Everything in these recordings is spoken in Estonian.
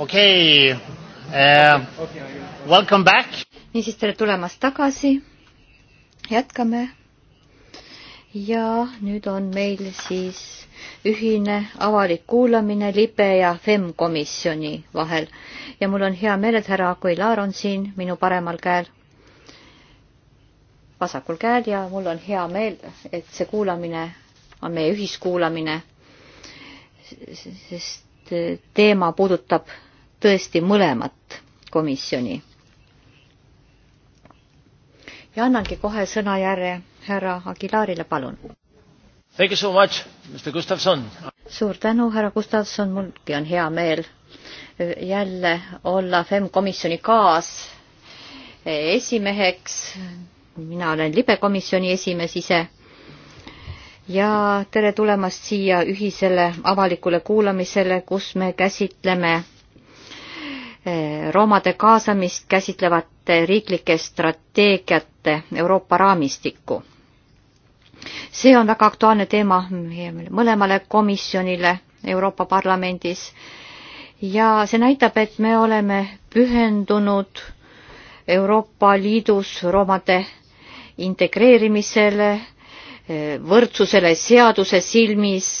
okei okay. uh,, welcome back. niisiis, tere tulemast tagasi. jätkame. ja nüüd on meil siis ühine avalik kuulamine libe ja FEM komisjoni vahel ja mul on hea meel, et härra Aguilar on siin minu paremal käel, vasakul käel ja mul on hea meel, et see kuulamine on meie ühiskuulamine, sest teema puudutab tõesti mõlemat komisjoni. ja annangi kohe sõna järje härra Aguilarile, palun. Thank you so much, Mr Gustavson. suur tänu, härra Gustavson, mulgi on hea meel jälle olla FEM komisjoni kaas esimeheks. mina olen libe komisjoni esimees ise ja tere tulemast siia ühisele avalikule kuulamisele, kus me käsitleme Eh, roomade kaasamist käsitlevate riiklike strateegiate Euroopa raamistikku. see on väga aktuaalne teema meie mõlemale komisjonile Euroopa Parlamendis ja see näitab, et me oleme pühendunud Euroopa Liidus roomade integreerimisele, eh, võrdsusele seaduse silmis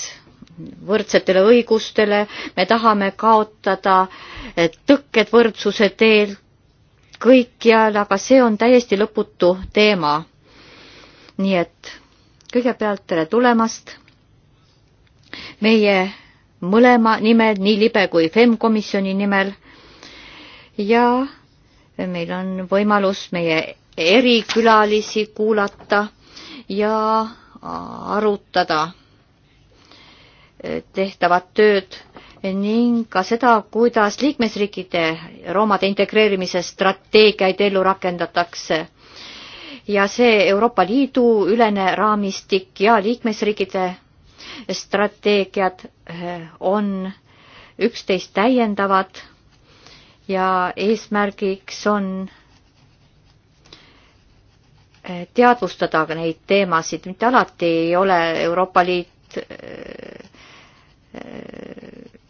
võrdsetele õigustele, me tahame kaotada eh, tõkked võrdsuse teel kõikjal, aga see on täiesti lõputu teema. nii et kõigepealt tere tulemast meie mõlema nimel, nii libe kui FEM komisjoni nimel. ja meil on võimalus meie erikülalisi kuulata ja arutada tehtavat tööd ning ka seda, kuidas liikmesriikide roomade integreerimise strateegiaid ellu rakendatakse. ja see Euroopa Liidu ülene raamistik ja liikmesriikide strateegiad eh, on üksteist täiendavad ja eesmärgiks on eh, teadvustada neid teemasid, mitte alati ei ole Euroopa Liit eh, Äh,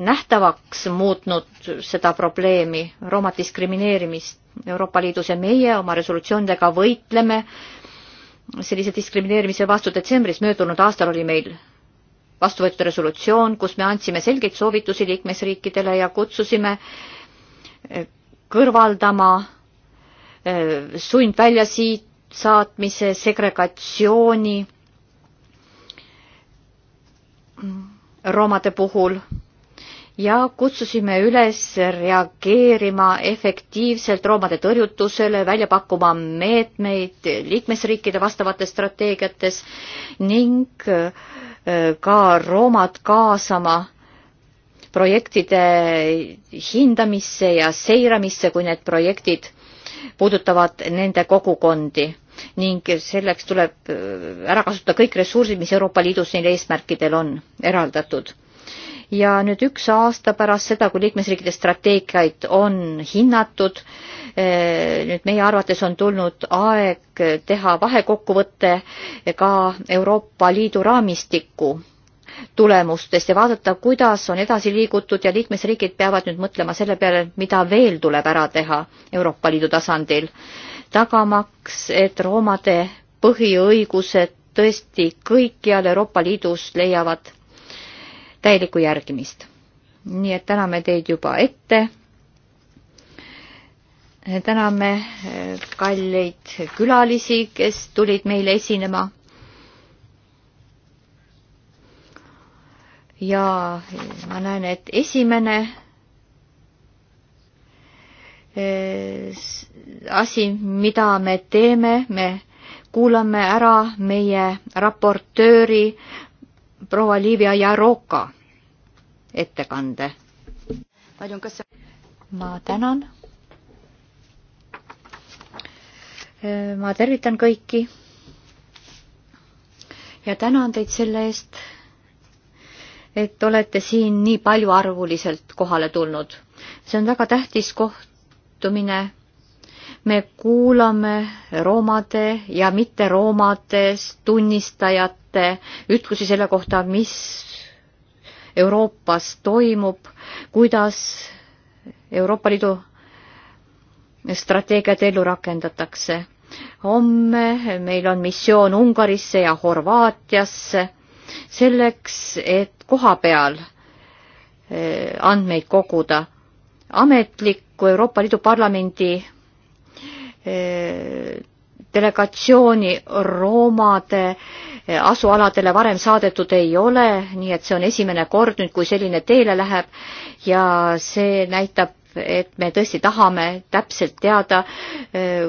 nähtavaks muutnud seda probleemi, Rooma diskrimineerimist Euroopa Liidus ja meie oma resolutsioonidega võitleme sellise diskrimineerimise vastu detsembris möödunud aastal oli meil vastu võetud resolutsioon, kus me andsime selgeid soovitusi liikmesriikidele ja kutsusime äh, kõrvaldama äh, sundvälja siit saatmise, segregatsiooni roomade puhul ja kutsusime üles reageerima efektiivselt roomade tõrjutusele, välja pakkuma meetmeid liikmesriikide vastavates strateegiates ning äh, ka roomad kaasama projektide hindamisse ja seiramisse, kui need projektid puudutavad nende kogukondi ning selleks tuleb äh, ära kasutada kõik ressursid, mis Euroopa Liidus neil eesmärkidel on eraldatud. ja nüüd üks aasta pärast seda, kui liikmesriikide strateegiaid on hinnatud, äh, nüüd meie arvates on tulnud aeg teha vahekokkuvõte ka Euroopa Liidu raamistiku tulemustest ja vaadata, kuidas on edasi liigutud ja liikmesriigid peavad nüüd mõtlema selle peale, mida veel tuleb ära teha Euroopa Liidu tasandil tagamaks, et roomade põhiõigused tõesti kõikjal Euroopa Liidus leiavad täielikku järgimist. nii et täname teid juba ette. täname eh, kalleid külalisi, kes tulid meile esinema. ja ma näen, et esimene Äh, asi, mida me teeme, me kuulame ära meie raportööri proua Liivia Jaroka ettekande. ma tänan. Äh, ma tervitan kõiki ja tänan teid selle eest, et olete siin nii paljuarvuliselt kohale tulnud. see on väga tähtis koht käitumine. me kuulame roomade ja mitteroomadest tunnistajate ütlusi selle kohta, mis Euroopas toimub, kuidas Euroopa Liidu strateegiat ellu rakendatakse. homme meil on missioon Ungarisse ja Horvaatiasse selleks, et kohapeal eh, andmeid koguda ametlikku Euroopa Liidu Parlamendi eh, delegatsiooni roomade eh, asualadele varem saadetud ei ole, nii et see on esimene kord nüüd, kui selline teele läheb ja see näitab, et me tõesti tahame täpselt teada, eh,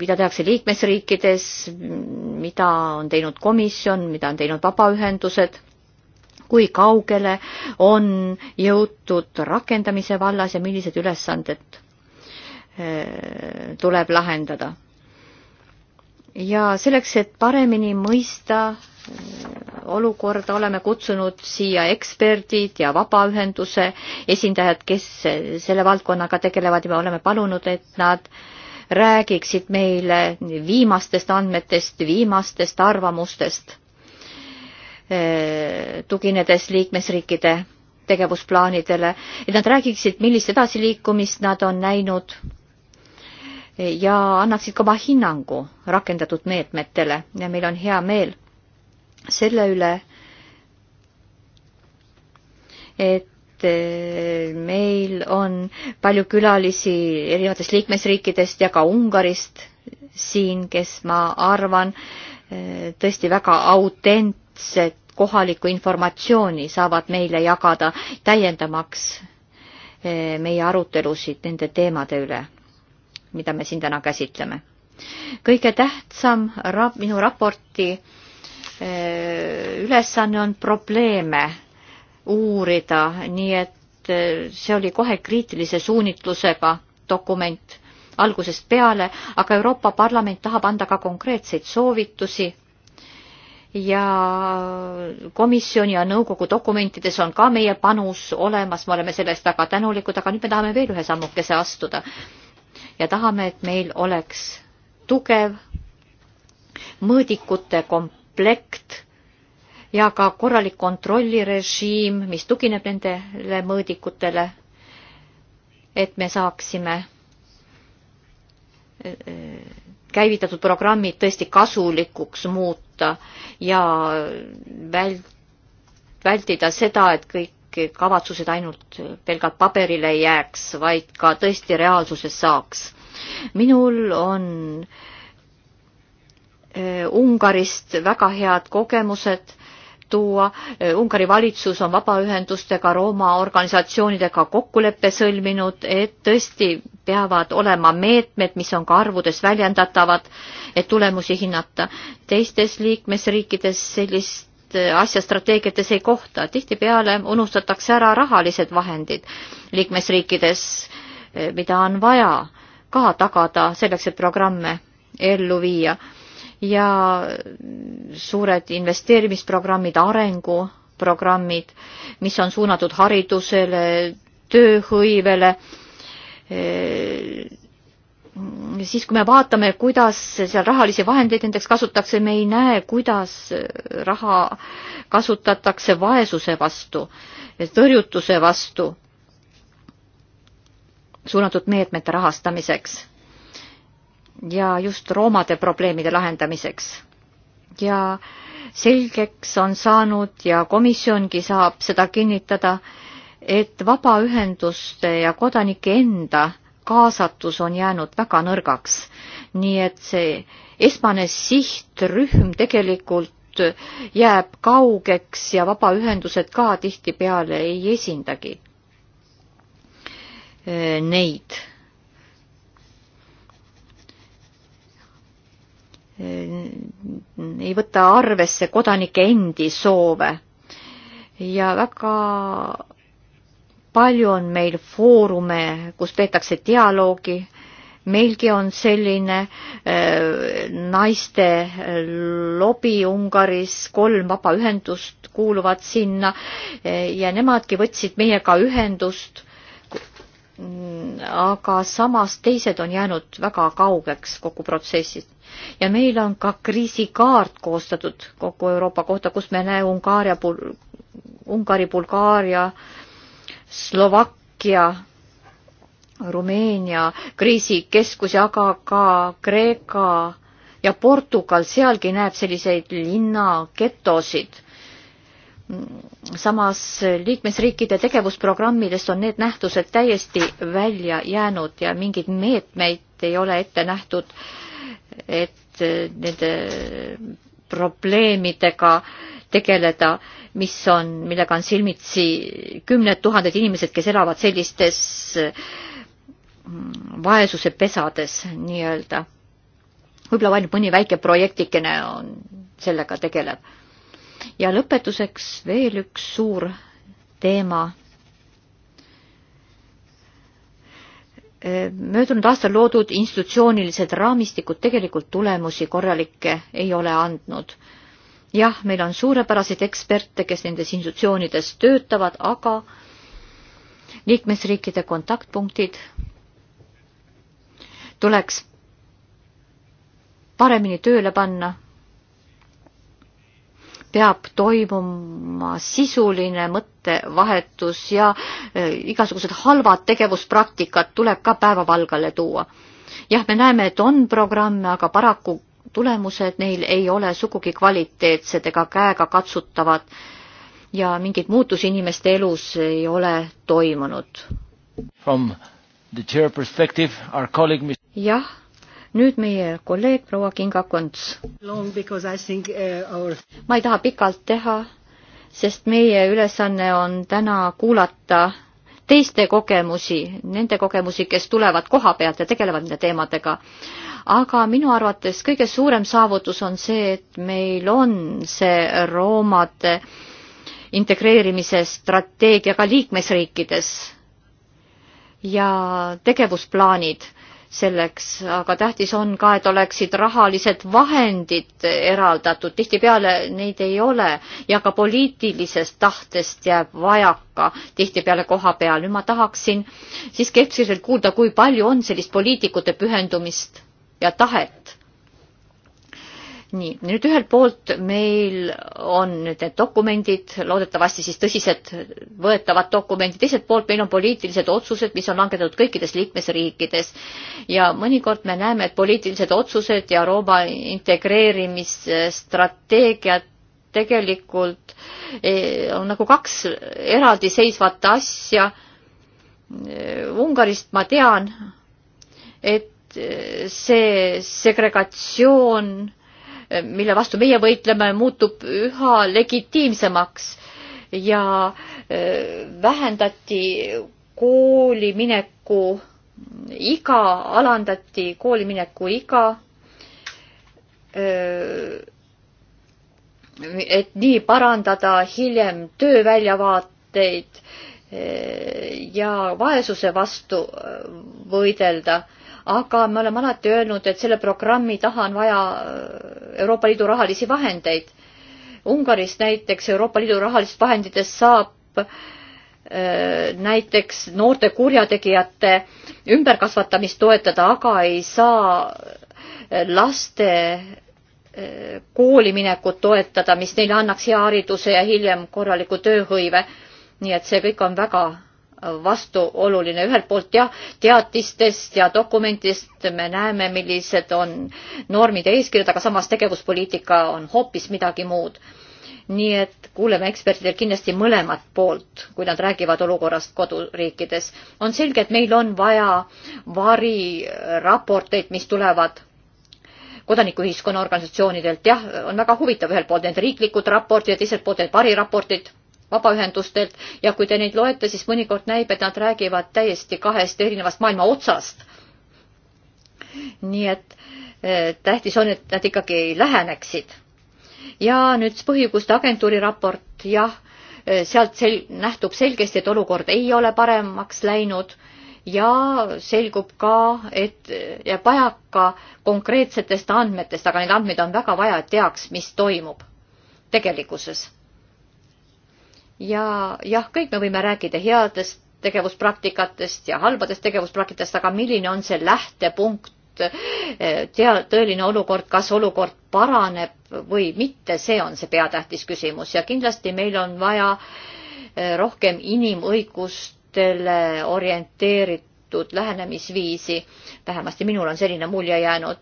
mida tehakse liikmesriikides, mida on teinud komisjon, mida on teinud vabaühendused kui kaugele on jõutud rakendamise vallas ja millised ülesanded äh, tuleb lahendada. ja selleks, et paremini mõista äh, olukorda, oleme kutsunud siia eksperdid ja vabaühenduse esindajad, kes äh, selle valdkonnaga tegelevad ja me oleme palunud, et nad räägiksid meile viimastest andmetest, viimastest arvamustest Eh, tuginedes liikmesriikide tegevusplaanidele, et nad räägiksid, millist edasiliikumist nad on näinud ja annaksid ka oma hinnangu rakendatud meetmetele ja meil on hea meel selle üle, et eh, meil on palju külalisi erinevatest liikmesriikidest ja ka Ungarist siin, kes ma arvan, eh, tõesti väga autent-, konkreetset kohalikku informatsiooni saavad meile jagada, täiendamaks eh, meie arutelusid nende teemade üle, mida me siin täna käsitleme. kõige tähtsam ra-, minu raporti eh, ülesanne on probleeme uurida, nii et eh, see oli kohe kriitilise suunitlusega dokument algusest peale, aga Euroopa Parlament tahab anda ka konkreetseid soovitusi ja komisjoni ja nõukogu dokumentides on ka meie panus olemas, me oleme selle eest väga tänulikud, aga nüüd me tahame veel ühe sammukese astuda. ja tahame, et meil oleks tugev mõõdikute komplekt ja ka korralik kontrollirežiim, mis tugineb nendele mõõdikutele, et me saaksime äh, äh, käivitatud programmid tõesti kasulikuks muuta muuta ja väl-, vältida seda, et kõik kavatsused ainult pelgalt paberile ei jääks, vaid ka tõesti reaalsuses saaks. minul on äh, Ungarist väga head kogemused tuua. Ungari valitsus on vabaühendustega, Rooma organisatsioonidega kokkuleppe sõlminud, et tõesti peavad olema meetmed, mis on ka arvudes väljendatavad, et tulemusi hinnata. teistes liikmesriikides sellist äh, asja strateegiates ei kohta, tihtipeale unustatakse ära rahalised vahendid liikmesriikides, äh, mida on vaja ka tagada selleks, et programme ellu viia ja suured investeerimisprogrammid, arenguprogrammid, mis on suunatud haridusele, tööhõivele. siis, kui me vaatame, kuidas seal rahalisi vahendeid näiteks kasutatakse, me ei näe, kuidas raha kasutatakse vaesuse vastu, tõrjutuse vastu suunatud meetmete rahastamiseks ja just roomade probleemide lahendamiseks. ja selgeks on saanud ja komisjongi saab seda kinnitada, et vabaühenduste ja kodanike enda kaasatus on jäänud väga nõrgaks. nii et see esmane sihtrühm tegelikult jääb kaugeks ja vabaühendused ka tihtipeale ei esindagi eh, neid Äh, ei võta arvesse kodanike endi soove. ja väga palju on meil foorume, kus peetakse dialoogi, meilgi on selline äh, naiste lobi Ungaris, kolm vabaühendust kuuluvad sinna äh, ja nemadki võtsid meiega ühendust, aga samas teised on jäänud väga kaugeks kogu protsessist ja meil on ka kriisikaart koostatud kogu Euroopa kohta, kus me näe Ungaria, Ungari, Bulgaaria, Slovakkia, Rumeenia kriisikeskusi, aga ka Kreeka ja Portugal, sealgi näeb selliseid linnaketosid. samas liikmesriikide tegevusprogrammidest on need nähtused täiesti välja jäänud ja mingeid meetmeid ei ole ette nähtud äh, et eh, nende probleemidega tegeleda, mis on, millega on silmitsi kümned tuhanded inimesed, kes elavad sellistes mm, vaesuse pesades nii-öelda. võib-olla ainult mõni väike projektikene on sellega tegeleb. ja lõpetuseks veel üks suur teema möödunud aastal loodud institutsioonilised raamistikud tegelikult tulemusi korralikke ei ole andnud. jah, meil on suurepäraseid eksperte, kes nendes institutsioonides töötavad, aga liikmesriikide kontaktpunktid tuleks paremini tööle panna peab toimuma sisuline mõttevahetus ja eh, igasugused halvad tegevuspraktikad tuleb ka päevavalgale tuua. jah, me näeme, et on programme, aga paraku tulemused neil ei ole sugugi kvaliteetsed ega käegakatsutavad ja mingeid muutusi inimeste elus ei ole toimunud. jah nüüd meie kolleeg proua Kinga Konts. Uh, our... ma ei taha pikalt teha, sest meie ülesanne on täna kuulata teiste kogemusi, nende kogemusi, kes tulevad koha pealt ja tegelevad nende teemadega. aga minu arvates kõige suurem saavutus on see, et meil on see roomade integreerimise strateegia ka liikmesriikides ja tegevusplaanid selleks, aga tähtis on ka, et oleksid rahalised vahendid eraldatud, tihtipeale neid ei ole ja ka poliitilisest tahtest jääb vajaka tihtipeale koha peal. nüüd ma tahaksin siiski eksiliselt kuulda, kui palju on sellist poliitikute pühendumist ja tahet nii, nüüd ühelt poolt meil on need dokumendid, loodetavasti siis tõsiselt võetavad dokumendid, teiselt poolt meil on poliitilised otsused, mis on langetatud kõikides liikmesriikides ja mõnikord me näeme, et poliitilised otsused ja Rooma integreerimisstrateegiad tegelikult eh, on nagu kaks eraldiseisvat asja. Eh, Ungarist ma tean, et eh, see segregatsioon mille vastu meie võitleme, muutub üha legitiimsemaks ja äh, vähendati koolimineku iga, alandati koolimineku iga. Äh, et nii parandada hiljem tööväljavaateid äh, ja vaesuse vastu võidelda aga me oleme alati öelnud, et selle programmi taha on vaja äh, Euroopa Liidu rahalisi vahendeid. Ungaris näiteks Euroopa Liidu rahalist vahenditest saab äh, näiteks noorte kurjategijate ümberkasvatamist toetada, aga ei saa äh, laste kooliminekut toetada, mis neile annaks hea hariduse ja hiljem korraliku tööhõive. nii et see kõik on väga vastuoluline, ühelt poolt jah, teatistest ja dokumentidest me näeme, millised on normid ja eeskirjad, aga samas tegevuspoliitika on hoopis midagi muud. nii et kuuleme ekspertidel kindlasti mõlemat poolt, kui nad räägivad olukorrast koduriikides. on selge, et meil on vaja variraporteid, mis tulevad kodanikuühiskonna organisatsioonidelt, jah, on väga huvitav ühelt poolt need riiklikud raportid ja teiselt poolt need variraportid vabaühendustelt ja kui te neid loete, siis mõnikord näib, et nad räägivad täiesti kahest erinevast maailma otsast. nii et eh, tähtis on, et nad ikkagi ei läheneksid. ja nüüd põhiõiguste agentuuri raport, jah, eh, sealt sel-, nähtub selgesti, et olukord ei ole paremaks läinud ja selgub ka, et eh, jääb vajaka konkreetsetest andmetest, aga neid andmeid on väga vaja, et teaks, mis toimub tegelikkuses ja jah, kõik me võime rääkida headest tegevuspraktikatest ja halbadest tegevuspraktikatest, aga milline on see lähtepunkt, eh, tea-, tõeline olukord, kas olukord paraneb või mitte, see on see peatähtis küsimus ja kindlasti meil on vaja eh, rohkem inimõigustele orienteeritud lähenemisviisi, vähemasti minul on selline mulje jäänud.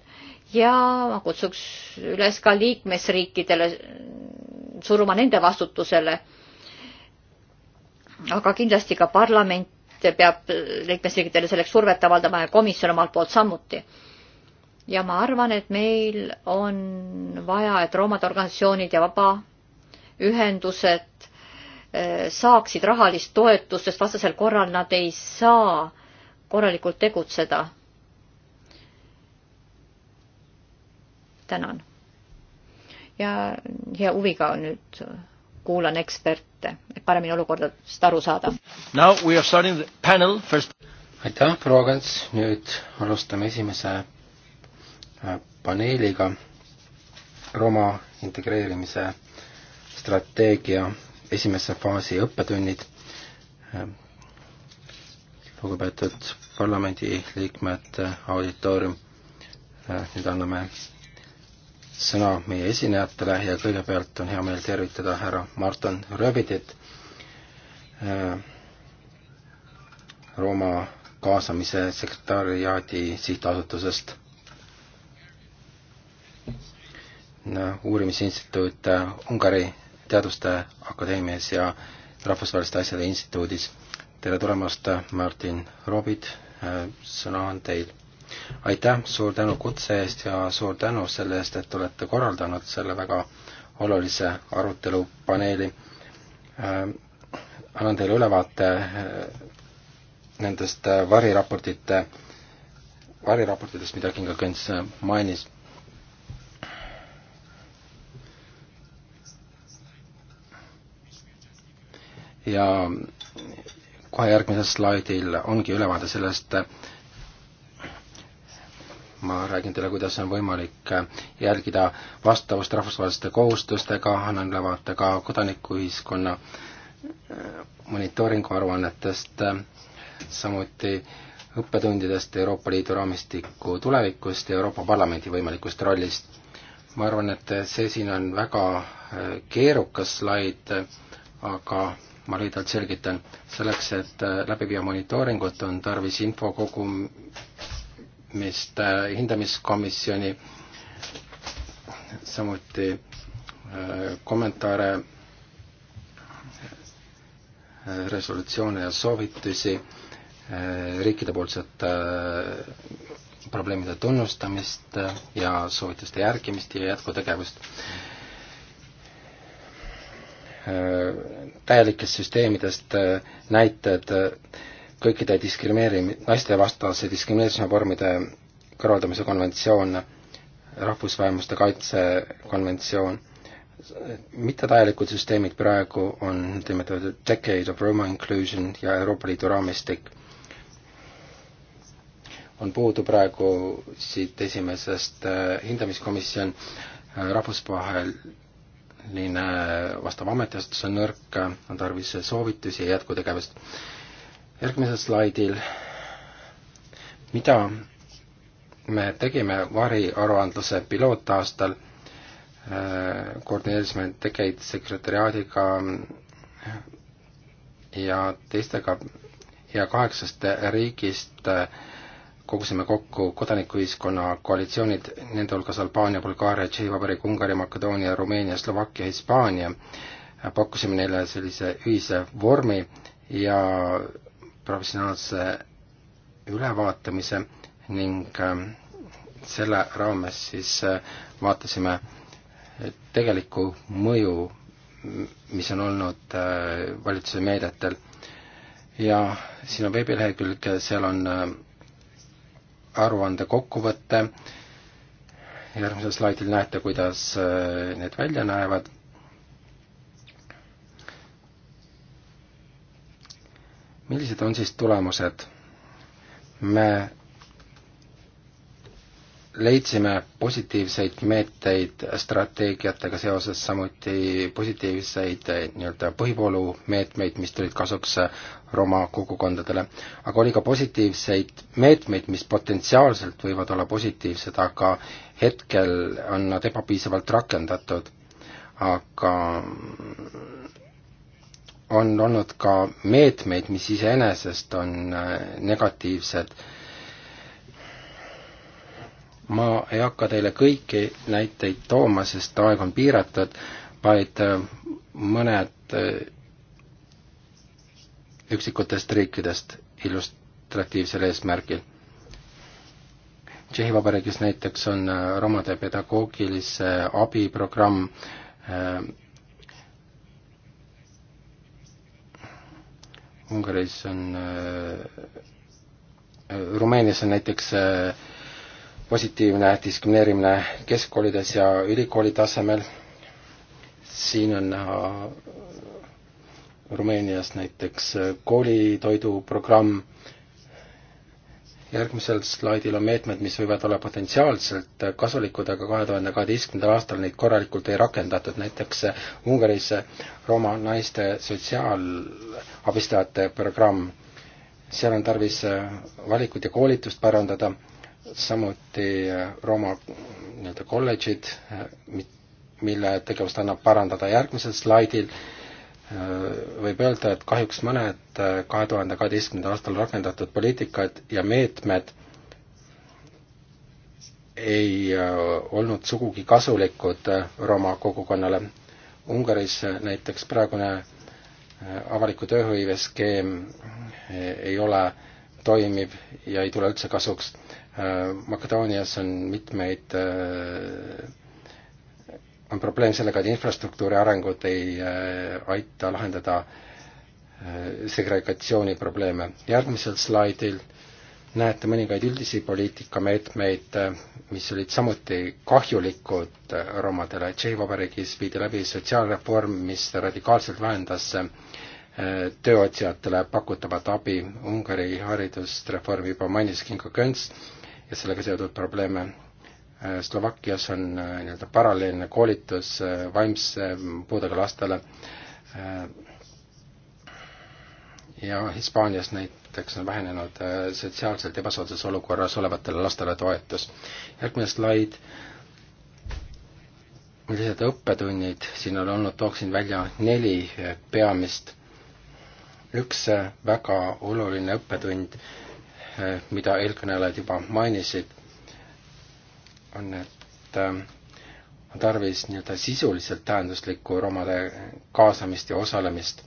ja ma kutsuks üles ka liikmesriikidele suruma nende vastutusele aga kindlasti ka parlament peab liikmesriikidele selleks survet avaldama ja komisjon omalt poolt samuti. ja ma arvan, et meil on vaja, et roomade organisatsioonid ja vabaühendused eh, saaksid rahalist toetust, sest vastasel korral nad ei saa korralikult tegutseda. tänan. ja hea huviga nüüd kuulan eksperte paremini olukordadest aru saada. aitäh, proua Kants, nüüd alustame esimese äh, paneeliga Roma integreerimise strateegia esimese faasi õppetunnid. Äh, lugupeetud parlamendiliikmed, äh, auditoorium, nüüd anname sõna meie esinejatele ja kõigepealt on hea meel tervitada härra Martin Rööbidit, Äh, Rooma kaasamise sekretariaadi sihtasutusest. uurimisinstituut äh, Ungari Teaduste Akadeemias ja Rahvusvaheliste Asjade Instituudis. tere tulemast, äh, Martin Robid, sõna on teil. aitäh, suur tänu kutse eest ja suur tänu selle eest, et olete korraldanud selle väga olulise arutelu paneeli annan teile ülevaate eh, nendest eh, variraportite, variraportitest, mida Kinga Kõns eh, mainis. ja kohe järgmisel slaidil ongi ülevaade sellest, ma räägin teile, kuidas on võimalik jälgida vastavust rahvusvaheliste kohustustega, annan ülevaate ka kodanikuühiskonna äh, monitooringu aruannetest, samuti õppetundidest Euroopa Liidu raamistiku tulevikust ja Euroopa Parlamendi võimalikust rollist. ma arvan, et see siin on väga äh, keerukas slaid, aga ma lühidalt selgitan. selleks, et äh, läbi viia monitooringut, on tarvis info kogumist äh, hindamiskomisjoni, samuti kommentaare resolutsioone ja soovitusi, eh, riikidepoolset eh, probleemide tunnustamist eh, ja soovituste järgimist ja jätkutegevust. täielikest süsteemidest näited kõikide diskrimineeri-, naistevastase diskrimineerimise vormide kõrvaldamise konventsioon, rahvusvähemuste kaitse konventsioon mittevajalikud süsteemid praegu on niinimetatud Decade of Roma Inclusion ja Euroopa Liidu raamistik. on puudu praegu siit esimesest äh, hindamiskomisjon, äh, rahvusvaheline äh, vastav ametiasutus on nõrk, on tarvis soovitusi ja jätkutegevust. järgmisel slaidil, mida me tegime variaruandluse pilootaastal koordineerisime äh, tegeid sekretäriaadiga ja teistega ja kaheksast riigist äh, kogusime kokku kodanikuühiskonna koalitsioonid, nende hulgas Albaania, Bulgaaria, Tšehhi Vabariik, Ungari, Makedoonia, Rumeenia, Slovakkia, Hispaania, äh, pakkusime neile sellise ühise vormi ja professionaalse ülevaatamise ning selle raames siis vaatasime tegelikku mõju, mis on olnud äh, valitsuse meedetel. ja siin on veebilehekülg, seal on äh, aruande kokkuvõte, järgmisel slaidil näete, kuidas äh, need välja näevad millised on siis tulemused? me leidsime positiivseid meetmeid strateegiatega seoses, samuti positiivseid eh, nii-öelda põhivoolu meetmeid, mis tulid kasuks eh, Roma kogukondadele. aga oli ka positiivseid meetmeid, mis potentsiaalselt võivad olla positiivsed, aga hetkel on nad ebapiisavalt rakendatud. aga on olnud ka meetmeid, mis iseenesest on eh, negatiivsed ma ei hakka teile kõiki näiteid tooma, sest aeg on piiratud, vaid äh, mõned äh, üksikutest riikidest illustratiivsel eesmärgil. Tšehhi Vabariigis näiteks on äh, romade pedagoogilise abiprogramm, Ungaris on, Rumeenias on näiteks äh, positiivne diskrimineerimine keskkoolides ja ülikooli tasemel, siin on näha Rumeenias näiteks koolitoiduprogramm, järgmisel slaidil on meetmed, mis võivad olla potentsiaalselt kasulikud, aga kahe tuhande kaheteistkümnendal aastal neid korralikult ei rakendatud, näiteks Ungaris Rooma naiste sotsiaalabistajate programm, seal on tarvis valikut ja koolitust parandada samuti äh, Rooma nii-öelda kolledžid, äh, mille tegevust annab parandada järgmisel slaidil, äh, võib öelda, et kahjuks mõned kahe tuhande kaheteistkümnendal aastal rakendatud poliitikad ja meetmed ei olnud sugugi kasulikud Rooma kogukonnale. Ungaris näiteks praegune avaliku tööhõive skeem ei ole toimiv ja ei tule üldse kasuks Äh, Makedoonias on mitmeid, äh, on probleem sellega, et infrastruktuuri arengud ei äh, aita lahendada segregatsiooni probleeme. järgmisel slaidil näete mõningaid üldisi poliitikameetmeid, mis olid samuti kahjulikud romadele. Tšehhi Vabariigis viidi läbi sotsiaalreform, mis radikaalselt vähendas tööotsijatele pakutavat abi. Ungari haridusreform juba mainis Kinga Köns ja sellega seotud probleeme. Äh, Slovakkias on äh, nii-öelda paralleelne koolitus äh, vaimse puudega lastele ja Hispaanias näiteks on vähenenud sotsiaalselt ebasoodsas olukorras olevatele lastele toetus. järgmine slaid, millised õppetunnid siin on olnud, tooksin välja neli peamist. üks väga oluline õppetund Eh, mida eelkõnelejad juba mainisid, on, et eh, on tarvis nii-öelda sisuliselt tähenduslikku romade kaasamist ja osalemist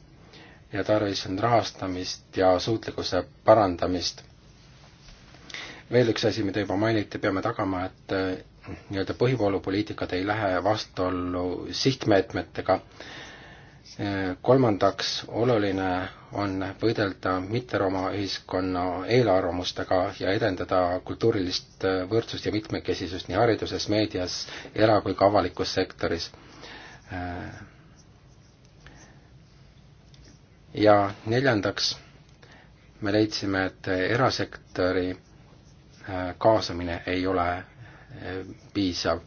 ja tarvis on rahastamist ja suutlikkuse parandamist. veel üks asi, mida juba mainiti, peame tagama, et eh, nii-öelda põhivoolupoliitikad ei lähe vastuollu sihtmeetmetega äh, Äh, kolmandaks, oluline on võidelda mitteroma ühiskonna eelarvamustega ja edendada kultuurilist äh, võrdsust ja mitmekesisust nii hariduses, meedias, era- kui ka avalikus sektoris. Äh, ja neljandaks, me leidsime, et erasektori kaasamine ei ole piisav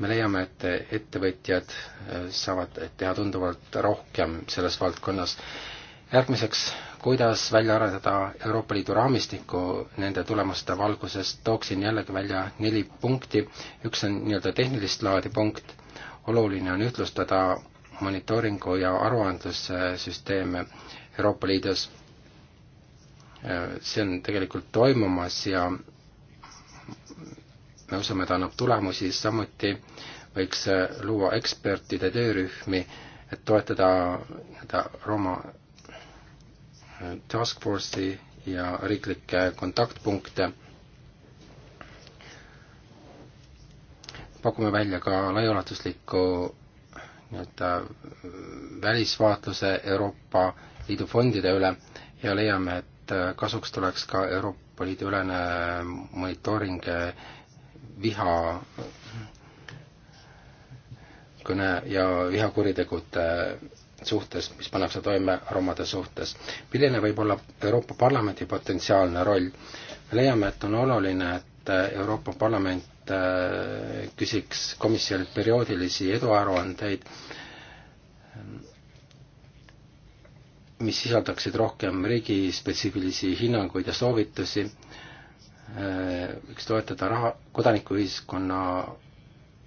me leiame, et ettevõtjad äh, saavad teha tunduvalt rohkem selles valdkonnas. järgmiseks, kuidas välja arendada Euroopa Liidu raamistikku nende tulemuste valguses, tooksin jällegi välja neli punkti. üks on nii-öelda tehnilist laadi punkt, oluline on ühtlustada monitooringu ja aruandlussüsteeme Euroopa Liidus. Äh, see on tegelikult toimumas ja me usume, ta annab tulemusi, samuti võiks luua ekspertide töörühmi, et toetada nii-öelda Rooma äh, task force'i ja riiklikke kontaktpunkte. pakume välja ka laiaulatusliku nii-öelda äh, välisvaatluse Euroopa Liidu fondide üle ja leiame, et äh, kasuks tuleks ka Euroopa Liidu ülene monitooring viha kõne ja vihakuritegude suhtes, mis pannakse toime romade suhtes. milline võib olla Euroopa Parlamendi potentsiaalne roll? me leiame, et on oluline, et Euroopa Parlament äh, küsiks komisjonilt perioodilisi eduaruandeid, mis sisaldaksid rohkem riigispetsiifilisi hinnanguid ja soovitusi Äh, võiks toetada raha, kodanikuühiskonna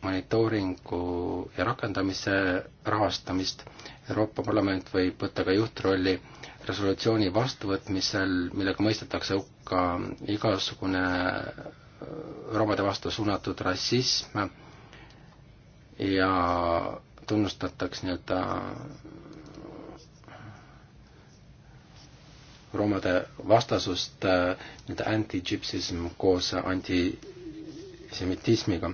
monitooringu ja rakendamise rahastamist. Euroopa Parlament võib võtta ka juhtrolli resolutsiooni vastuvõtmisel, millega mõistetakse hukka igasugune äh, romade vastu suunatud rassism ja tunnustataks nii-öelda romade vastasust, äh, nii-öelda anti-gypsism koos antisemitismiga.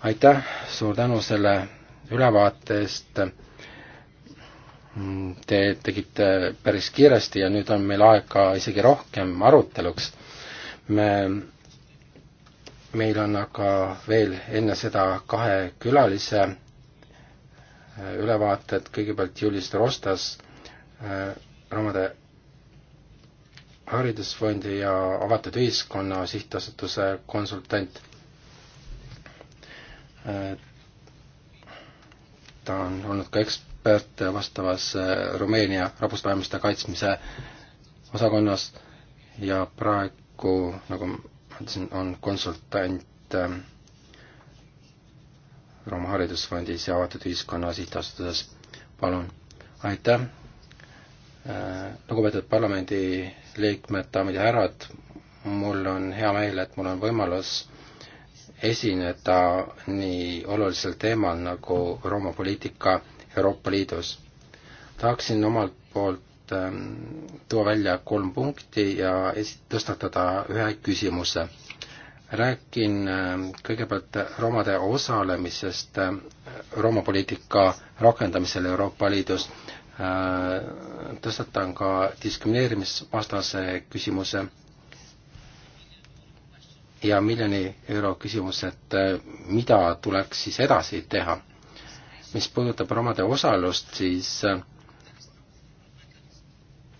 aitäh, suur tänu selle ülevaate eest. Te tegite päris kiiresti ja nüüd on meil aega isegi rohkem aruteluks. me, meil on aga veel enne seda kahe külalise äh, ülevaated, kõigepealt Julis Rostas, äh, Ramade Haridusfondi ja Avatud Ühiskonna Sihtasutuse konsultant. ta on olnud ka ekspert vastavas äh, Rumeenia rahvusvähemuste kaitsmise osakonnas ja praegu, nagu ma ütlesin, on konsultant äh, Rooma Haridusfondis ja Avatud Ühiskonna Sihtasutuses. palun, aitäh, Äh, lugupeetud parlamendiliikmed, daamid ja härrad, mul on hea meel, et mul on võimalus esineda nii olulisel teemal nagu Rooma poliitika Euroopa Liidus. tahaksin omalt poolt ähm, tuua välja kolm punkti ja esi-, tõstatada ühe küsimuse. räägin äh, kõigepealt romade osalemisest äh, Rooma poliitika rakendamisel Euroopa Liidus. Äh, tõstatan ka diskrimineerimisvastase küsimuse ja miljoni euro küsimus, et äh, mida tuleks siis edasi teha. mis puudutab romade osalust, siis äh,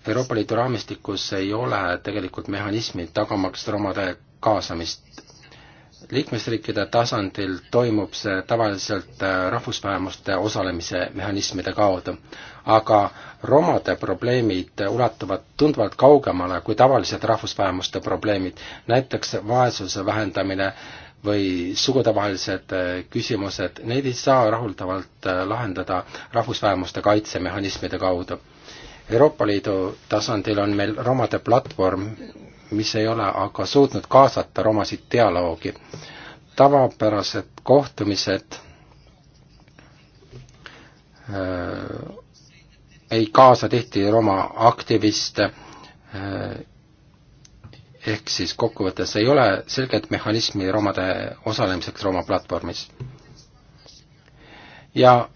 Euroopa Liidu raamistikus ei ole tegelikult mehhanismi tagamaks romade kaasamist. liikmesriikide tasandil toimub see tavaliselt rahvusvähemuste osalemise mehhanismide kaudu aga romade probleemid ulatuvad tunduvalt kaugemale kui tavalised rahvusvähemuste probleemid, näiteks vaesuse vähendamine või sugudevahelised äh, küsimused, neid ei saa rahuldavalt äh, lahendada rahvusvähemuste kaitsemehhanismide kaudu. Euroopa Liidu tasandil on meil romade platvorm, mis ei ole aga suutnud kaasata romasid dialoogi. tavapärased kohtumised äh, ei kaasa tihti Roma aktiviste, eh, ehk siis kokkuvõttes ei ole selget mehhanismi romade osalemiseks Roma platvormis. ja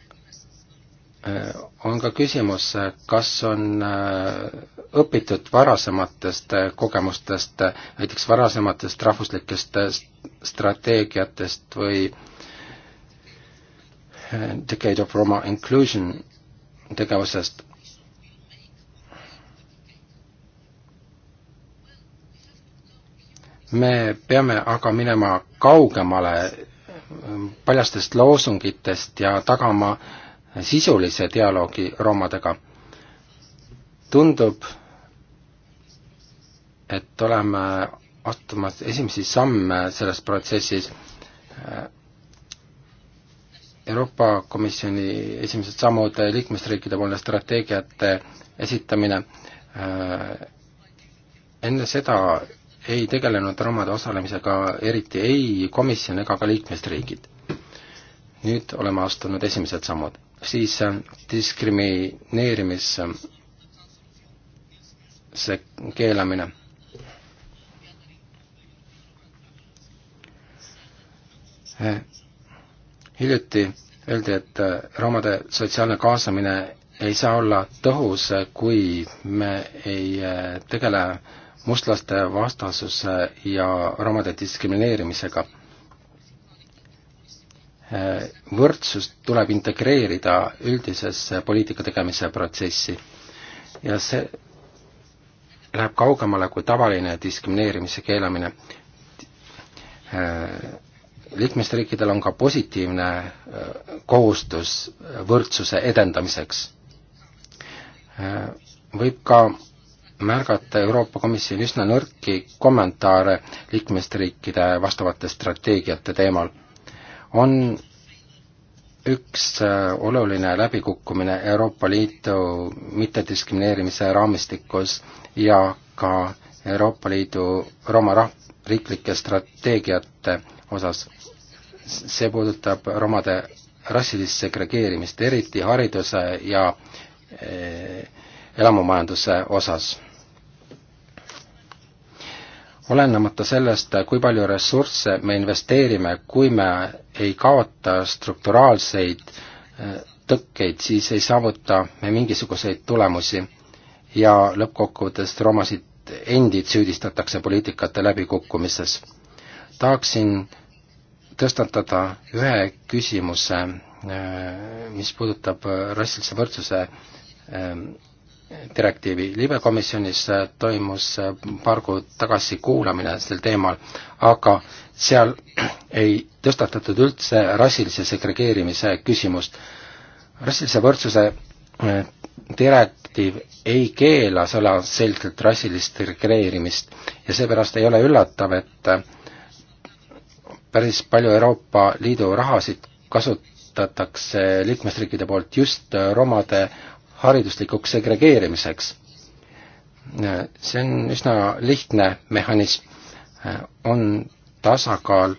eh, on ka küsimus, kas on eh, õpitud varasematest kogemustest, näiteks varasematest rahvuslikest strateegiatest või Decade of Roma Inclusion tegevusest. me peame aga minema kaugemale paljastest loosungitest ja tagama sisulise dialoogi roomadega. tundub, et oleme astumas esimesi samme selles protsessis Euroopa Komisjoni esimesed sammud liikmesriikide poolne strateegiate esitamine, äh, enne seda ei tegelenud romade osalemisega eriti ei komisjon ega ka liikmesriigid. nüüd oleme astunud esimesed sammud. siis äh, diskrimineerimis see keelamine. Äh, hiljuti öeldi, et äh, romade sotsiaalne kaasamine ei saa olla tõhus, äh, kui me ei äh, tegele mustlaste vastasuse ja romade diskrimineerimisega võrdsust tuleb integreerida üldisesse poliitika tegemise protsessi. ja see läheb kaugemale kui tavaline diskrimineerimise keelamine liikmesriikidel on ka positiivne äh, kohustus võrdsuse edendamiseks. Äh, võib ka märgata Euroopa Komisjoni üsna nõrki kommentaare liikmesriikide vastavate strateegiate teemal. on üks äh, oluline läbikukkumine Euroopa Liidu mittediskrimineerimise raamistikus ja ka Euroopa Liidu Rooma rah-, riiklike strateegiate osas. see puudutab romade rassilist segregeerimist, eriti hariduse ja eh, elamumajanduse osas. olenemata sellest, kui palju ressursse me investeerime, kui me ei kaota strukturaalseid eh, tõkkeid, siis ei saavuta me mingisuguseid tulemusi ja lõppkokkuvõttes romasid endid süüdistatakse poliitikate läbikukkumises. tahaksin tõstatada ühe küsimuse, äh, mis puudutab rassilise võrdsuse ähm, direktiivi. libekomisjonis äh, toimus äh, paar kuud tagasi kuulamine sel teemal, aga seal ei tõstatatud üldse rassilise segregeerimise küsimust. rassilise võrdsuse direktiiv ei keela salaselgelt rassilist segregeerimist ja seepärast ei ole üllatav, et päris palju Euroopa Liidu rahasid kasutatakse liikmesriikide poolt just romade hariduslikuks segregeerimiseks. see on üsna lihtne mehhanism, on tasakaal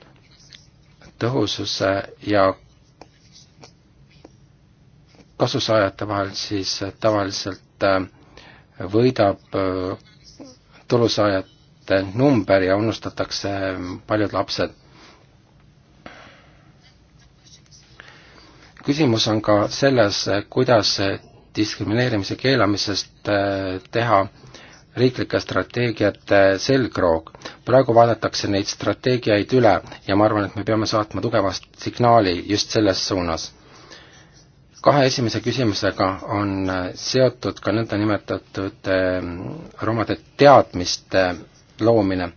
tõhususe ja kasusaajate vahel, siis tavaliselt äh, võidab äh, tulusaajate number ja unustatakse paljud lapsed küsimus on ka selles, kuidas diskrimineerimise keelamisest äh, teha riiklike strateegiate selgroog. praegu vaadatakse neid strateegiaid üle ja ma arvan, et me peame saatma tugeva signaali just selles suunas. kahe esimese küsimusega on äh, seotud ka nõndanimetatud ähm, romade teadmiste loomine.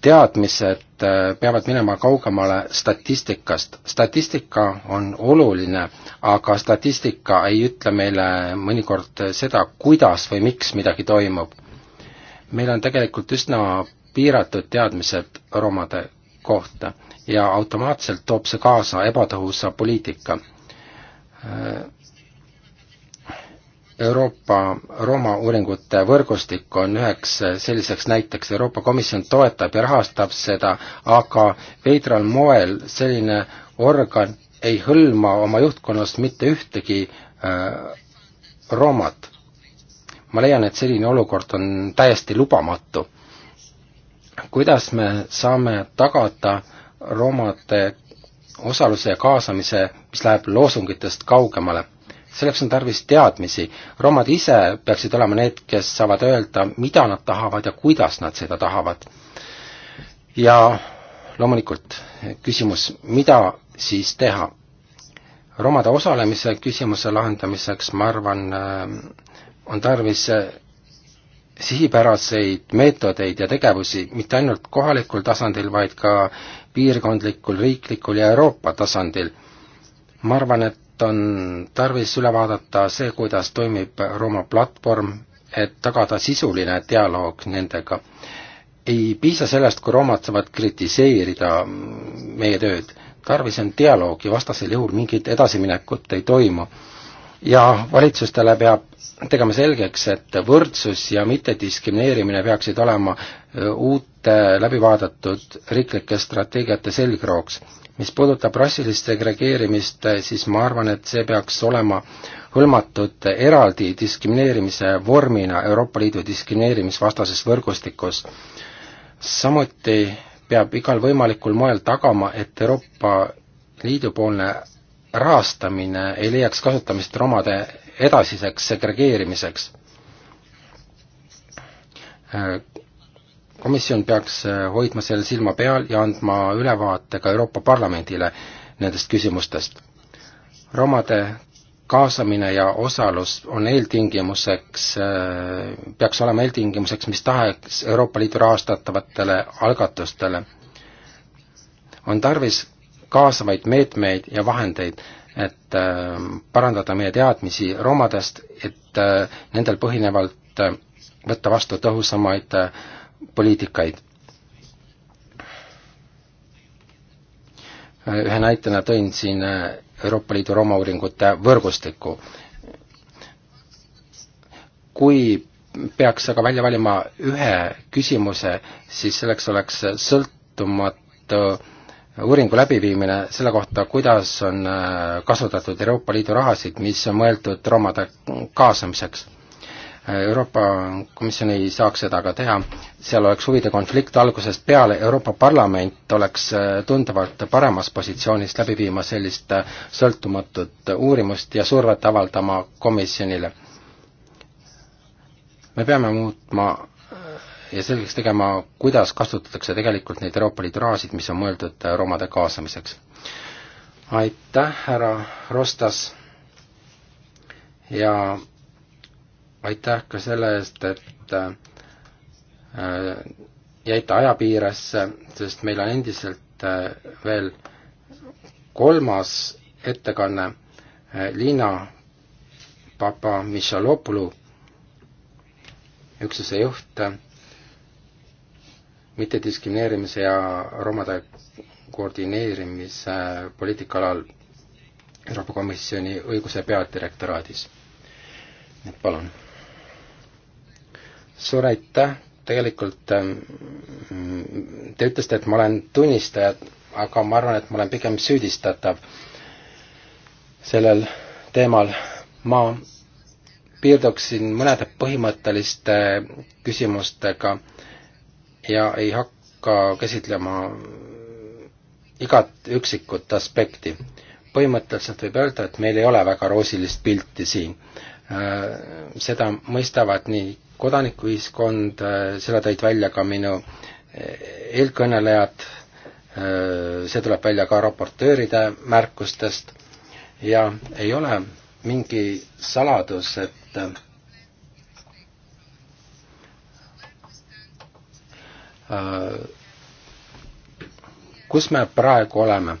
teadmised et äh, peavad minema kaugemale statistikast. statistika on oluline, aga statistika ei ütle meile mõnikord seda, kuidas või miks midagi toimub. meil on tegelikult üsna piiratud teadmised romade kohta ja automaatselt toob see kaasa ebatõhusa poliitika äh, Euroopa Rooma uuringute võrgustik on üheks selliseks näiteks, Euroopa Komisjon toetab ja rahastab seda, aga veidral moel selline organ ei hõlma oma juhtkonnast mitte ühtegi äh, roomat. ma leian, et selline olukord on täiesti lubamatu. kuidas me saame tagada roomade osaluse ja kaasamise, mis läheb loosungitest kaugemale selleks on tarvis teadmisi. romad ise peaksid olema need, kes saavad öelda, mida nad tahavad ja kuidas nad seda tahavad. ja loomulikult küsimus, mida siis teha? romade osalemise küsimuse lahendamiseks, ma arvan, äh, on tarvis äh, sihipäraseid meetodeid ja tegevusi mitte ainult kohalikul tasandil, vaid ka piirkondlikul, riiklikul ja Euroopa tasandil. ma arvan, et on tarvis üle vaadata see, kuidas toimib Rooma platvorm, et tagada sisuline dialoog nendega. ei piisa sellest, kui roomad saavad kritiseerida meie tööd, tarvis on dialoogi, vastasel juhul mingit edasiminekut ei toimu. ja valitsustele peab tegema selgeks, et võrdsus ja mittediskrimineerimine peaksid olema uute läbivaadatud riiklike strateegiate selgrooks mis puudutab rassilist segregeerimist, siis ma arvan, et see peaks olema hõlmatud eraldi diskrimineerimise vormina Euroopa Liidu diskrimineerimisvastases võrgustikus. samuti peab igal võimalikul moel tagama, et Euroopa Liidu poolne rahastamine ei leiaks kasutamist romade edasiseks segregeerimiseks komisjon peaks äh, hoidma seal silma peal ja andma ülevaate ka Euroopa Parlamendile nendest küsimustest. romade kaasamine ja osalus on eeltingimuseks, äh, peaks olema eeltingimuseks mis tahes Euroopa Liidu rahastatavatele algatustele. on tarvis kaasavaid meetmeid ja vahendeid, et äh, parandada meie teadmisi romadest, et nendel põhinevalt võtta vastu tõhusamaid äh, poliitikaid. ühe näitena tõin siin Euroopa Liidu roomauuringute võrgustiku. kui peaks aga välja valima ühe küsimuse, siis selleks oleks sõltumatu uuringu läbiviimine selle kohta, kuidas on kasutatud Euroopa Liidu rahasid, mis on mõeldud romade kaasamiseks. Euroopa Komisjon ei saaks seda ka teha, seal oleks huvide konflikt algusest peale, Euroopa Parlament oleks äh, tunduvalt paremas positsioonis läbi viima sellist äh, sõltumatut uurimust ja survet avaldama komisjonile. me peame muutma äh, ja selgeks tegema, kuidas kasutatakse tegelikult neid Euroopa Liidu rahasid, mis on mõeldud romade kaasamiseks. aitäh, härra Rostas ja aitäh ka selle eest, et äh, jäite ajapiiresse, sest meil on endiselt äh, veel kolmas ettekanne äh, Liina Papa Michalopulu, üksuse juht äh, mittediskrimineerimise ja romade koordineerimise äh, poliitika alal Euroopa Komisjoni õiguse peadirektoraadis. nii et palun suur aitäh, tegelikult ähm, te ütlesite, et ma olen tunnistaja, aga ma arvan, et ma olen pigem süüdistatav sellel teemal. ma piirduksin mõnede põhimõtteliste küsimustega ja ei hakka käsitlema igat üksikut aspekti. põhimõtteliselt võib öelda, et meil ei ole väga roosilist pilti siin. Äh, seda mõistavad nii kodanikuühiskond, äh, seda tõid välja ka minu äh, eelkõnelejad, äh, see tuleb välja ka raportööride märkustest ja ei ole mingi saladus, et kus me praegu oleme?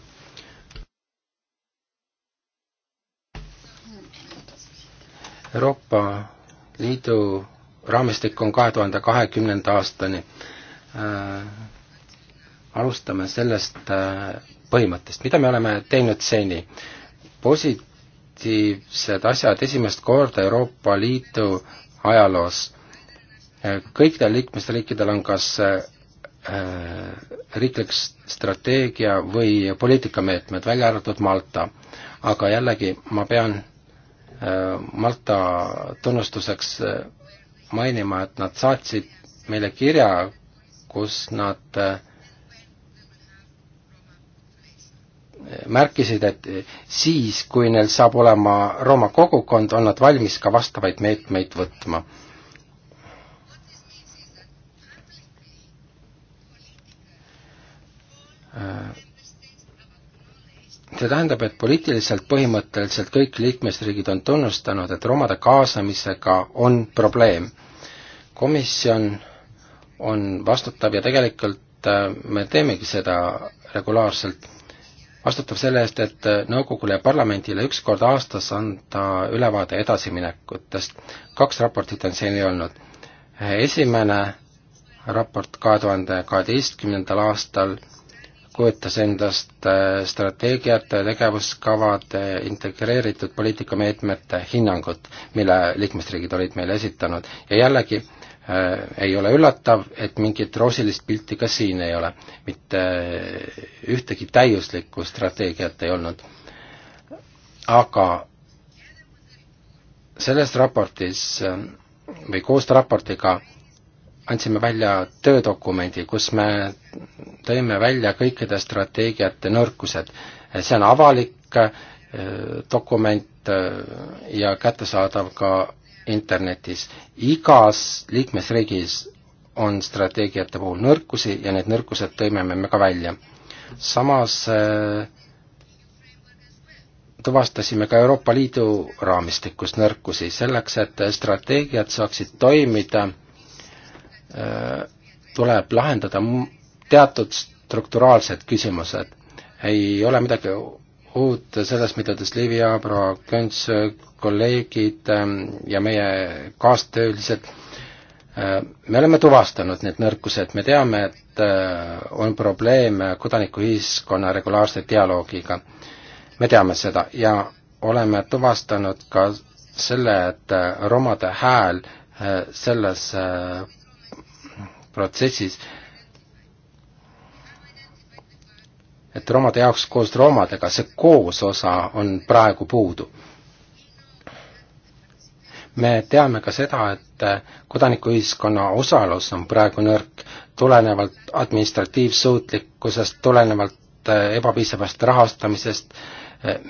Euroopa Liidu raamistik on kahe tuhande kahekümnenda aastani. Äh, alustame sellest äh, põhimõttest, mida me oleme teinud seni. positiivsed asjad esimest korda Euroopa Liidu ajaloos. Äh, kõikidel liikmesriikidel on kas riiklik strateegia või poliitikameetmed, välja arvatud Malta. aga jällegi, ma pean Malta tunnustuseks mainima, et nad saatsid meile kirja, kus nad äh, märkisid, et siis, kui neil saab olema Rooma kogukond, on nad valmis ka vastavaid meetmeid võtma. Uh... Äh see tähendab, et poliitiliselt põhimõtteliselt kõik liikmesriigid on tunnustanud, et romade kaasamisega on probleem. komisjon on vastutav ja tegelikult äh, me teemegi seda regulaarselt, vastutav selle eest, et äh, nõukogule ja parlamendile üks kord aastas anda ülevaade edasiminekutest. kaks raportit on seni olnud. esimene raport kahe tuhande kaheteistkümnendal aastal kujutas endast äh, strateegiate, tegevuskavade, integreeritud poliitikameetmete hinnangut, mille liikmesriigid olid meile esitanud ja jällegi äh, ei ole üllatav, et mingit roosilist pilti ka siin ei ole. mitte äh, ühtegi täiuslikku strateegiat ei olnud. aga selles raportis äh, või koos raportiga andsime välja töödokumendi, kus me tõime välja kõikide strateegiate nõrkused. see on avalik äh, dokument äh, ja kättesaadav ka internetis. igas liikmesriigis on strateegiate puhul nõrkusi ja need nõrkused tõime me, me ka välja. samas äh, tuvastasime ka Euroopa Liidu raamistikus nõrkusi selleks, et strateegiad saaksid toimida Äh, tuleb lahendada teatud strukturaalsed küsimused. ei ole midagi uut selles, mida ütles Liivi Aabro, Künts, kolleegid ähm, ja meie kaastöölised, äh, me oleme tuvastanud need nõrkused, me teame, et äh, on probleeme kodanikuühiskonna regulaarse dialoogiga. me teame seda ja oleme tuvastanud ka selle, et romade hääl selles protsessis, et romade jaoks koos romadega, see koososa on praegu puudu. me teame ka seda, et kodanikuühiskonna osalus on praegu nõrk, tulenevalt administratiivsuutlikkusest, tulenevalt äh, ebapiisavast rahastamisest,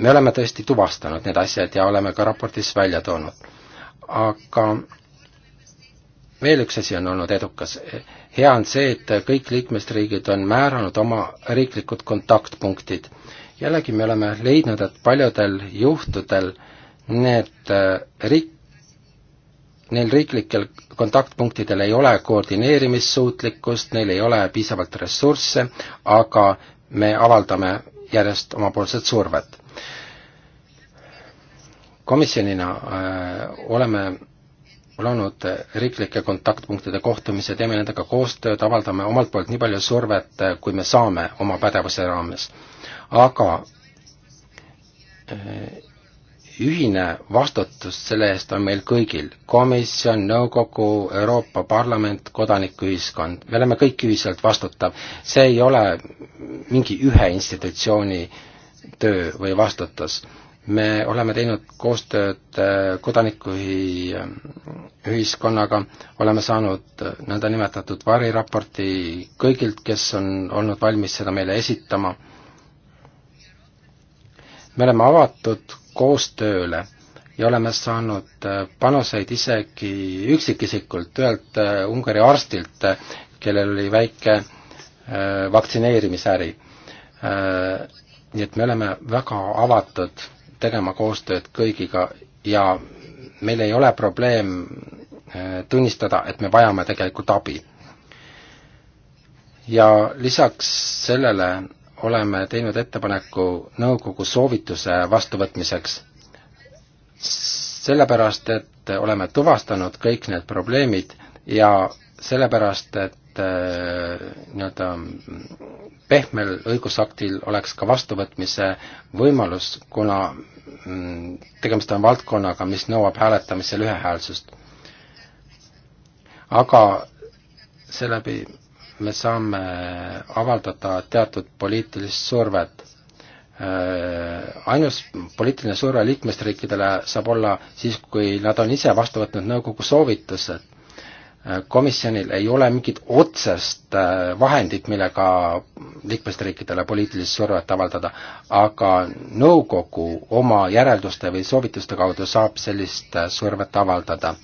me oleme tõesti tuvastanud need asjad ja oleme ka raportis välja toonud. aga veel üks asi on olnud edukas. hea on see, et kõik liikmesriigid on määranud oma riiklikud kontaktpunktid. jällegi me oleme leidnud, et paljudel juhtudel need äh, riik-, neil riiklikel kontaktpunktidel ei ole koordineerimissuutlikkust, neil ei ole piisavalt ressursse, aga me avaldame järjest omapoolset survet. komisjonina öö, äh, oleme mul olnud eh, riiklike kontaktpunktide kohtumised, teeme nendega koostööd, avaldame omalt poolt nii palju survet, eh, kui me saame oma pädevuse raames. aga eh, ühine vastutus selle eest on meil kõigil, komisjon, nõukogu, Euroopa Parlament, kodanikuühiskond, me oleme kõik ühiselt vastutav, see ei ole mingi ühe institutsiooni töö või vastutus me oleme teinud koostööd äh, kodanikuühiskonnaga, oleme saanud äh, nõndanimetatud variraporti kõigilt, kes on olnud valmis seda meile esitama. me oleme avatud koostööle ja oleme saanud äh, panuseid isegi üksikisikult, ühelt Ungari arstilt, kellel oli väike vaktsineerimisäri. nii et me oleme väga avatud tegema koostööd kõigiga ja meil ei ole probleem äh, tunnistada, et me vajame tegelikult abi. ja lisaks sellele oleme teinud ettepaneku nõukogu soovituse vastuvõtmiseks, sellepärast et oleme tuvastanud kõik need probleemid ja sellepärast, et äh, nii-öelda pehmel õigusaktil oleks ka vastuvõtmise võimalus, kuna mm, tegemist on valdkonnaga, mis nõuab hääletamisel ühehäälsust. aga seeläbi me saame avaldada teatud poliitilist survet. Äh, ainus poliitiline surve liikmesriikidele saab olla siis, kui nad on ise vastu võtnud nõukogu soovitused komisjonil ei ole mingit otsest äh, vahendit, millega liikmesriikidele poliitilist survet avaldada, aga nõukogu oma järelduste või soovituste kaudu saab sellist äh, survet avaldada.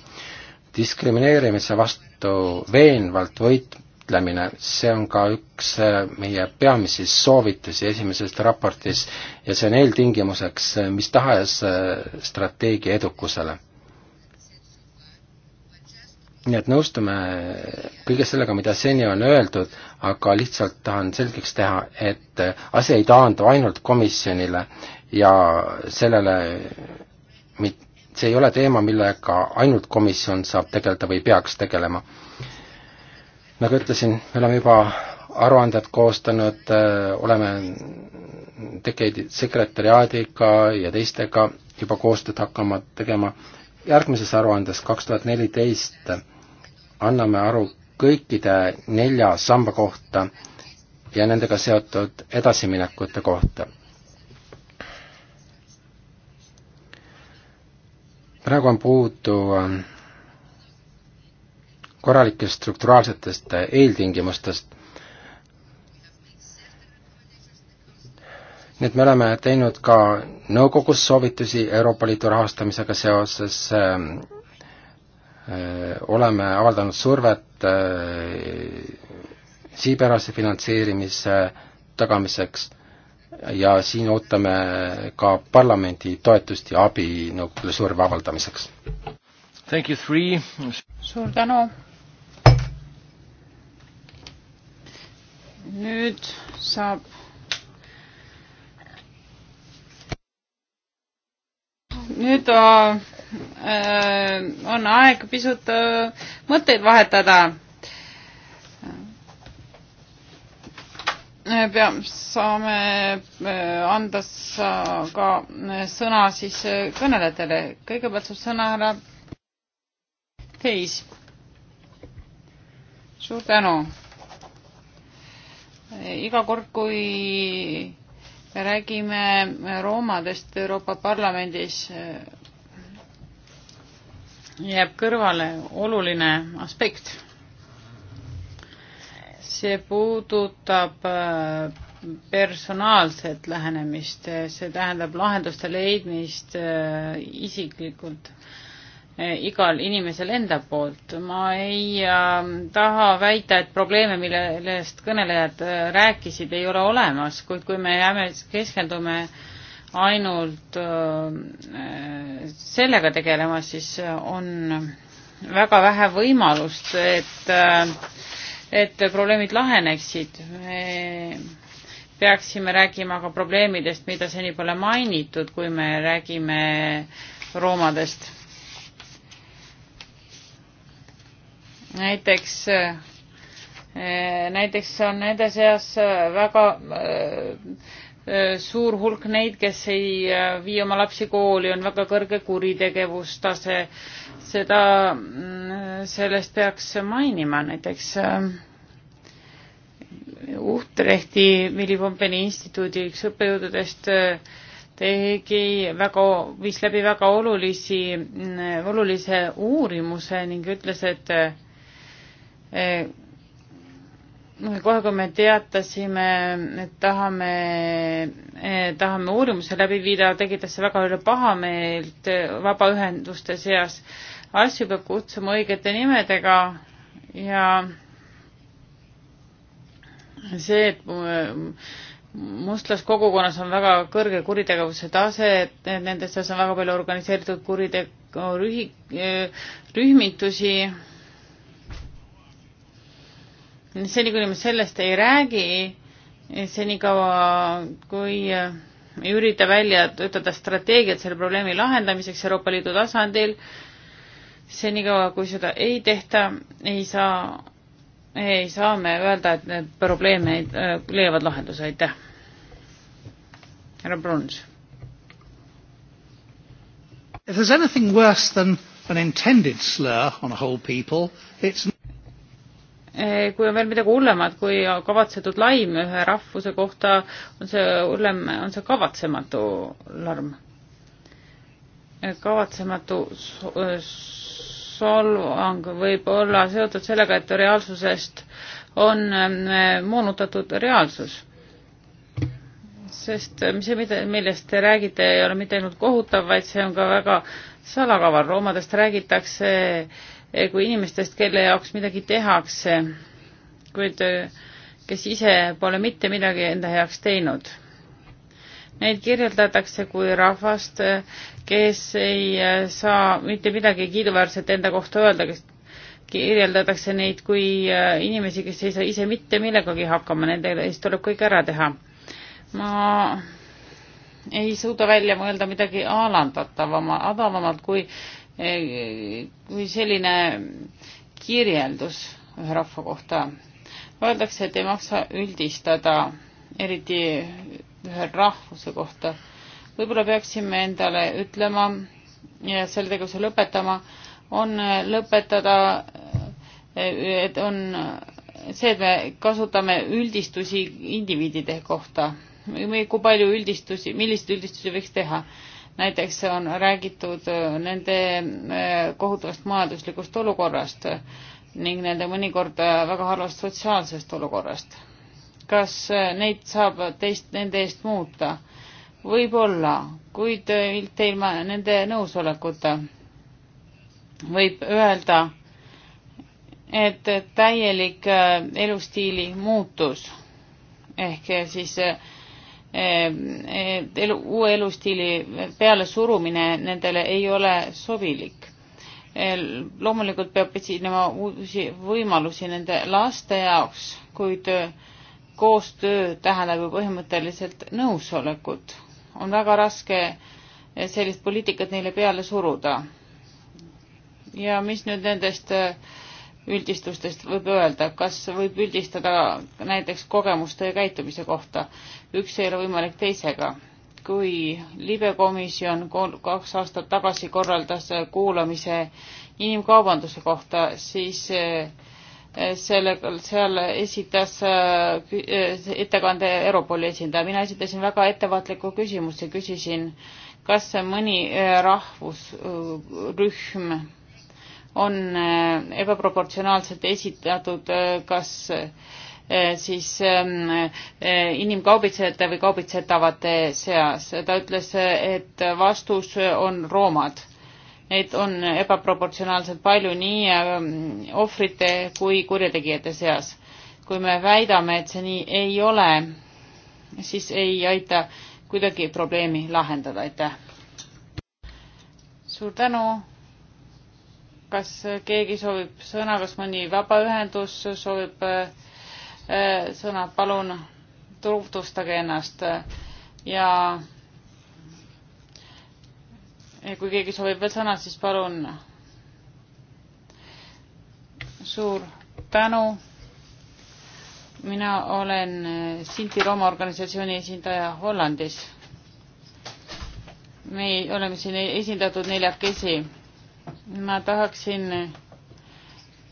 diskrimineerimise vastu veenvalt võitlemine, see on ka üks äh, meie peamisi soovitusi esimeses raportis ja see on eeltingimuseks mis tahes strateegia edukusele nii et nõustume kõige sellega, mida seni on öeldud, aga lihtsalt tahan selgeks teha, et asi ei taandu ainult komisjonile ja sellele, see ei ole teema, millega ainult komisjon saab tegeleda või peaks tegelema. nagu ütlesin, me oleme juba aruanded koostanud, oleme tege-, sekretäriaadiga ja teistega juba koostööd hakkama tegema järgmises aruandes kaks tuhat neliteist anname aru kõikide nelja samba kohta ja nendega seotud edasiminekute kohta. praegu on puudu ähm, korralikest strukturaalsetest eeltingimustest. nii et me oleme teinud ka nõukogus soovitusi Euroopa Liidu rahastamisega seoses äh, Äh, oleme avaldanud survet äh, siipärase finantseerimise tagamiseks ja siin ootame ka parlamendi toetust ja abi nõukogule surve avaldamiseks. suur tänu. nüüd saab nüüd uh Äh, on aeg pisut äh, mõtteid vahetada. Äh, pea, saame anda ka sõna siis kõnelejatele. kõigepealt saab sõna härra Teis. suur tänu. iga kord, kui me räägime roomadest Euroopa Parlamendis, jääb kõrvale oluline aspekt. see puudutab äh, personaalset lähenemist, see tähendab lahenduste leidmist äh, isiklikult äh, igal inimesel enda poolt. ma ei äh, taha väita, et probleeme, millest kõnelejad äh, rääkisid, ei ole olemas, kuid kui me jääme, keskendume äh, ainult äh, sellega tegelema, siis on väga vähe võimalust, et, äh, et probleemid laheneksid. me peaksime rääkima ka probleemidest, mida seni pole mainitud, kui me räägime roomadest. näiteks, äh, näiteks on nende seas väga äh, Äh, suur hulk neid, kes ei äh, vii oma lapsi kooli, on väga kõrge kuritegevustase. seda, mm, sellest peaks mainima näiteks äh, Uhtrehti Willy Pompeni instituudi üks õppejõududest tegi väga, viis läbi väga olulisi, mm, olulise uurimuse ning ütles, et Noh, kohe, kui me teatasime, et tahame eh,, tahame uurimuse läbi viida, tekitas see väga palju pahameelt vabaühenduste seas. asju peab kutsuma õigete nimedega ja see, et mustlaskogukonnas on väga kõrge kuritegevuse tase, et nende seas on väga palju organiseeritud kuritegu rühi-, rühmitusi seni, kuni me sellest ei räägi, senikaua kui äh, ei ürita välja töötada strateegiat selle probleemi lahendamiseks Euroopa Liidu tasandil, senikaua kui seda ei tehta, ei saa, ei saa me öelda, et need probleemid äh, leiavad lahenduse, aitäh. härra Bruns. If there is anything worse than an intended slur on a whole people, it is Eh, kui on veel midagi hullemat kui kavatsetud laim ühe rahvuse kohta, on see hullem, on see kavatsematu larm. Eh, kavatsematu eh, solvang võib olla seotud sellega, et reaalsusest on moonutatud reaalsus. sest see, mida, millest te räägite, ei ole mitte ainult kohutav, vaid see on ka väga salakaval. loomadest räägitakse äh, Eh, kui inimestest, kelle jaoks midagi tehakse, kuid eh, kes ise pole mitte midagi enda heaks teinud. Neid kirjeldatakse kui rahvast, eh, kes ei saa mitte midagi kiiduväärset enda kohta öelda, kes kirjeldatakse neid kui inimesi, kes ei saa ise mitte millegagi hakkama, nende eest tuleb kõik ära teha. ma ei suuda välja mõelda midagi alandatavama, odavamalt kui kui selline kirjeldus ühe rahva kohta. Öeldakse, et ei maksa üldistada, eriti ühe rahvuse kohta. võib-olla peaksime endale ütlema ja selle tegevuse lõpetama, on lõpetada, et on see, et me kasutame üldistusi indiviidide kohta või kui palju üldistusi, milliseid üldistusi võiks teha näiteks on räägitud äh, nende äh, kohutavast majanduslikust olukorrast ning nende mõnikord äh, väga halvast sotsiaalsest olukorrast. kas neid saab teist, nende eest muuta? võib-olla, kuid ilmselt ilma nende nõusolekuta võib öelda, et täielik elustiili muutus ehk siis äh, Ehm, elu, uue elustiili pealesurumine nendele ei ole sobilik. Ehm, loomulikult peab esinema uusi võimalusi nende laste jaoks, kuid eh, koostöö tähendab ju põhimõtteliselt nõusolekut. on väga raske eh, sellist poliitikat neile peale suruda. ja mis nüüd nendest äh, üldistustest võib öelda, kas võib üldistada näiteks kogemuste ja käitumise kohta. üks ei ole võimalik teisega. kui libekomisjon kaks aastat tagasi korraldas äh, kuulamise inimkaubanduse kohta, siis äh, sellega, seal esitas äh, ettekande Europoli esindaja. mina esitasin väga ettevaatliku küsimuse, küsisin, kas mõni rahvusrühm on äh, ebaproportsionaalselt esitatud äh, kas äh, siis ähm, inimkaubitsejate või kaubitsetavate seas. ta ütles, et vastus on roomad. Neid on ebaproportsionaalselt palju nii ähm, ohvrite kui kurjategijate seas. kui me väidame, et see nii ei ole, siis ei aita kuidagi probleemi lahendada, aitäh. suur tänu kas keegi soovib sõna, kas mõni vabaühendus soovib äh, sõna, palun tutvustage ennast ja kui keegi soovib veel sõna, siis palun. suur tänu. mina olen Sinti Rooma organisatsiooni esindaja Hollandis. me oleme siin esindatud neljakesi ma tahaksin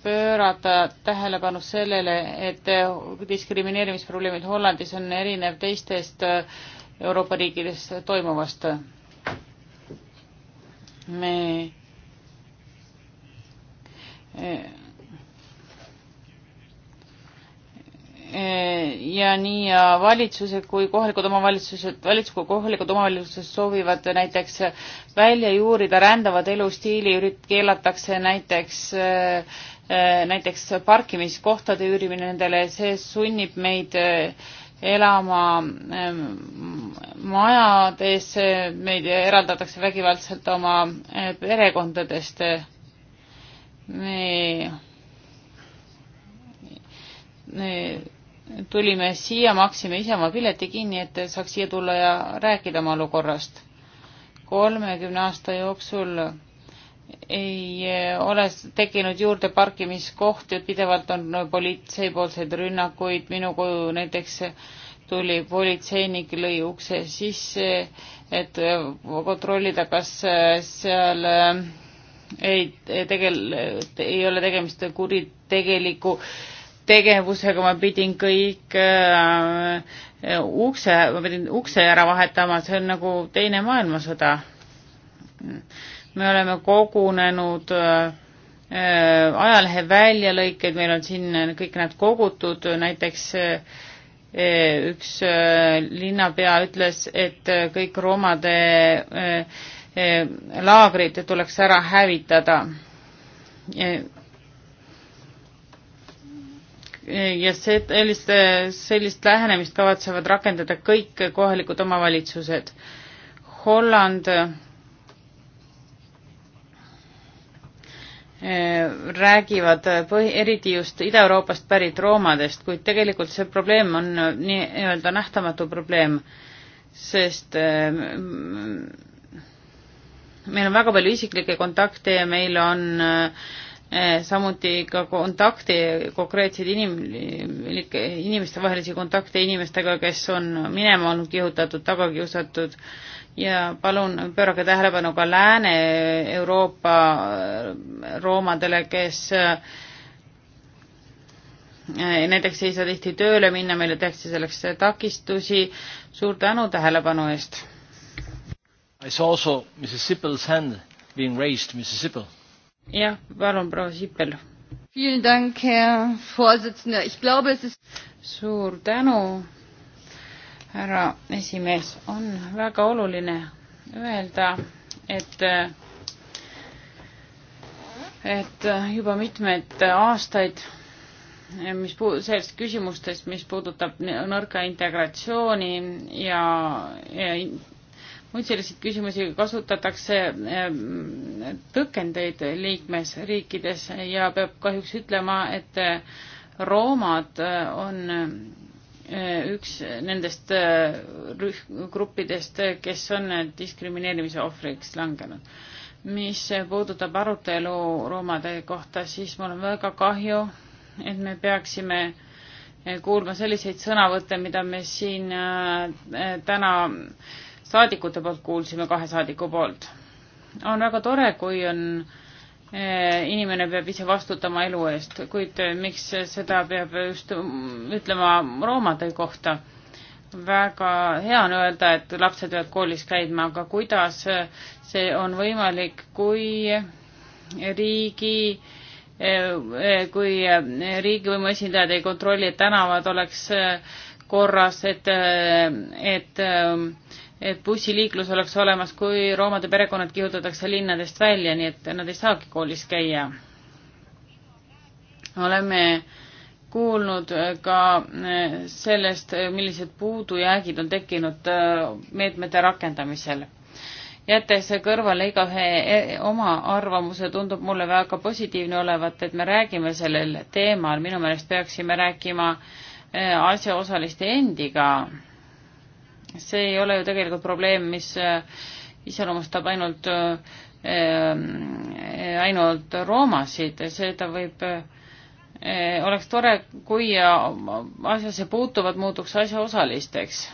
pöörata tähelepanu sellele, et diskrimineerimisprobleemid Hollandis on erinev teistest äh, Euroopa riikides toimuvast. me äh, Eh, ja nii valitsused kui kohalikud omavalitsused, valitsus kui kohalikud omavalitsused soovivad näiteks välja juurida rändavad elustiili, keelatakse näiteks eh, eh, näiteks parkimiskohtade üürimine nendele, see sunnib meid elama majades, meid eraldatakse vägivaldselt oma perekondadest. me, me tulime siia, maksime ise oma pileti kinni, et saaks siia tulla ja rääkida oma olukorrast. kolmekümne aasta jooksul ei eh, ole tekkinud juurde parkimiskohti, pidevalt on politseipoolseid rünnakuid, minu koju näiteks tuli politseinik, lõi ukse sisse, et kontrollida, kas eh, seal eh, ei tegel-, ei ole tegemist kuritegeliku äh, tegevusega ma pidin kõik äh, äh, ukse, ma pidin ukse ära vahetama, see on nagu teine maailmasõda. me oleme kogunenud äh, ajalehe väljalõikeid, meil on siin kõik need kogutud, näiteks äh, üks äh, linnapea ütles, et äh, kõik romade äh, äh laagrid tuleks ära hävitada äh, ja see, sellist, sellist lähenemist kavatsevad rakendada kõik kohalikud omavalitsused. Holland eh, räägivad põhi, eriti just Ida-Euroopast pärit roomadest, kuid tegelikult see probleem on nii-öelda nähtamatu probleem, sest eh, meil on väga palju isiklikke kontakte ja meil on äh, Eh, samuti ka kontakti, konkreetseid inimlikke, inimestevahelisi kontakte inimestega, kes on minema olnud kihutatud, taga kiusatud ja palun pöörake tähelepanu ka Lääne-Euroopa roomadele, kes eh, näiteks ei saa tihti tööle minna, meile tehakse selleks takistusi. suur tänu tähelepanu eest. I saw also Mrs Sippel's hand being raised, Mrs Sippel jah, palun, proua Sippel. suur tänu, härra esimees, on väga oluline öelda, et et juba mitmeid aastaid mis puu-, sellest küsimustest, mis puudutab nõrka integratsiooni ja, ja muid selliseid küsimusi kasutatakse ähm, tõkendeid liikmesriikides ja peab kahjuks ütlema, et äh, roomad äh, on äh, üks nendest rühm, gruppidest, kes on diskrimineerimise ohvriks langenud. mis puudutab arutelu roomade kohta, siis mul on väga kahju, et me peaksime kuulma selliseid sõnavõtte, mida me siin täna äh, saadikute poolt kuulsime, kahe saadiku poolt. on väga tore, kui on eh, inimene peab ise vastutama elu eest, kuid eh, miks seda peab just mm, ütlema roomade kohta? väga hea on öelda, et lapsed peavad koolis käima, aga kuidas see on võimalik, kui riigi, eh, kui riigivõimu esindajad ei kontrolli, et tänavad oleks korras, et, et et bussiliiklus oleks olemas, kui roomade perekonnad kihutatakse linnadest välja, nii et nad ei saagi koolis käia. oleme kuulnud äh, ka äh, sellest, äh, millised puudujäägid on tekkinud meetmete rakendamisel. jättes kõrvale igaühe oma arvamuse, tundub mulle väga positiivne olevat, et me räägime sellel teemal, minu meelest peaksime rääkima asjaosaliste endiga see ei ole ju tegelikult probleem, mis äh, iseloomustab ainult, äh, äh, ainult roomasid, seda võib, oleks tore, kui asjasse puutuvad muutuks asjaosalisteks.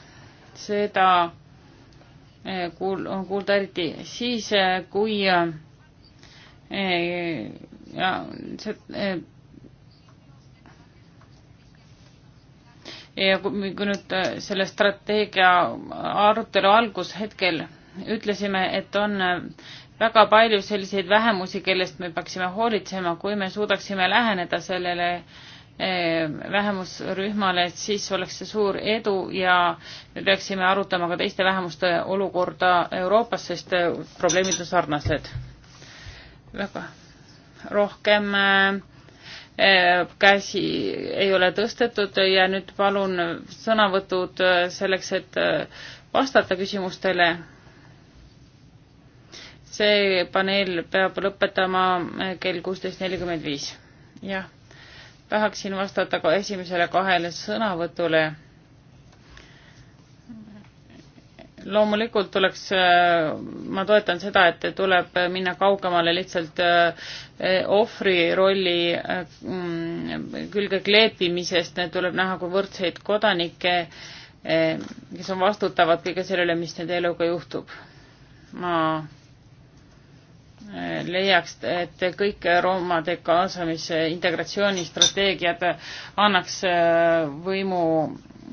seda kuul-, on kuulda eriti siis, kui ja see ja kui, kui nüüd äh, selle strateegia arutelu algushetkel ütlesime, et on äh, väga palju selliseid vähemusi, kellest me peaksime hoolitsema, kui me suudaksime läheneda sellele äh, vähemusrühmale, et siis oleks see suur edu ja me peaksime arutama ka teiste vähemuste olukorda Euroopas, sest probleemid on sarnased. väga rohkem äh, Eh, käsi ei ole tõstetud ja nüüd palun sõnavõtud eh, selleks, et eh, vastata küsimustele. see paneel peab lõpetama kell kuusteist nelikümmend viis. jah, tahaksin vastata ka esimesele kahele sõnavõtule loomulikult tuleks, äh, ma toetan seda, et tuleb minna kaugemale lihtsalt äh, ohvri rolli äh, mm, külge kleepimisest, tuleb näha kui võrdseid kodanikke, kes on vastutavad kõige selle üle, mis nende eluga juhtub. ma leiaks, et kõik roomade kaasamise integratsioonistrateegiad annaks võimu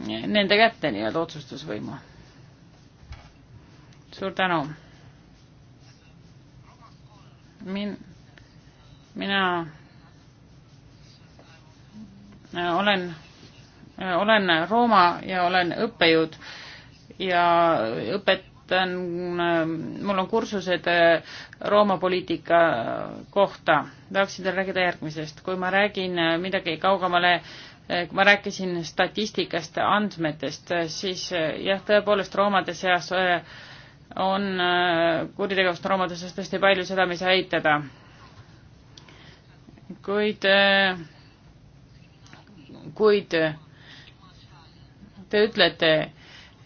nende kätte nii-öelda otsustusvõimu suur tänu. min-, mina äh, olen, äh, olen Rooma ja olen õppejõud ja õpetan, äh, mul on kursused Rooma poliitika kohta. tahaksin teile rääkida järgmisest, kui ma räägin midagi kaugemale kui ma rääkisin statistikast, andmetest, siis jah, tõepoolest roomade seas äh, on äh, kuritegevust roomaduses tõesti palju, seda me ei saa eitada. kuid, äh, kuid te ütlete,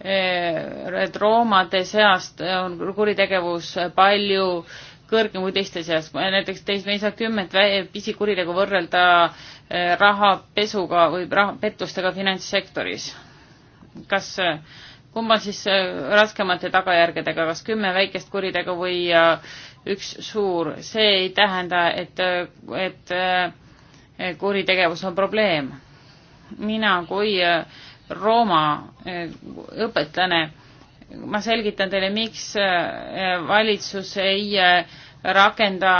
äh, et roomade seast on kuritegevus palju kõrgem kui teiste seas, näiteks teis me ei saa kümmet pisikuritegu võrrelda rahapesuga või raha, pettustega finantssektoris. kas äh, kumb on siis äh, raskemate tagajärgedega, kas kümme väikest kuritegu või äh, üks suur, see ei tähenda, et, äh, et kuritegevus on probleem. mina kui Rooma õpetlane, ma selgitan teile, miks valitsus ei rakenda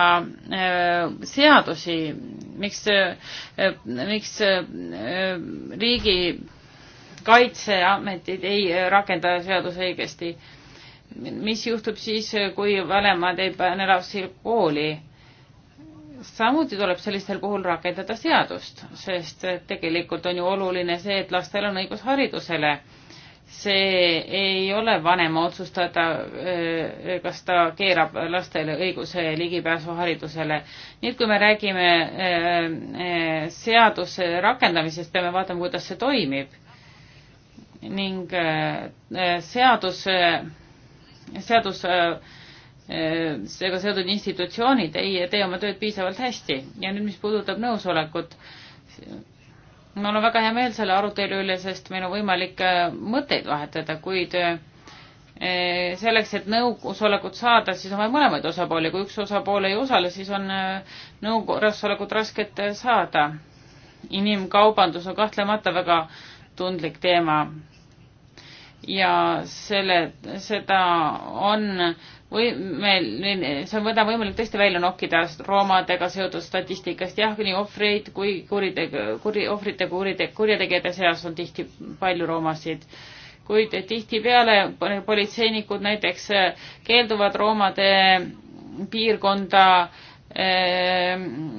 seadusi, miks, miks riigi kaitseametid ei rakenda seaduse õigesti. mis juhtub siis, kui vanemad ei pane lapsi kooli? samuti tuleb sellistel puhul rakendada seadust, sest tegelikult on ju oluline see, et lastel on õigus haridusele. see ei ole vanema otsustada, eh, kas ta keerab lastele õiguse ligipääsu haridusele. nii et kui me räägime eh, eh, seaduse rakendamisest, peame vaatama, kuidas see toimib ning äh, äh, seadus, äh, seadus seega seotud institutsioonid ei tee oma tööd piisavalt hästi ja nüüd, mis puudutab nõusolekut, mul on väga hea meel selle arutelu üle, sest meil on võimalik mõtteid vahetada, kuid selleks, et nõusolekut saada, siis on vaja mõlemaid osapooli, kui üks osapool ei osale, siis on nõusolekut rasket saada. inimkaubandus on kahtlemata väga äh, tundlik teema. ja selle, seda on või meil, see on seda võimalik tõesti välja nokkida roomadega seotud statistikast, jah, nii ohvreid kui kuritegu, kuri, ohvrite kurite, kurjategijate seas on tihti palju roomasid kuid tihtipeale politseinikud näiteks keelduvad roomade piirkonda äh,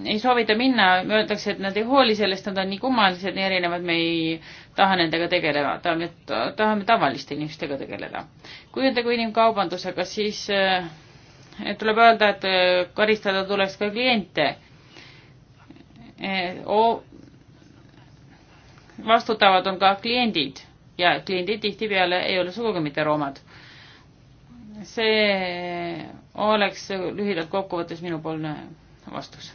ei soovita minna, öeldakse, et nad ei hooli sellest, nad on nii kummalised, nii erinevad, me ei taha nendega tegeleda, tahame, tahame tavaliste inimestega tegeleda. kui on tegu inimkaubandusega, siis eh, tuleb öelda, et eh, karistada tuleks ka kliente. Eh, vastutavad on ka kliendid ja kliendid tihtipeale ei ole sugugi mitte roomad. see oleks lühidalt kokkuvõttes minupoolne vastus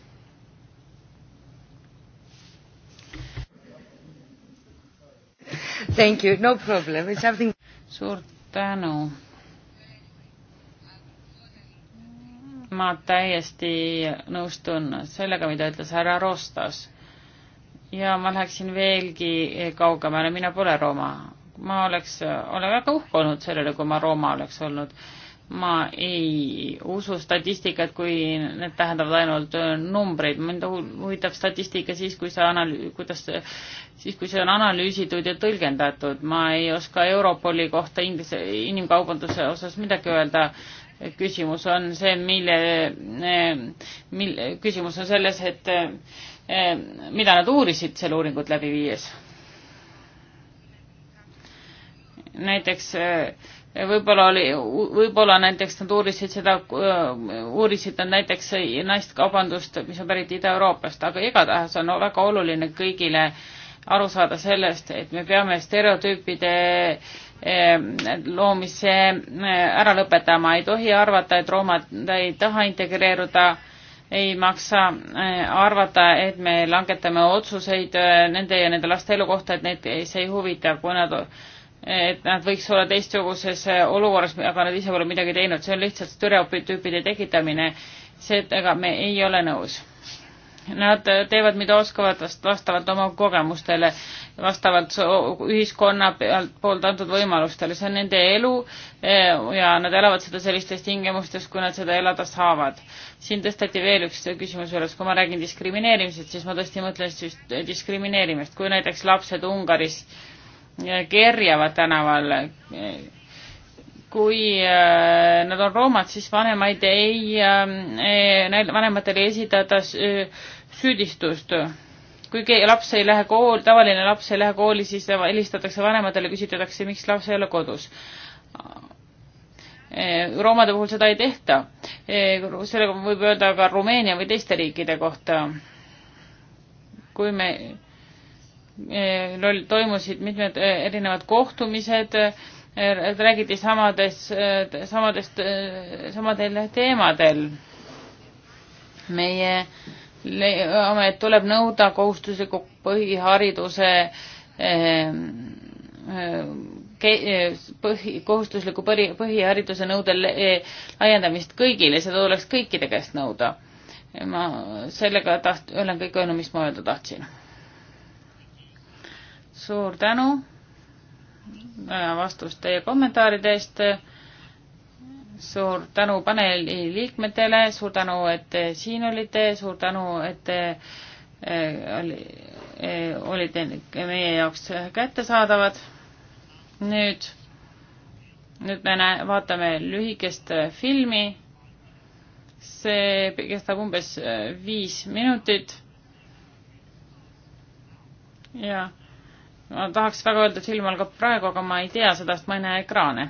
Thank you, no problem, it's something. suur tänu. ma täiesti nõustun sellega, mida ütles härra Rostas. ja ma läheksin veelgi kaugemale, mina pole Rooma. ma oleks, olen väga uhke olnud sellele, kui ma Rooma oleks olnud ma ei usu statistikat, kui need tähendavad ainult äh, numbreid, mind huvitab statistika siis, kui see analüü-, kuidas, siis kui see on analüüsitud ja tõlgendatud, ma ei oska Europoli kohta inglise, inimkaubanduse osas midagi öelda, küsimus on see, mille, äh, mille, küsimus on selles, et äh, mida nad uurisid selle uuringut läbi viies. näiteks võib-olla oli, võib-olla näiteks nad uurisid seda, äh, uurisid nad näiteks naistkaubandust, mis on pärit Ida-Euroopast, aga igatahes on väga oluline kõigile aru saada sellest, et me peame stereotüüpide äh, loomise äh, ära lõpetama, ei tohi arvata, et roomad ei taha integreeruda, ei maksa arvata, et me langetame otsuseid nende ja nende laste elu kohta, et neid see ei huvita, kui nad et nad võiks olla teistsuguses äh, olukorras, aga nad ise pole midagi teinud, see on lihtsalt stereotüüpide tekitamine. sellega me ei ole nõus. Nad äh, teevad, mida oskavad vastavalt oma kogemustele, vastavalt ühiskonna pealt poolt antud võimalustele, see on nende elu äh, ja nad elavad seda sellistes tingimustes, kui nad seda elada saavad. siin tõsteti veel üks küsimus üles, kui ma räägin diskrimineerimisest, siis ma tõesti mõtlen siis diskrimineerimist, kui näiteks lapsed Ungaris äh, kerjavad tänaval. kui äh, nad on roomad, siis vanemaid ei, äh, vanematele ei esitata äh, süüdistust. kui laps ei lähe kooli, tavaline laps ei lähe kooli, siis helistatakse vanematele, küsitakse, miks laps ei ole kodus. roomade puhul seda ei tehta. sellega võib öelda ka Rumeenia või teiste riikide kohta. kui me Eh, toimusid mitmed eh, erinevad kohtumised, eh, räägiti samades, samadest, samadel teemadel. meie leiame, et tuleb nõuda kohustusliku põhihariduse põhi, kohustusliku põhi, põhihariduse nõudel laiendamist kõigile, seda tuleks kõikide käest nõuda. ma sellega taht-, olen kõik öelnud, mis ma öelda tahtsin suur tänu äh, vastust teie kommentaaride eest. suur tänu paneeli liikmetele, suur tänu, et te siin olite, suur tänu, et te äh, oli, äh, olite meie jaoks kättesaadavad. nüüd, nüüd me näe-, vaatame lühikest äh, filmi. see kestab umbes äh, viis minutit. ja ma tahaks väga öelda, et silm algab praegu, aga ma ei tea seda, sest ma ei näe ekraane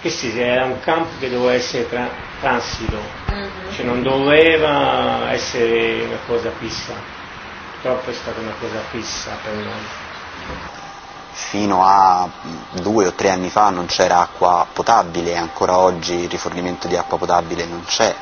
che sì, era un campo che doveva essere tra- transito, mm-hmm. cioè non doveva essere una cosa fissa, purtroppo è stata una cosa fissa per noi. Fino a due o tre anni fa non c'era acqua potabile, ancora oggi il rifornimento di acqua potabile non c'è,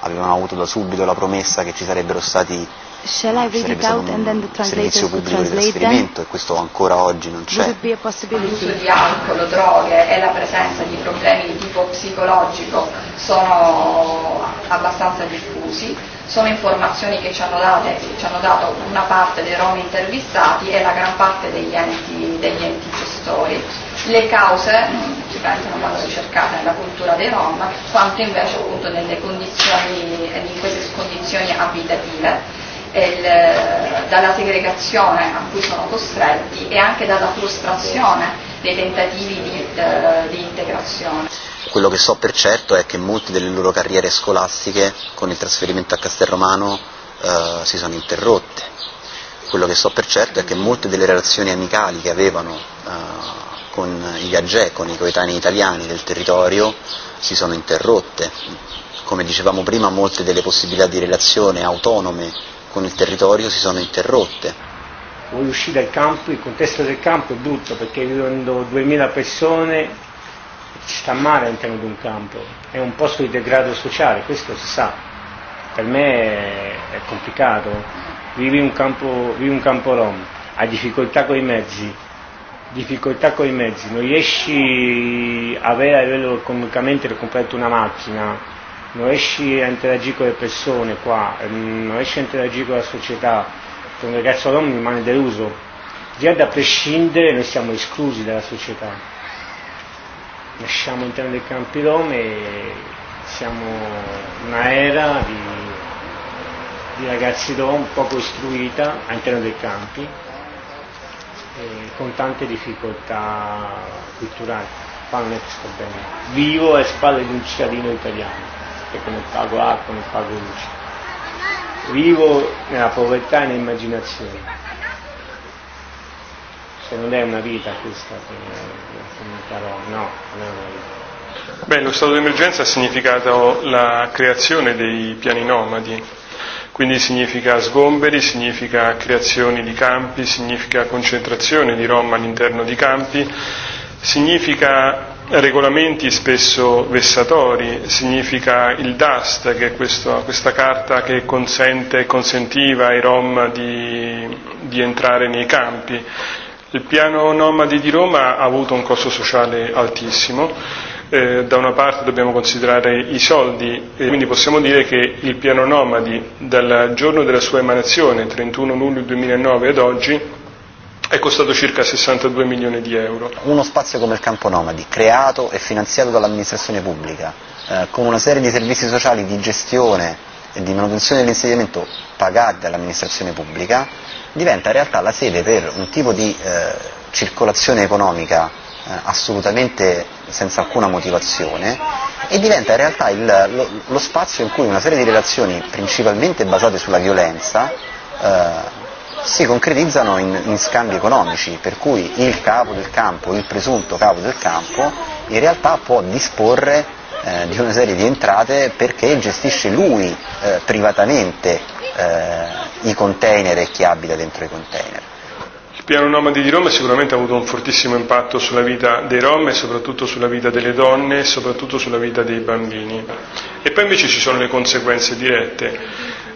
avevano avuto da subito la promessa che ci sarebbero stati Shall I read it out and then the translator will translate them? e questo ancora oggi non c'è. Would it be a possibility? L'uso di alcol, droghe e la presenza di problemi di tipo psicologico sono abbastanza diffusi. Sono informazioni che ci hanno, date, ci hanno dato una parte dei rom intervistati e la gran parte degli enti, degli enti gestori. Le cause sicuramente non vanno ricercate nella cultura dei rom, quanto invece appunto nelle condizioni, in queste condizioni abitative E il, eh, dalla segregazione a cui sono costretti e anche dalla frustrazione dei tentativi di, eh, di integrazione. Quello che so per certo è che molte delle loro carriere scolastiche con il trasferimento a Castelromano eh, si sono interrotte. Quello che so per certo è che molte delle relazioni amicali che avevano eh, con gli Agè, con i coetanei italiani del territorio, si sono interrotte. Come dicevamo prima, molte delle possibilità di relazione autonome con il territorio si sono interrotte. Voi uscì dal campo, il contesto del campo è brutto perché vivendo 2000 persone ci sta male all'interno di un campo, è un posto di degrado sociale, questo si sa, per me è complicato, vivi un campo, vivi un campo rom, hai difficoltà con i mezzi, difficoltà con i mezzi, non riesci a avere a livello economicamente per comprare una macchina, non riesci a interagire con le persone qua, ehm, non riesci a interagire con la società, se un ragazzo all'uomo rimane deluso. Già da prescindere noi siamo esclusi dalla società. Nasciamo all'interno del campi rom e siamo una era di, di ragazzi rom poco istruita all'interno dei campi, eh, con tante difficoltà culturali. Parlo sto bene. Vivo alle spalle di un cittadino italiano forte, conectato a, conectato luce. Vivo nella povertà e nell'immaginazione. Cioè non è una vita questa eh, comunicherò, no, non è una vita. Beh, lo stato d'emergenza ha significato la creazione dei piani nomadi, quindi significa sgomberi, significa creazioni di campi, significa concentrazione di Roma all'interno di campi, significa regolamenti spesso vessatori, significa il DAST, che è questo, questa carta che consente, consentiva ai Rom di, di entrare nei campi. Il piano nomadi di Roma ha avuto un costo sociale altissimo, eh, da una parte dobbiamo considerare i soldi e quindi possiamo dire che il piano nomadi dal giorno della sua emanazione, 31 luglio 2009 ad oggi, è costato circa 62 milioni di euro. Uno spazio come il Campo Nomadi, creato e finanziato dall'amministrazione pubblica, eh, con una serie di servizi sociali di gestione e di manutenzione dell'insediamento pagati dall'amministrazione pubblica, diventa in realtà la sede per un tipo di eh, circolazione economica eh, assolutamente senza alcuna motivazione e diventa in realtà il, lo, lo, spazio in cui una serie di relazioni principalmente basate sulla violenza eh, si concretizzano in, in, scambi economici, per cui il capo del campo, il presunto capo del campo, in realtà può disporre eh, di una serie di entrate perché gestisce lui eh, privatamente eh, i container e chi abita dentro i container. Il piano nomadi di Roma sicuramente ha avuto un fortissimo impatto sulla vita dei Rom e soprattutto sulla vita delle donne e soprattutto sulla vita dei bambini. E poi invece ci sono le conseguenze dirette.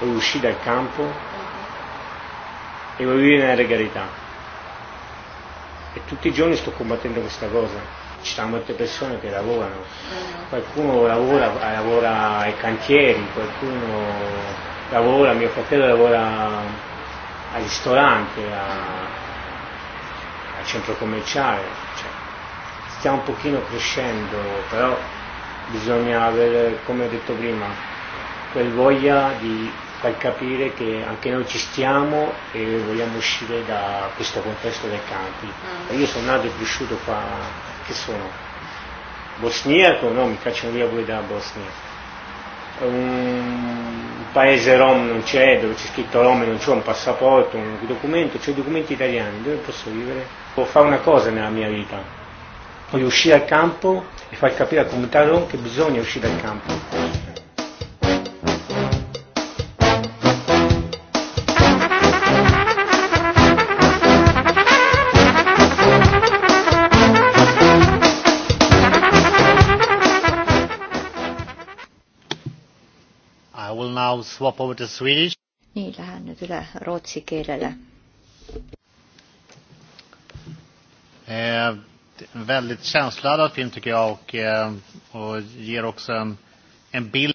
e uscì dal campo e volevo vivere nella legalità. E tutti i giorni sto combattendo questa cosa. Ci sono molte persone che lavorano, qualcuno lavora, lavora ai cantieri, qualcuno lavora, mio fratello lavora al ristorante, a, al centro commerciale, cioè, stiamo un pochino crescendo, però bisogna avere, come ho detto prima, quel voglia di per capire che anche noi ci stiamo e vogliamo uscire da questo contesto dei campi. Mm. Io sono nato e cresciuto qua, che sono? Bosniaco? No, mi cacciano via pure dalla Bosnia. Un paese rom non c'è, dove c'è scritto rom e non c'è un passaporto, un documento, c'ho i documenti italiani, dove posso vivere? Devo fare una cosa nella mia vita, voglio uscire al campo e far capire al comunità rom che bisogna uscire dal campo now swap over to Swedish. nii, lähen nüüd üle rootsi keelele. Eh, väldigt känsloladdad film tycker jag och, eh, och ger också en, en bild.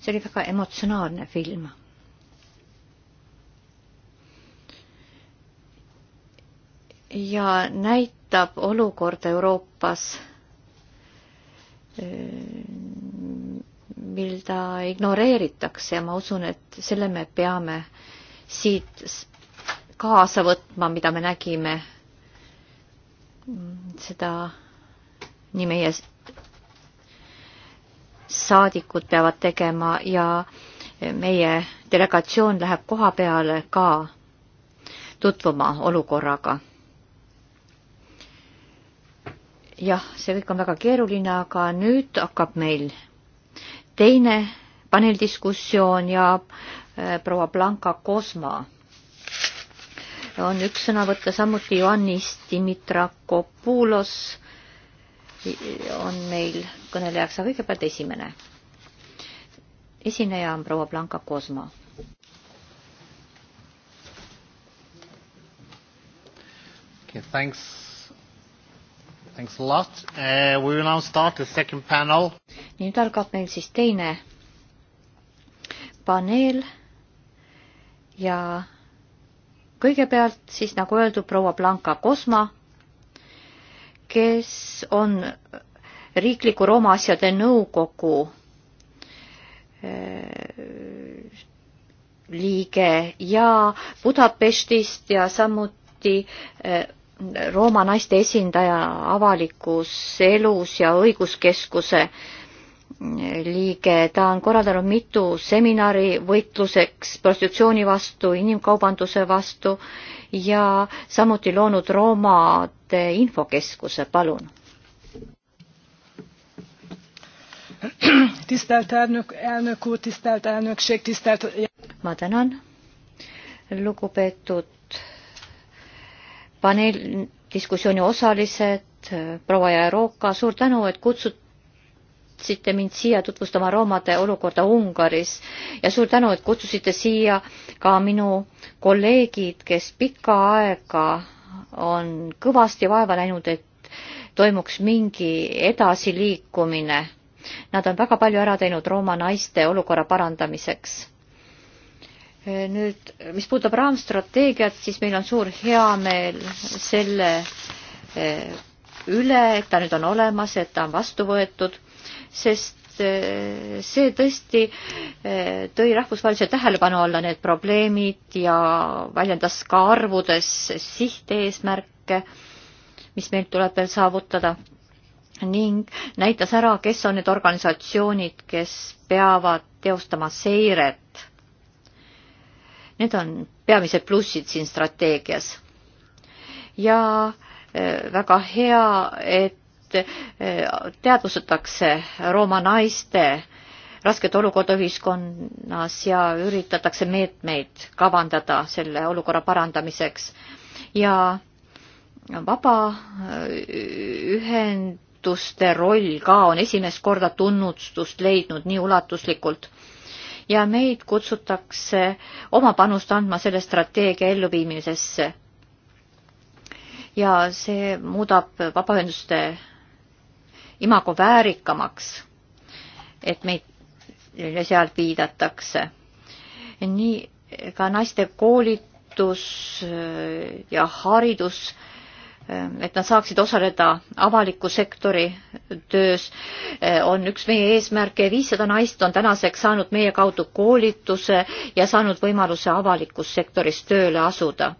See oli väga emotsionaalne film. ja näitab olukorda Euroopas, eh, mida ignoreeritakse ja ma usun, et selle me peame siit kaasa võtma, mida me nägime seda nii meie saadikud peavad tegema ja meie delegatsioon läheb koha peale ka tutvuma olukorraga. jah, see kõik on väga keeruline, aga nüüd hakkab meil teine paneeldiskussioon ja äh, proua Blanka Kosma on üks sõnavõtt ja samuti Ioannis Dimitrakopulos on meil kõnelejaks, aga kõigepealt esimene. esineja on proua Blanka Kosma. Okay, thanks Thanks a lot. Uh, we will now start the second panel. nüüd algab meil siis teine paneel ja kõigepealt siis nagu öeldud, proua Blanca Kosma, kes on riikliku Rooma asjade nõukogu äh, liige ja Budapestist ja samuti äh, Rooma naiste esindaja avalikus elus ja õiguskeskuse liige, ta on korraldanud mitu seminari võitluseks prostitutsiooni vastu, inimkaubanduse vastu ja samuti loonud Roomade infokeskuse, palun. ma tänan, lugupeetud paneeldiskussiooni osalised, äh, proua Jaroka, suur tänu, et kutsusite mind siia tutvustama roomade olukorda Ungaris ja suur tänu, et kutsusite siia ka minu kolleegid, kes pikka aega on kõvasti vaeva näinud, et toimuks mingi edasiliikumine. Nad on väga palju ära teinud Rooma naiste olukorra parandamiseks nüüd, mis puudutab raamstrateegiat, siis meil on suur heameel selle eh, üle, et ta nüüd on olemas, et ta on vastu võetud, sest eh, see tõesti eh, tõi rahvusvahelise tähelepanu alla need probleemid ja väljendas ka arvudes sihteesmärke, mis meil tuleb veel saavutada ning näitas ära, kes on need organisatsioonid, kes peavad teostama seiret Need on peamised plussid siin strateegias. ja e, väga hea, et e, teadvustatakse Rooma naiste rasket olukorda ühiskonnas ja üritatakse meetmeid kavandada selle olukorra parandamiseks. ja vabaühenduste e, roll ka on esimest korda tunnustust leidnud nii ulatuslikult ja meid kutsutakse oma panust andma selle strateegia elluviimisesse. ja see muudab vabaühenduste imago väärikamaks, et meid seal viidatakse. nii ka naiste koolitus ja haridus Ehm, et nad saaksid osaleda avaliku sektori töös, ehm, on üks meie eesmärke. viissada naist on tänaseks saanud meie kaudu koolituse ja saanud võimaluse avalikus sektoris tööle asuda.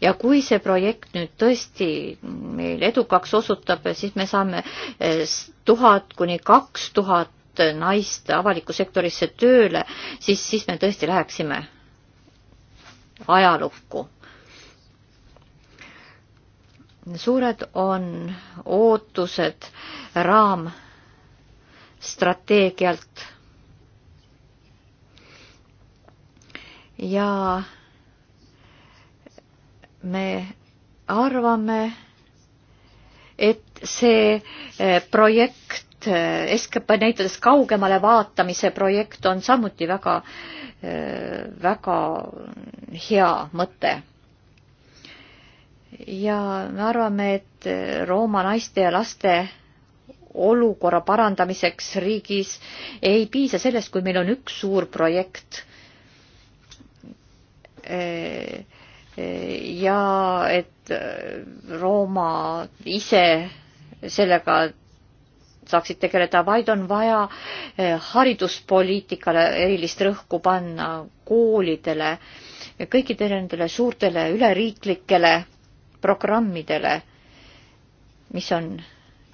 ja kui see projekt nüüd tõesti meil edukaks osutab, siis me saame ehm, tuhat kuni kaks tuhat naist avalikku sektorisse tööle, siis, siis me tõesti läheksime ajalukku suured on ootused raamstrateegialt. ja me arvame, et see eh, projekt, eh, SKP näitades kaugemale vaatamise projekt on samuti väga, eh, väga hea mõte ja me arvame, et Rooma naiste ja laste olukorra parandamiseks riigis ei piisa sellest, kui meil on üks suur projekt. E, e, ja et Rooma ise sellega saaksid tegeleda, vaid on vaja e, hariduspoliitikale erilist rõhku panna, koolidele, kõikidele nendele suurtele üleriiklikele programmidele, mis on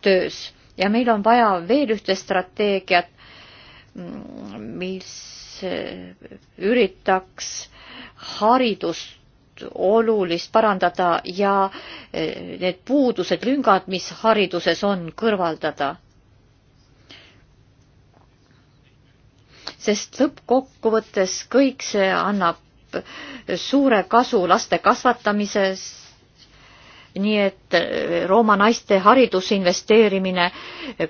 töös ja meil on vaja veel ühte strateegiat, mis eh, üritaks haridust olulist parandada ja eh, need puudused, lüngad, mis hariduses on, kõrvaldada. sest lõppkokkuvõttes kõik see annab suure kasu laste kasvatamises, nii et eh, Rooma naiste hariduse investeerimine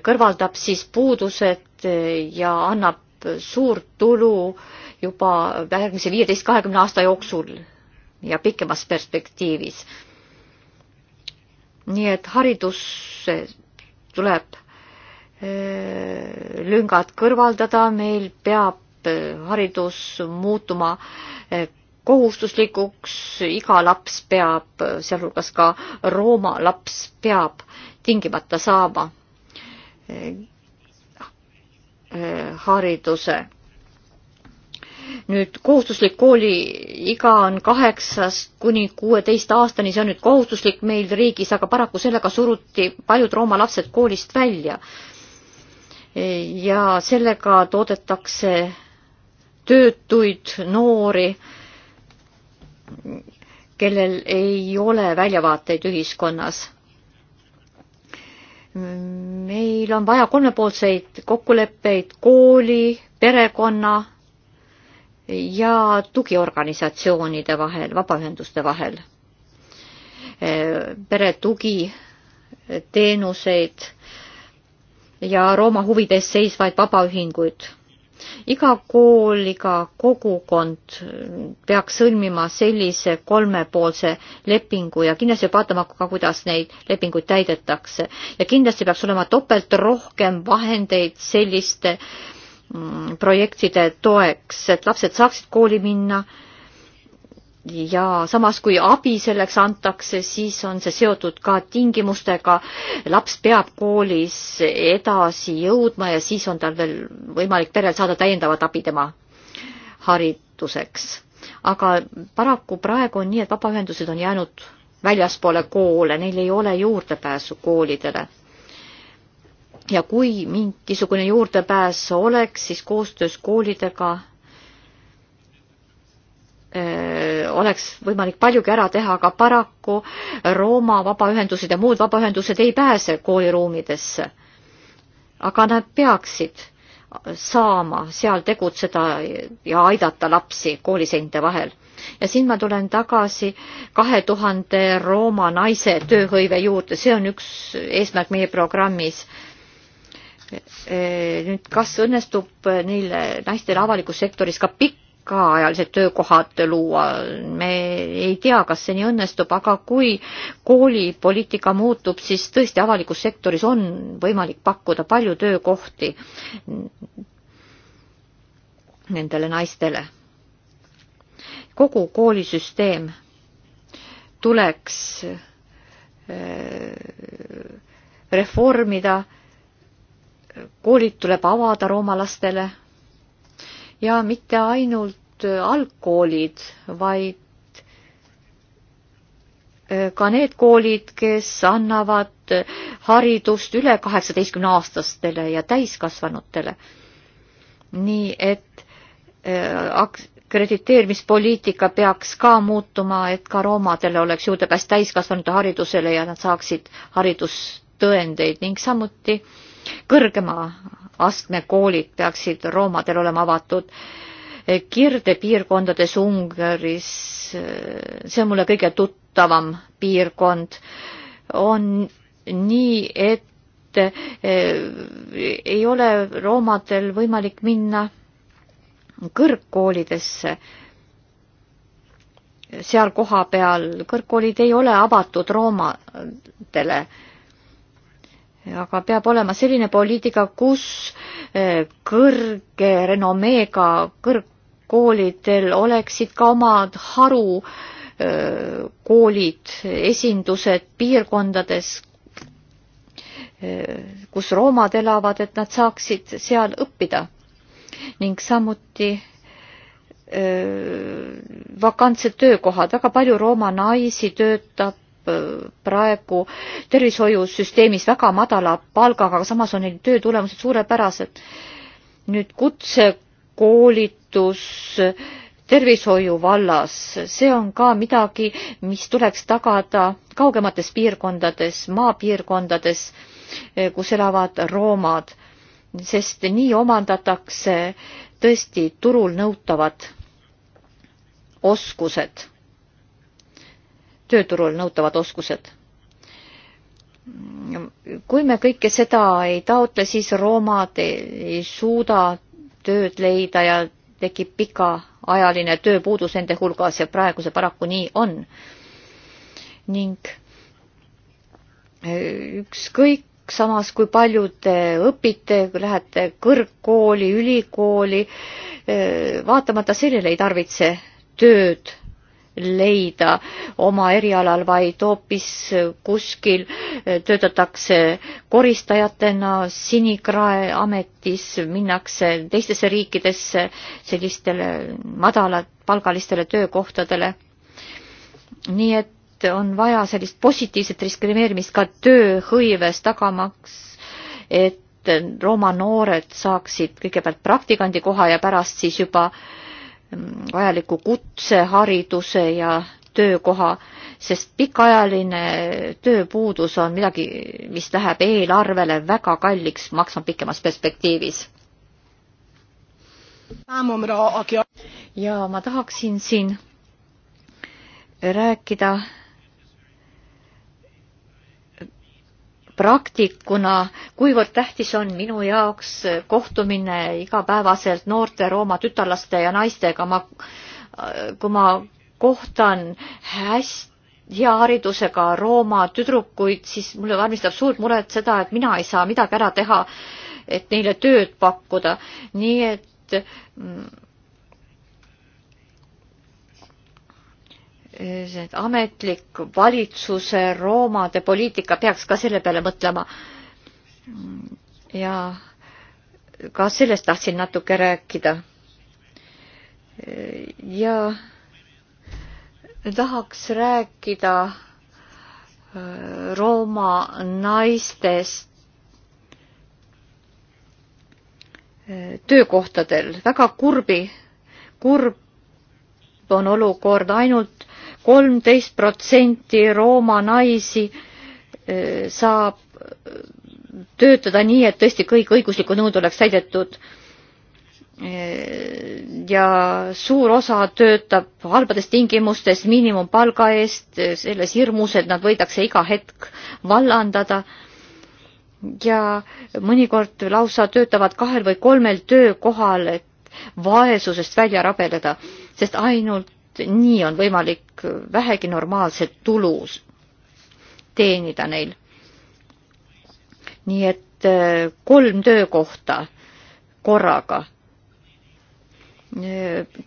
kõrvaldab siis puudused eh, ja annab suurt tulu juba järgmise viieteist, kahekümne aasta jooksul ja pikemas perspektiivis. nii et haridusse tuleb eh, lüngad kõrvaldada, meil peab haridus muutuma kohustuslikuks, iga laps peab, sealhulgas ka Rooma laps peab tingimata saama eh, hariduse. nüüd kohustuslik kooliiga on kaheksast kuni kuueteist aastani, see on nüüd kohustuslik meil riigis, aga paraku sellega suruti paljud Rooma lapsed koolist välja. ja sellega toodetakse töötuid noori kellel ei ole väljavaateid ühiskonnas. meil on vaja kolmepoolseid kokkuleppeid kooli, perekonna ja tugiorganisatsioonide vahel, vabaühenduste vahel. pere tugiteenuseid ja Rooma huvide eest seisvaid vabaühinguid iga kool, iga kogukond peaks sõlmima sellise kolmepoolse lepingu ja kindlasti peab vaatama ka, kuidas neid lepinguid täidetakse. ja kindlasti peaks olema topelt rohkem vahendeid selliste mm, projektide toeks, et lapsed saaksid kooli minna ja samas, kui abi selleks antakse, siis on see seotud ka tingimustega. laps peab koolis edasi jõudma ja siis on tal veel võimalik perel saada täiendavat abi tema hariduseks. aga paraku praegu on nii, et vabaühendused on jäänud väljaspoole koole, neil ei ole juurdepääsu koolidele. ja kui mingisugune juurdepääs oleks, siis koostöös koolidega äh, oleks võimalik paljugi ära teha, aga paraku Rooma vabaühendused ja muud vabaühendused ei pääse kooliruumidesse. aga nad peaksid saama seal tegutseda ja aidata lapsi kooliseinte vahel. ja siin ma tulen tagasi kahe tuhande Rooma naise tööhõive juurde, see on üks eesmärk meie programmis eh, nüüd kas õnnestub neil naistel avalikus sektoris ka pikk pikaajalised töökohad luua. me ei tea, kas see nii õnnestub, aga kui koolipoliitika muutub, siis tõesti avalikus sektoris on võimalik pakkuda palju töökohti nendele naistele. kogu koolisüsteem tuleks äh, reformida, koolid tuleb avada roomalastele ja mitte ainult äh, algkoolid, vaid äh, ka need koolid, kes annavad äh, haridust üle kaheksateistkümne aastastele ja täiskasvanutele. nii et akrediteerimispoliitika peaks ka muutuma, et ka romadele oleks juurdepääs täiskasvanute haridusele ja nad saaksid haridustõendeid ning samuti kõrgema astmekoolid peaksid roomadel olema avatud. kirdepiirkondades Ungaris, see on mulle kõige tuttavam piirkond, on nii, et eh, ei ole roomadel võimalik minna kõrgkoolidesse seal kohapeal kõrgkoolid ei ole avatud roomadele aga peab olema selline poliitika, kus eh, kõrge renomeega kõrgkoolidel oleksid ka omad harukoolid, eh, esindused piirkondades, eh, kus roomad elavad, et nad saaksid seal õppida ning samuti vakantsed töökohad, väga palju Rooma naisi töötab Äh, praegu tervishoiusüsteemis väga madala palgaga, aga samas on neil töö tulemused suurepärased. nüüd kutsekoolitus tervishoiu vallas, see on ka midagi, mis tuleks tagada kaugemates piirkondades, maapiirkondades, äh, kus elavad roomad, sest nii omandatakse tõesti turul nõutavad oskused tööturul nõutavad oskused. kui me kõike seda ei taotle, siis roomad ei suuda tööd leida ja tekib pikaajaline tööpuudus nende hulgas ja praegu see paraku nii on. ning eh, ükskõik samas, kui palju te õpite, lähete kõrgkooli, ülikooli, eh, vaatamata sellele ei tarvitse tööd leida oma erialal, vaid hoopis kuskil eh, töötatakse koristajatena, sinikrae ametis minnakse teistesse riikidesse sellistele madalapalgalistele töökohtadele. nii et on vaja sellist positiivset diskrimineerimist ka tööhõives tagamaks, et Rooma noored saaksid kõigepealt praktikandi koha ja pärast siis juba äh, vajaliku kutsehariduse ja töökoha, sest pikaajaline tööpuudus on midagi, mis läheb eelarvele väga kalliks maksma pikemas perspektiivis. ja ma tahaksin siin rääkida praktikuna, kuivõrd tähtis on minu jaoks kohtumine igapäevaselt noorte Rooma tütarlaste ja naistega, ma, kui ma kohtan hästi hea haridusega Rooma tüdrukuid, siis mulle valmistab suurt muret seda, et mina ei saa midagi ära teha, et neile tööd pakkuda, nii et mm, ametlik valitsuse roomade poliitika peaks ka selle peale mõtlema. ja ka sellest tahtsin natuke rääkida. ja tahaks rääkida äh, Rooma naistest äh, töökohtadel. väga kurbi, kurb on olukord ainult kolmteist protsenti Rooma naisi eh, saab eh, töötada nii, et tõesti kõik õiguslikud nõud oleks täidetud. Eh, ja suur osa töötab halbades tingimustes miinimumpalga eest, selles hirmus, et nad võidakse iga hetk vallandada. ja mõnikord lausa töötavad kahel või kolmel töökohal, et vaesusest välja rabeleda, sest ainult nii on võimalik vähegi normaalset tulu teenida neil. nii et äh, kolm töökohta korraga. Äh,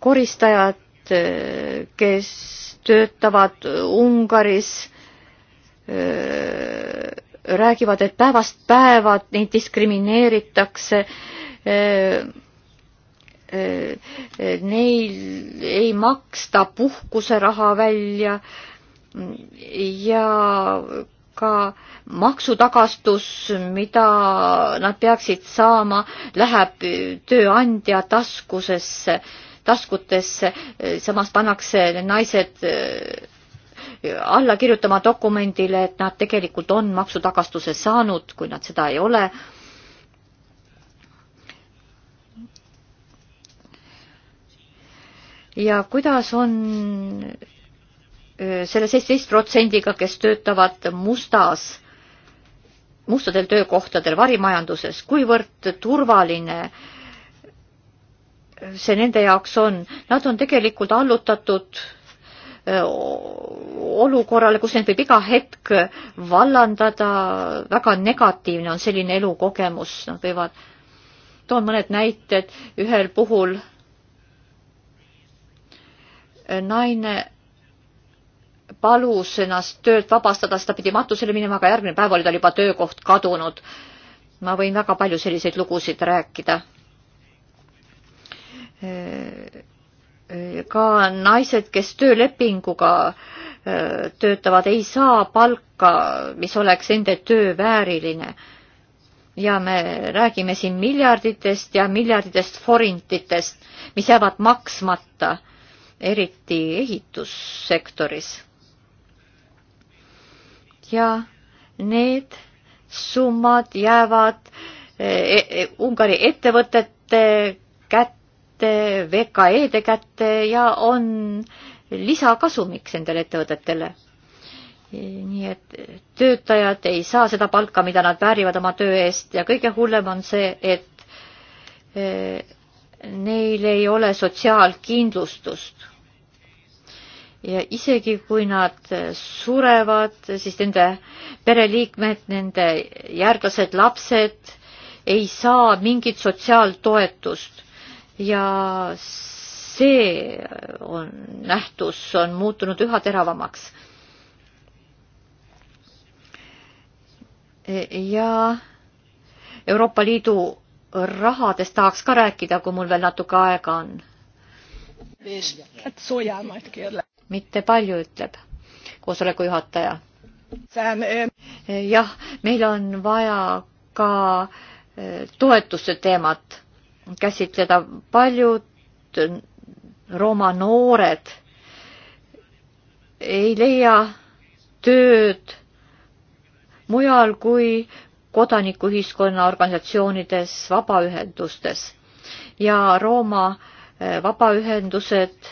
koristajad, äh, kes töötavad Ungaris, räägivad, et päevast päeva neid diskrimineeritakse Äh, äh, neil ei maksta puhkuseraha välja ja ka maksutagastus, mida nad peaksid saama, läheb tööandja taskusesse, taskutesse, samas pannakse naised äh, alla kirjutama dokumendile, et nad tegelikult on maksutagastuse saanud, kui nad seda ei ole ja kuidas on selle seitseteist protsendiga, kes töötavad mustas, mustadel töökohtadel, varimajanduses, kuivõrd turvaline see nende jaoks on, nad on tegelikult allutatud olukorrale, kus neid võib iga hetk vallandada, väga negatiivne on selline elukogemus, nad võivad, toon mõned näited, ühel puhul naine palus ennast töölt vabastada, sest ta pidi matusele minema, aga järgmine päev oli tal juba töökoht kadunud. ma võin väga palju selliseid lugusid rääkida. Äh, äh, ka naised, kes töölepinguga äh, töötavad, ei saa palka, mis oleks nende töö vääriline. ja me räägime siin miljarditest ja miljarditest forintitest, mis jäävad maksmata eriti ehitussektoris. ja need summad jäävad eh, eh, eh, Ungari ettevõtete kätte, VKE-de kätte ja on lisakasumiks nendele ettevõtetele. nii et töötajad ei saa seda palka, mida nad väärivad oma töö eest ja kõige hullem on see, et neil ei ole sotsiaalkindlustust. ja isegi kui nad surevad, siis nende pereliikmed, nende järglased, lapsed ei saa mingit sotsiaaltoetust ja see on, nähtus on muutunud üha teravamaks. ja Euroopa Liidu rahadest tahaks ka rääkida, kui mul veel natuke aega on. mitte palju, ütleb koosoleku juhataja. jah, meil on vaja ka toetuste teemat käsitleda. paljud Rooma noored ei leia tööd mujal kui kodanikuühiskonna organisatsioonides, vabaühendustes ja Rooma eh, vabaühendused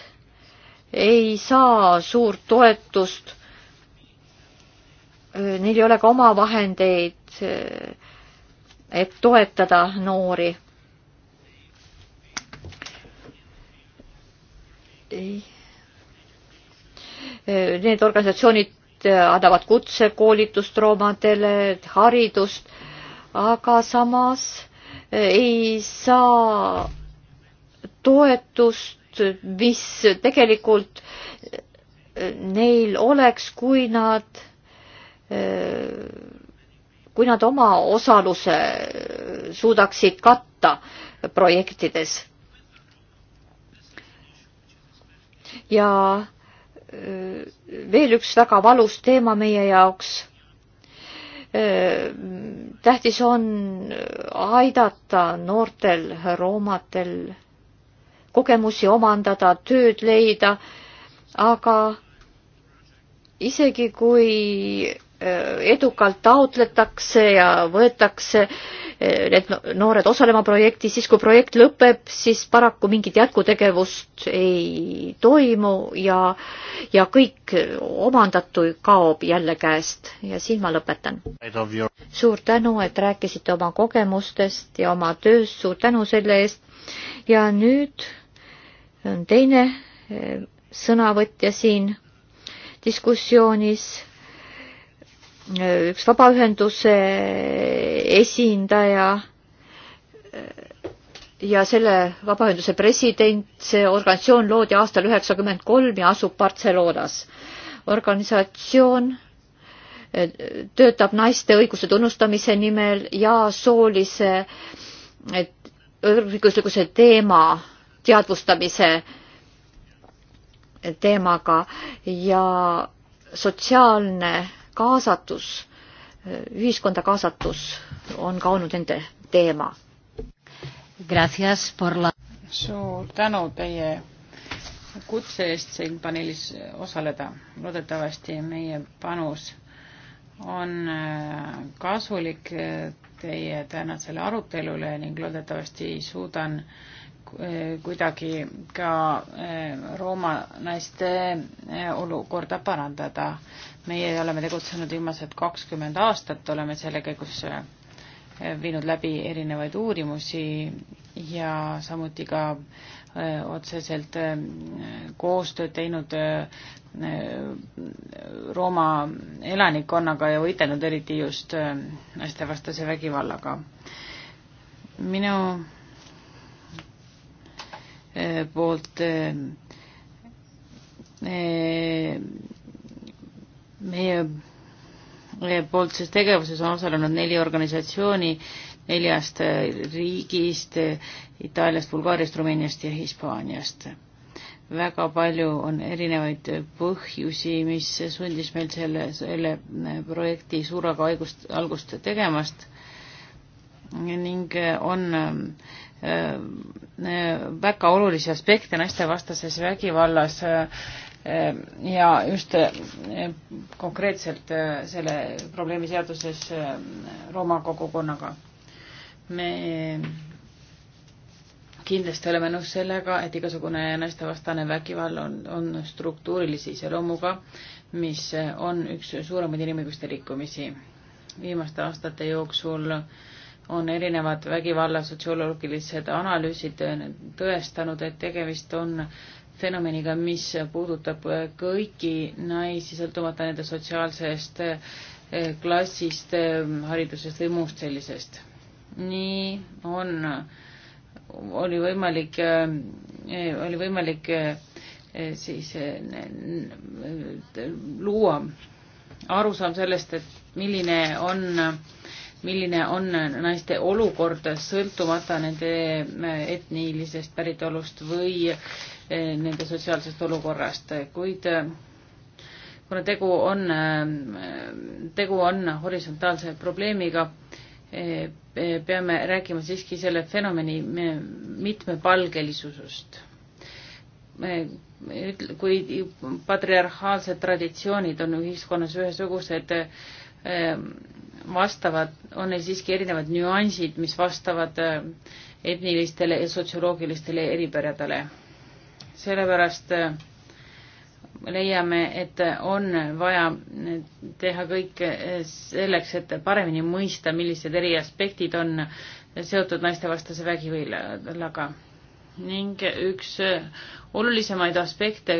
ei saa suurt toetust. Eh, neil ei ole ka omavahendeid, eh, et toetada noori. Need organisatsioonid Äh, annavad kutsekoolitust loomadele, haridust, aga samas äh, ei saa toetust, mis tegelikult äh, neil oleks, kui nad, kui nad oma osaluse suudaksid katta projektides. ja veel üks väga valus teema meie jaoks. tähtis on aidata noortel roomatel kogemusi omandada, tööd leida, aga isegi kui edukalt taotletakse ja võetakse Eh, need noored osalema projektis, siis kui projekt lõpeb, siis paraku mingit jätkutegevust ei toimu ja, ja kõik omandatu kaob jälle käest ja siin ma lõpetan. suur tänu, et rääkisite oma kogemustest ja oma tööst, suur tänu selle eest. ja nüüd on teine eh, sõnavõtja siin diskussioonis üks vabaühenduse esindaja eh, ja selle vabaühenduse president, see organisatsioon loodi aastal üheksakümmend kolm ja asub Barcelonas. organisatsioon eh, töötab naiste õiguste tunnustamise nimel ja soolise eh, õiguslikkuse teema teadvustamise teemaga ja sotsiaalne kaasatus, ühiskonda kaasatus on ka olnud nende teema. La... suur tänu teie kutse eest siin paneelis osaleda. loodetavasti meie panus on äh, kasulik äh, teie tänasele arutelule ning loodetavasti suudan äh, Eh, kuidagi ka eh, Rooma naiste eh, olukorda parandada. meie oleme tegutsenud viimased kakskümmend aastat, oleme selle käigus viinud läbi erinevaid uurimusi ja samuti ka otseselt koostööd teinud Rooma elanikkonnaga ja võidelnud eriti just naistevastase vägivallaga. minu Eh, poolt eh, eh, meie poolt siis tegevuses on osalenud neli organisatsiooni neljast riigist, Itaaliast, Bulgaariast, Rumeeniast ja Hispaaniast. väga palju on erinevaid põhjusi, mis sundis meil selle, selle projekti suuraga algust, algust tegemast ning on äh, väga olulisi aspekte naistevastases vägivallas eh, ja just eh, konkreetselt eh, selle probleemi seaduses Rooma kogukonnaga. me kindlasti oleme nõus sellega, et igasugune naistevastane vägivald on, on struktuurilise iseloomuga, mis on üks suuremaid inimõiguste rikkumisi. viimaste aastate jooksul äh, on erinevad vägivalla sotsioloogilised analüüsid tõestanud, et tegemist on fenomeniga, mis puudutab kõiki naisi, sõltumata nende sotsiaalsest eh, klassist, eh, haridusest või muust sellisest. nii on, oli võimalik, eh, oli võimalik siis luua arusaam sellest, et milline on milline on naiste olukord sõltumata nende äh, etnilisest päritolust või äh, nende sotsiaalsest olukorrast, kuid äh, kuna tegu on, tegu on horisontaalse probleemiga, peame rääkima siiski selle fenomeni mitmepalgelisusest. kui patriarhaalsed traditsioonid on ühiskonnas ühesugused, vastavad, on neil siiski erinevad nüansid, mis vastavad äh, etnilistele ja sotsioloogilistele eripäradele. sellepärast äh, leiame, et on vaja teha kõik äh, selleks, et paremini mõista, millised eri aspektid on seotud naistevastase vägivallaga. ning üks olulisemaid aspekte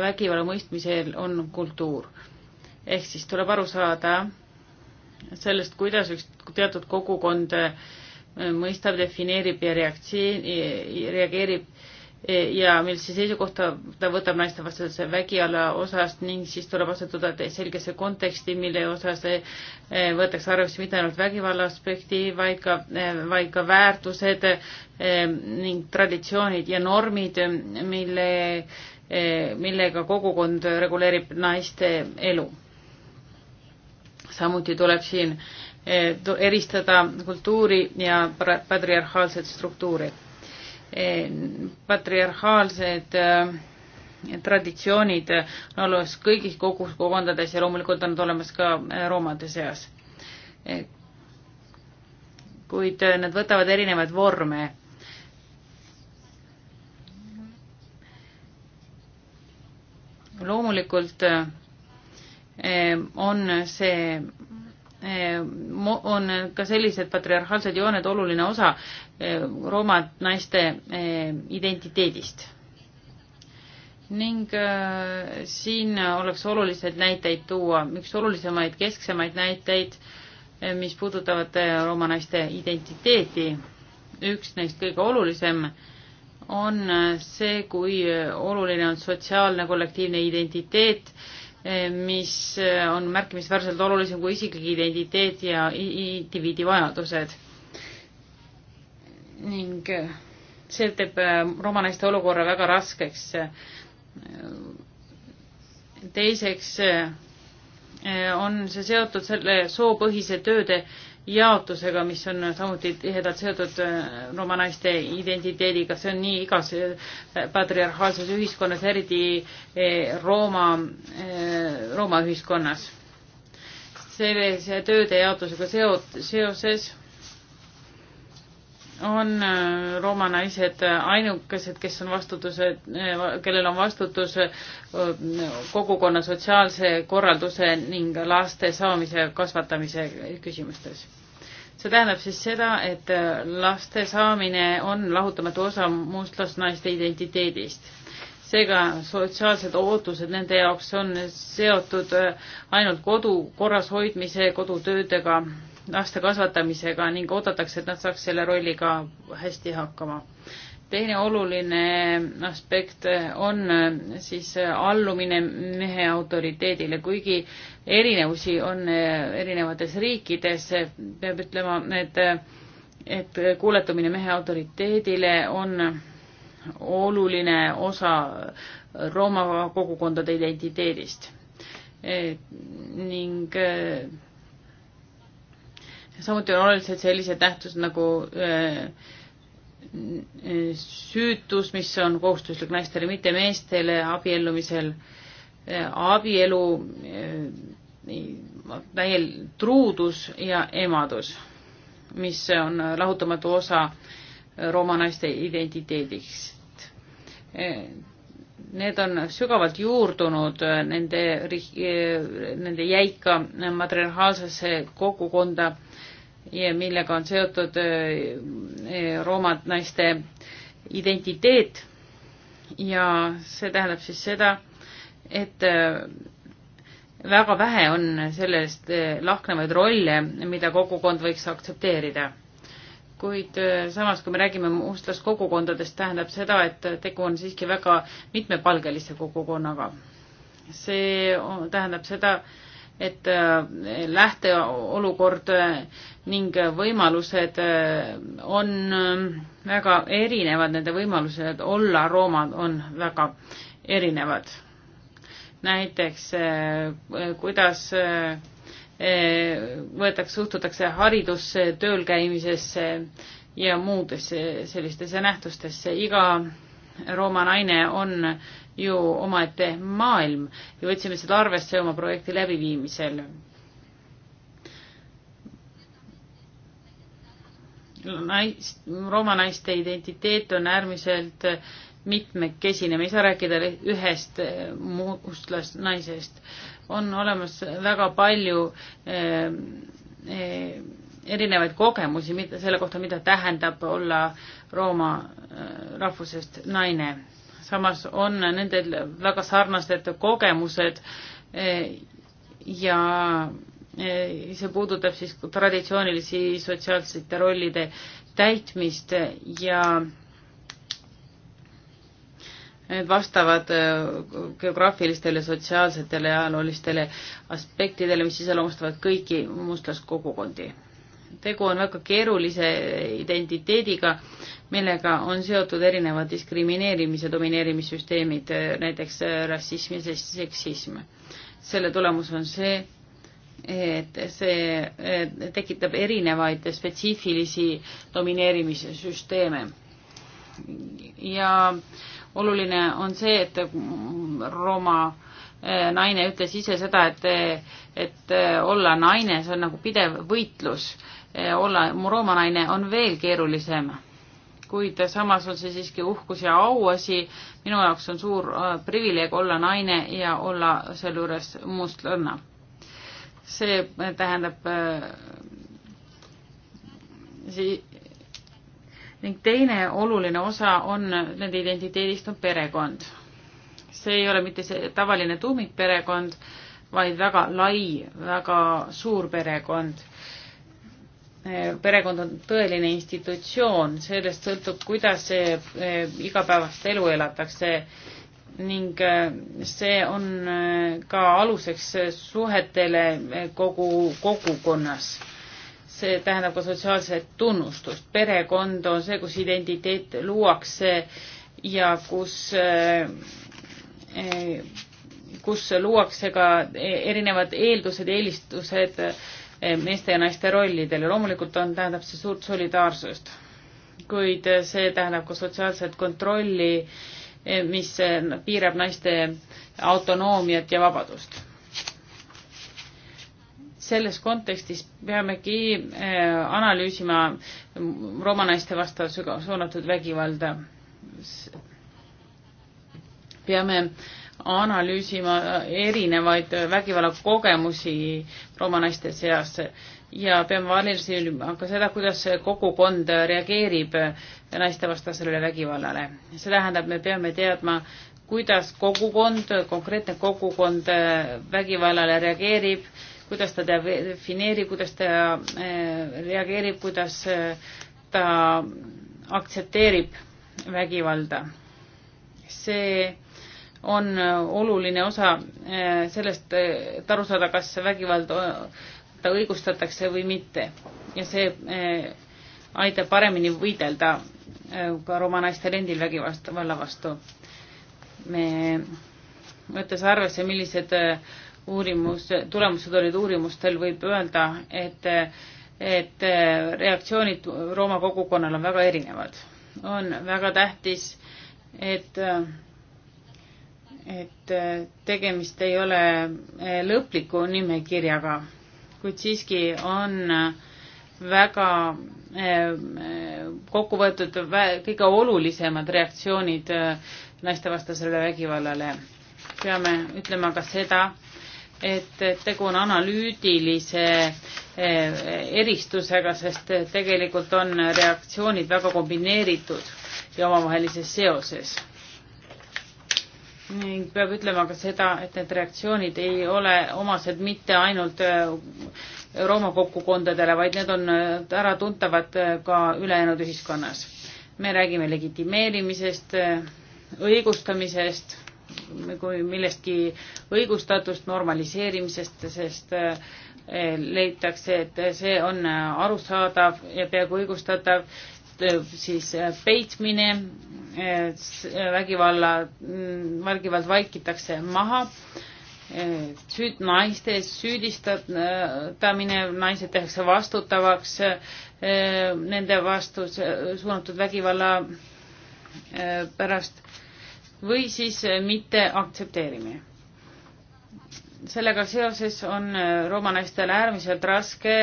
vägivalla mõistmisel on kultuur. ehk siis tuleb aru saada, sellest, kuidas üks teatud kogukond äh, mõistab, defineerib ja reaktsiooni, äh, reageerib äh, ja millise seisukohta ta võtab naistevastase vägivalla osas ning siis tuleb asetada selgesse konteksti, mille osas võetakse arvesse mitte ainult vägivalla aspekti, vaid ka, vaid ka väärtused ning traditsioonid ja normid, mille, millega kogukond reguleerib naiste elu samuti tuleb siin eh, eristada kultuuri ja patriarhaalset struktuuri. Eh, patriarhaalsed eh, traditsioonid on olemas kõigis kogus kogundades ja loomulikult on nad olemas ka roomade seas. kuid nad võtavad erinevaid vorme loomulikult Eh, on see, eh, on ka sellised patriarhaalsed jooned oluline osa eh, Rooma naiste identiteedist. ning siin oleks olulised näiteid tuua, üks olulisemaid, kesksemaid näiteid, mis puudutavad Rooma naiste identiteeti. üks neist kõige olulisem on see, kui oluline on sotsiaalne kollektiivne identiteet äh, Eh, mis eh, on märkimisväärselt olulisem kui isiklik identiteet ja indiviidi vajadused. ning eh, see teeb romanaiste olukorra väga raskeks. teiseks on see seotud selle soopõhise tööde jaotusega, mis on samuti tihedalt seotud äh, Rooma naiste identiteediga, see on nii igas äh, patriarhaalses ühiskonnas, eriti äh, Rooma, Rooma ühiskonnas. sellise tööde jaotusega seot-, seoses on äh, Rooma naised äh, ainukesed, kes on vastutuse, äh, kellel on vastutus kogukonna sotsiaalse korralduse ning laste saamise ja kasvatamise küsimustes. see tähendab siis seda, et laste saamine on lahutamatu osa mustlasnaiste identiteedist. seega sotsiaalsed ootused nende jaoks on seotud ainult kodu korras hoidmise, kodutöödega laste kasvatamisega ning oodatakse, et nad saaks selle rolliga hästi hakkama. teine oluline aspekt on siis allumine mehe autoriteedile, kuigi erinevusi on erinevates riikides, peab ütlema, et, et kuuletumine mehe autoriteedile on oluline osa Rooma kogukondade identiteedist. ning samuti on olulised sellised nähtused nagu äh, äh, süütus, mis on kohustuslik naistele, mitte meestele abiellumisel, äh, abielu täiel truudus ja emadus, mis on lahutamatu osa Rooma naiste identiteedist. Need on sügavalt juurdunud nende, nende jäika matriarhaalsesse kogukonda ja millega on seotud äh, äh, roomad naiste identiteet ja see tähendab siis seda, et äh, väga vähe on sellest lahknevaid rolle, mida kogukond võiks aktsepteerida. kuid samas, kui me räägime mustlast kogukondadest, tähendab seda, et tegu on siiski väga mitmepalgelise kogukonnaga. see tähendab seda, et lähteolukord ning äh, võimalused äh, on äh, väga erinevad, nende võimalused olla roomad on väga erinevad. näiteks kuidas võetakse, suhtutakse haridusse, tööl käimisesse ja muudesse sellistesse nähtustesse. iga Rooma naine on ju omaette maailm ja võtsime seda arvesse oma projekti läbiviimisel nais, Rooma naiste identiteet on äärmiselt mitmekesine, me ei saa rääkida ühest eh, mustlast naisest. on olemas väga palju eh, eh, erinevaid kogemusi, mida, selle kohta, mida tähendab olla Rooma eh, rahvusest naine. samas on nendel väga sarnased kogemused eh, ja Eh, see puudutab siis traditsioonilisi sotsiaalsete rollide täitmist ja need eh, vastavad eh, geograafilistele, sotsiaalsetele ja ajaloolistele aspektidele, mis iseloomustavad kõiki mustlaskogukondi. tegu on väga keerulise identiteediga, millega on seotud erinevad diskrimineerimise domineerimissüsteemid, näiteks rassism ja seksism. selle tulemus on see, et see tekitab erinevaid spetsiifilisi domineerimissüsteeme. ja oluline on see, et Rooma äh, naine ütles ise seda, et, et äh, olla naine, see on nagu pidev võitlus, äh, olla Rooma naine on veel keerulisem, kuid samas on see siiski uhkus ja auasi, minu jaoks on suur privileeg olla naine ja olla sealjuures mustlanna see tähendab äh, sii- ning teine oluline osa on, nende identiteedist on perekond. see ei ole mitte see tavaline tuumikperekond, vaid väga lai, väga suur perekond. Äh, perekond on tõeline institutsioon, sellest sõltub, kuidas see äh, igapäevast elu elatakse ning äh, see on äh, ka aluseks äh, suhetele kogu kogukonnas. see tähendab ka sotsiaalset tunnustust. perekond on see, kus identiteet luuakse ja kus, kus luuakse ka e, erinevad eeldused, eelistused meeste ja naiste rollidele. loomulikult on, tähendab see suurt solidaarsust, kuid see tähendab ka sotsiaalset kontrolli mis eh, piirab naiste autonoomiat ja vabadust. selles kontekstis peamegi eh, analüüsima Rooma naiste vastu suunatud vägivalda. peame analüüsima erinevaid vägivallakogemusi Rooma naiste seas ja peame vaatama silma ka seda, kuidas kogukond reageerib naistevastasele vägivallale. see tähendab, me peame teadma, kuidas kogukond, konkreetne kogukond vägivallale reageerib, kuidas ta defineerib, kuidas ta eh, reageerib, kuidas eh, ta aktsepteerib vägivalda. see on oluline osa eh, sellest, et aru saada, kas vägivald ta õigustatakse või mitte. ja see eh, aitab paremini võidelda eh, ka Rooma naistel endil vägivalla vastu. me, võttes arvesse, millised eh, uurimus, tulemused olid uurimustel, võib öelda, et, et reaktsioonid Rooma kogukonnal on väga erinevad. on väga tähtis, et, et tegemist ei ole lõpliku nimekirjaga kuid siiski on äh, väga äh, äh, kokku võetud kõige olulisemad reaktsioonid naistevastasele vägivallale. peame ütlema ka seda, et tegu on analüütilise eristusega, sest tegelikult on reaktsioonid väga kombineeritud ja omavahelises seoses ning peab ütlema ka seda, et need reaktsioonid ei ole omased mitte ainult äh, Rooma kogukondadele, vaid need on äh, äratuntavad äh, ka ülejäänud ühiskonnas. me räägime legitimeerimisest, õigustamisest, kui millestki õigustatust, normaliseerimisest, sest leitakse, et see on arusaadav ja peaaegu õigustatav Äh, siis äh, peitmine, äh, vägivalla, mm, vägivald vaikitakse maha, süüd, naiste süüdistamine, naised tehakse vastutavaks nende vastu suunatud vägivalla pärast või siis mitte aktsepteerimine. sellega seoses on rooma naistel äärmiselt raske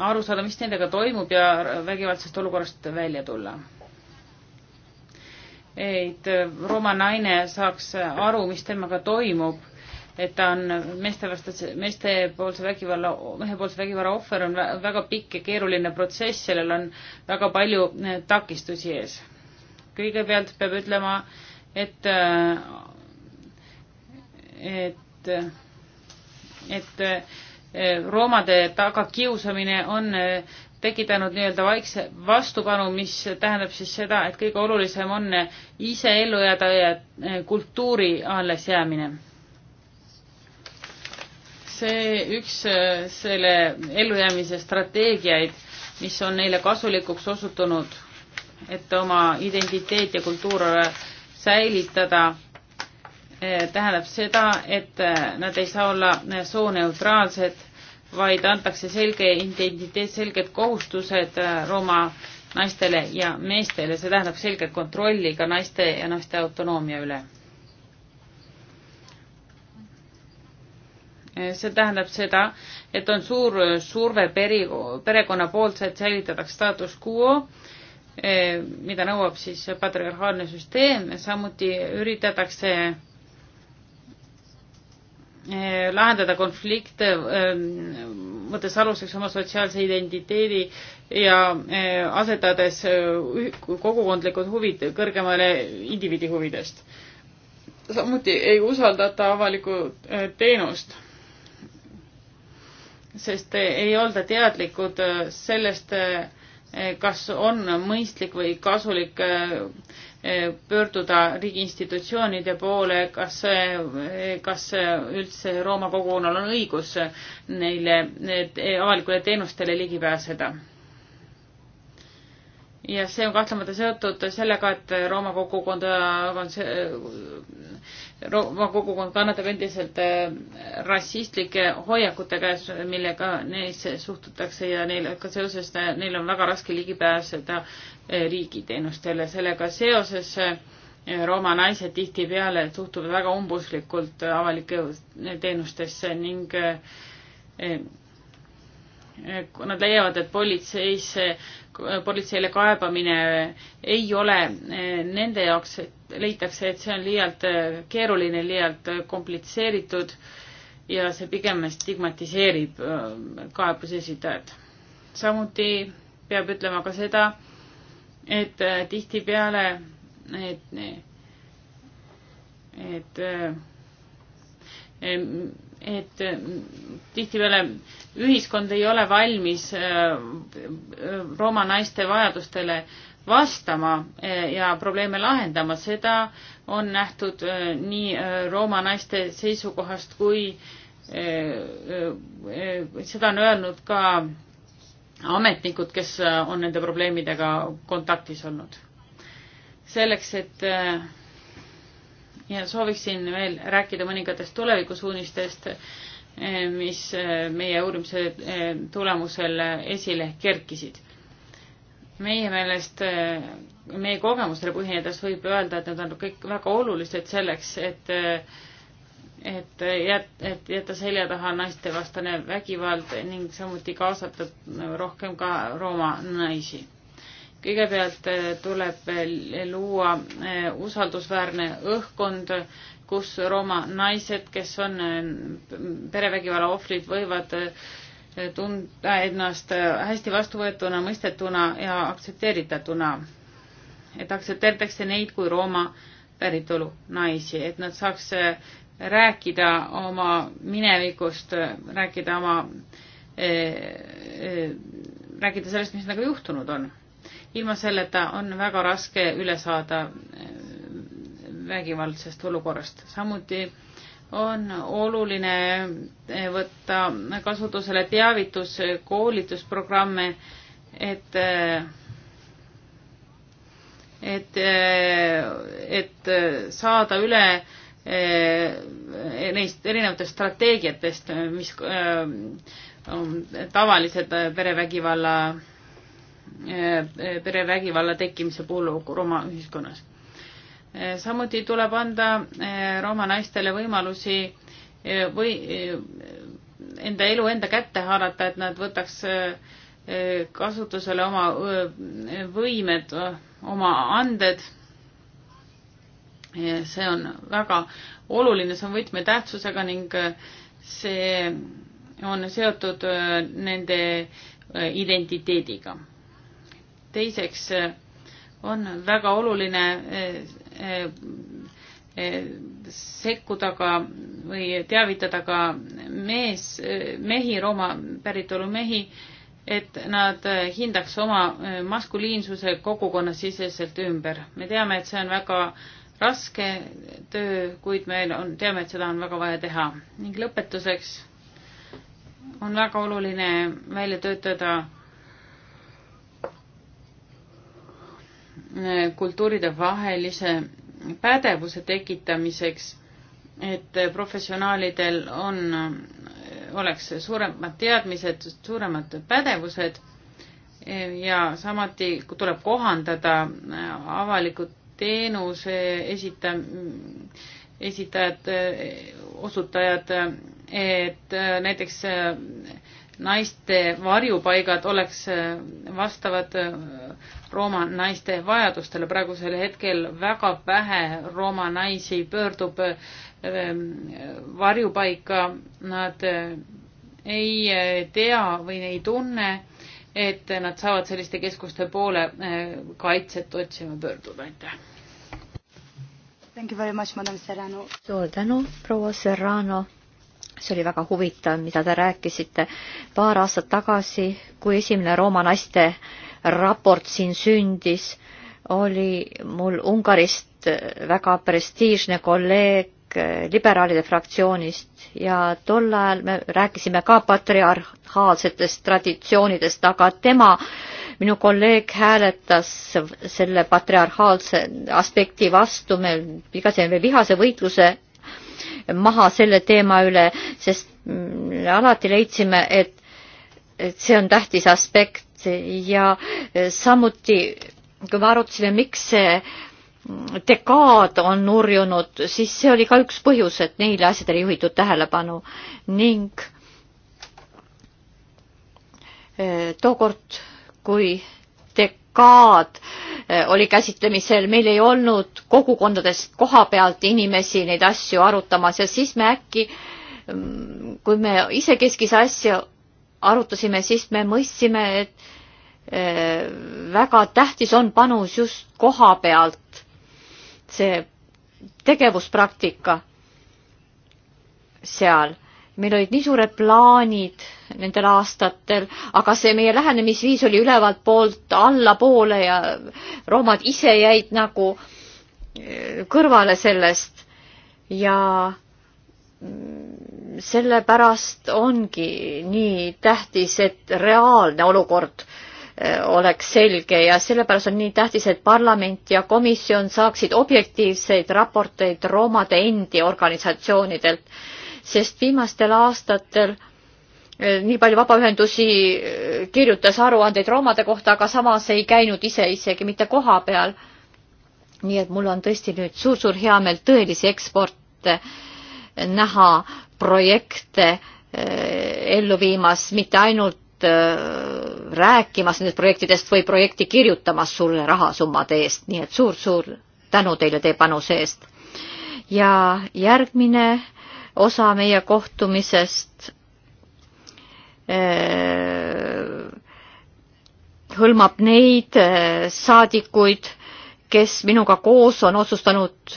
aru saada, mis nendega toimub ja vägivaldsest olukorrast välja tulla. et äh, Rooma naine saaks aru, mis temaga toimub, et ta on meestevastase, meestepoolse vägivalla, mehepoolse vägivalla ohver on väga pikk ja keeruline protsess, sellel on väga palju äh, takistusi ees. kõigepealt peab ütlema, et, äh, et, et roomade tagakiusamine on eh, tekitanud nii-öelda vaikse vastupanu, mis tähendab siis seda, et kõige olulisem on eh, ise ellu jääda ja eh, kultuuri allesjäämine. see üks selle ellujäämise strateegiaid, mis on neile kasulikuks osutunud, et oma identiteet ja kultuur säilitada Eh, tähendab seda, et eh, nad ei saa olla eh, sooneutraalsed, vaid antakse selge identiteet, selged kohustused Rooma naistele ja meestele, see tähendab selget kontrolli ka naiste ja naiste autonoomia üle. see tähendab seda, et on suur surve peri, perekonna poolt, et säilitataks status quo, mida nõuab siis patriarhaalne süsteem, samuti üritatakse Eh, lahendada konflikte, eh, võttes aluseks oma sotsiaalse identiteedi ja eh, asetades kogukondlikud huvid kõrgemale indiviidi huvidest. samuti ei usaldata avalikku teenust, sest ei olda teadlikud sellest, kas on mõistlik või kasulik Eh, pöörduda riigi institutsioonide poole, kas, eh, kas üldse Rooma kogukonnal on õigus neile need eh, avalikule teenustele ligi pääseda. ja see on kahtlemata seotud sellega, et Rooma kogukonda on see, Rooma kogukond kannatab endiselt rassistlike hoiakute käes, millega neisse suhtutakse ja neil ka seoses, neil on väga raske ligi pääseda riigiteenustele. sellega seoses eh, Rooma naised tihtipeale suhtuvad väga umbuslikult eh, avalike teenustesse ning eh, nad leiavad, et politseis, politseile kaebamine ei ole nende jaoks, leitakse, et see on liialt keeruline, liialt komplitseeritud ja see pigem stigmatiseerib kaebuse esitajat. samuti peab ütlema ka seda, et äh, tihtipeale, et, et, äh, et, et äh, tihtipeale ühiskond ei ole valmis Rooma naiste vajadustele vastama ja probleeme lahendama, seda on nähtud nii Rooma naiste seisukohast kui seda on öelnud ka ametnikud, kes äh, on nende probleemidega kontaktis olnud. selleks, et äh, ja sooviksin veel rääkida mõningatest tulevikusuunistest, äh, mis meie uurimise tulemusel esile kerkisid. meie meelest, meie kogemustele põhinedes võib öelda, et need on kõik väga olulised selleks, et et jät-, et jätta selja taha naistevastane vägivald ning samuti kaasata rohkem ka Rooma naisi. kõigepealt eh, tuleb luua eh, usaldusväärne õhkkond, kus Rooma naised, kes on eh, perevägivalla ohvrid, võivad tunda ennast hästi vastuvõetuna, mõistetuna ja aktsepteeritatuna. et aktsepteeritakse neid kui Rooma päritolu naisi, et nad saaks rääkida oma minevikust, rääkida oma, eh, eh, rääkida sellest, mis nendega nagu juhtunud on. ilma selleta on väga raske üle saada eh, vägivaldsest olukorrast. samuti on oluline võtta kasutusele teavitus, koolitusprogramme, et et, et saada üle Eh, neist erinevatest strateegiatest, eh, mis eh, on tavalised perevägivalla, perevägivalla tekkimise puhul Rooma ühiskonnas. samuti tuleb anda Rooma naistele võimalusi või enda elu enda kätte haarata, et nad võtaks kasutusele oma võimed, oma anded see on väga oluline, see on võtmetähtsusega ning äh, see on seotud äh, nende äh, identiteediga. teiseks on väga oluline sekkuda ka või teavitada ka mees, mehi, Rooma päritolu mehi, et nad hindaks oma maskuliinsuse kogukonnasiseselt ümber. me teame, et see on väga äh, raske töö, kuid meil on, teame, et seda on väga vaja teha. ning lõpetuseks on väga oluline välja töötada kultuuride vahelise pädevuse tekitamiseks, et professionaalidel on, oleks suuremad teadmised, suuremad pädevused ja samuti tuleb kohandada avalikud teenuse esita-, esitajad, osutajad, et näiteks naiste varjupaigad oleks vastavad Rooma naiste vajadustele. praegusel hetkel väga vähe Rooma naisi pöördub varjupaika, nad ei tea või ei tunne et nad saavad selliste keskuste poole eh, kaitset otsima pöörduda, aitäh. suur tänu, proua Serrano. see oli väga huvitav, mida te rääkisite paar aastat tagasi, kui esimene Rooma naiste raport siin sündis, oli mul Ungarist väga prestiižne kolleeg, Eh, liberaalide fraktsioonist ja tol ajal me rääkisime ka patriarhaalsetest traditsioonidest, aga tema, minu kolleeg hääletas selle patriarhaalse aspekti vastu, me igasuguse vihase võitluse maha selle teema üle, sest alati leidsime, et, et see on tähtis aspekt ja samuti kui me arutasime, miks see dekaad on nurjunud, siis see oli ka üks põhjus, et neile asjadele juhitud tähelepanu ning eh, tookord, kui dekaad eh, oli käsitlemisel, meil ei olnud kogukondadest koha pealt inimesi neid asju arutamas ja siis me äkki, mm, kui me isekeskis asja arutasime, siis me mõistsime, et eh, väga tähtis on panus just koha pealt see tegevuspraktika seal. meil olid nii suured plaanid nendel aastatel, aga see meie lähenemisviis oli ülevalt poolt allapoole ja roomad ise jäid nagu eh, kõrvale sellest ja mm, sellepärast ongi nii tähtis, et reaalne olukord Äh, oleks selge ja sellepärast on nii tähtis, et parlament ja komisjon saaksid objektiivseid raporteid roomade endi organisatsioonidelt, sest viimastel aastatel äh, nii palju vabaühendusi äh, kirjutas aruandeid roomade kohta, aga samas ei käinud ise isegi mitte koha peal. nii et mul on tõesti nüüd suur-suur heameel tõelisi eksporte näha projekte ellu viimas, mitte ainult Äh, rääkimas nendest projektidest või projekti kirjutamas sulle rahasummade eest, nii et suur-suur tänu teile teie panuse eest. ja järgmine osa meie kohtumisest äh, hõlmab neid äh, saadikuid, kes minuga koos on otsustanud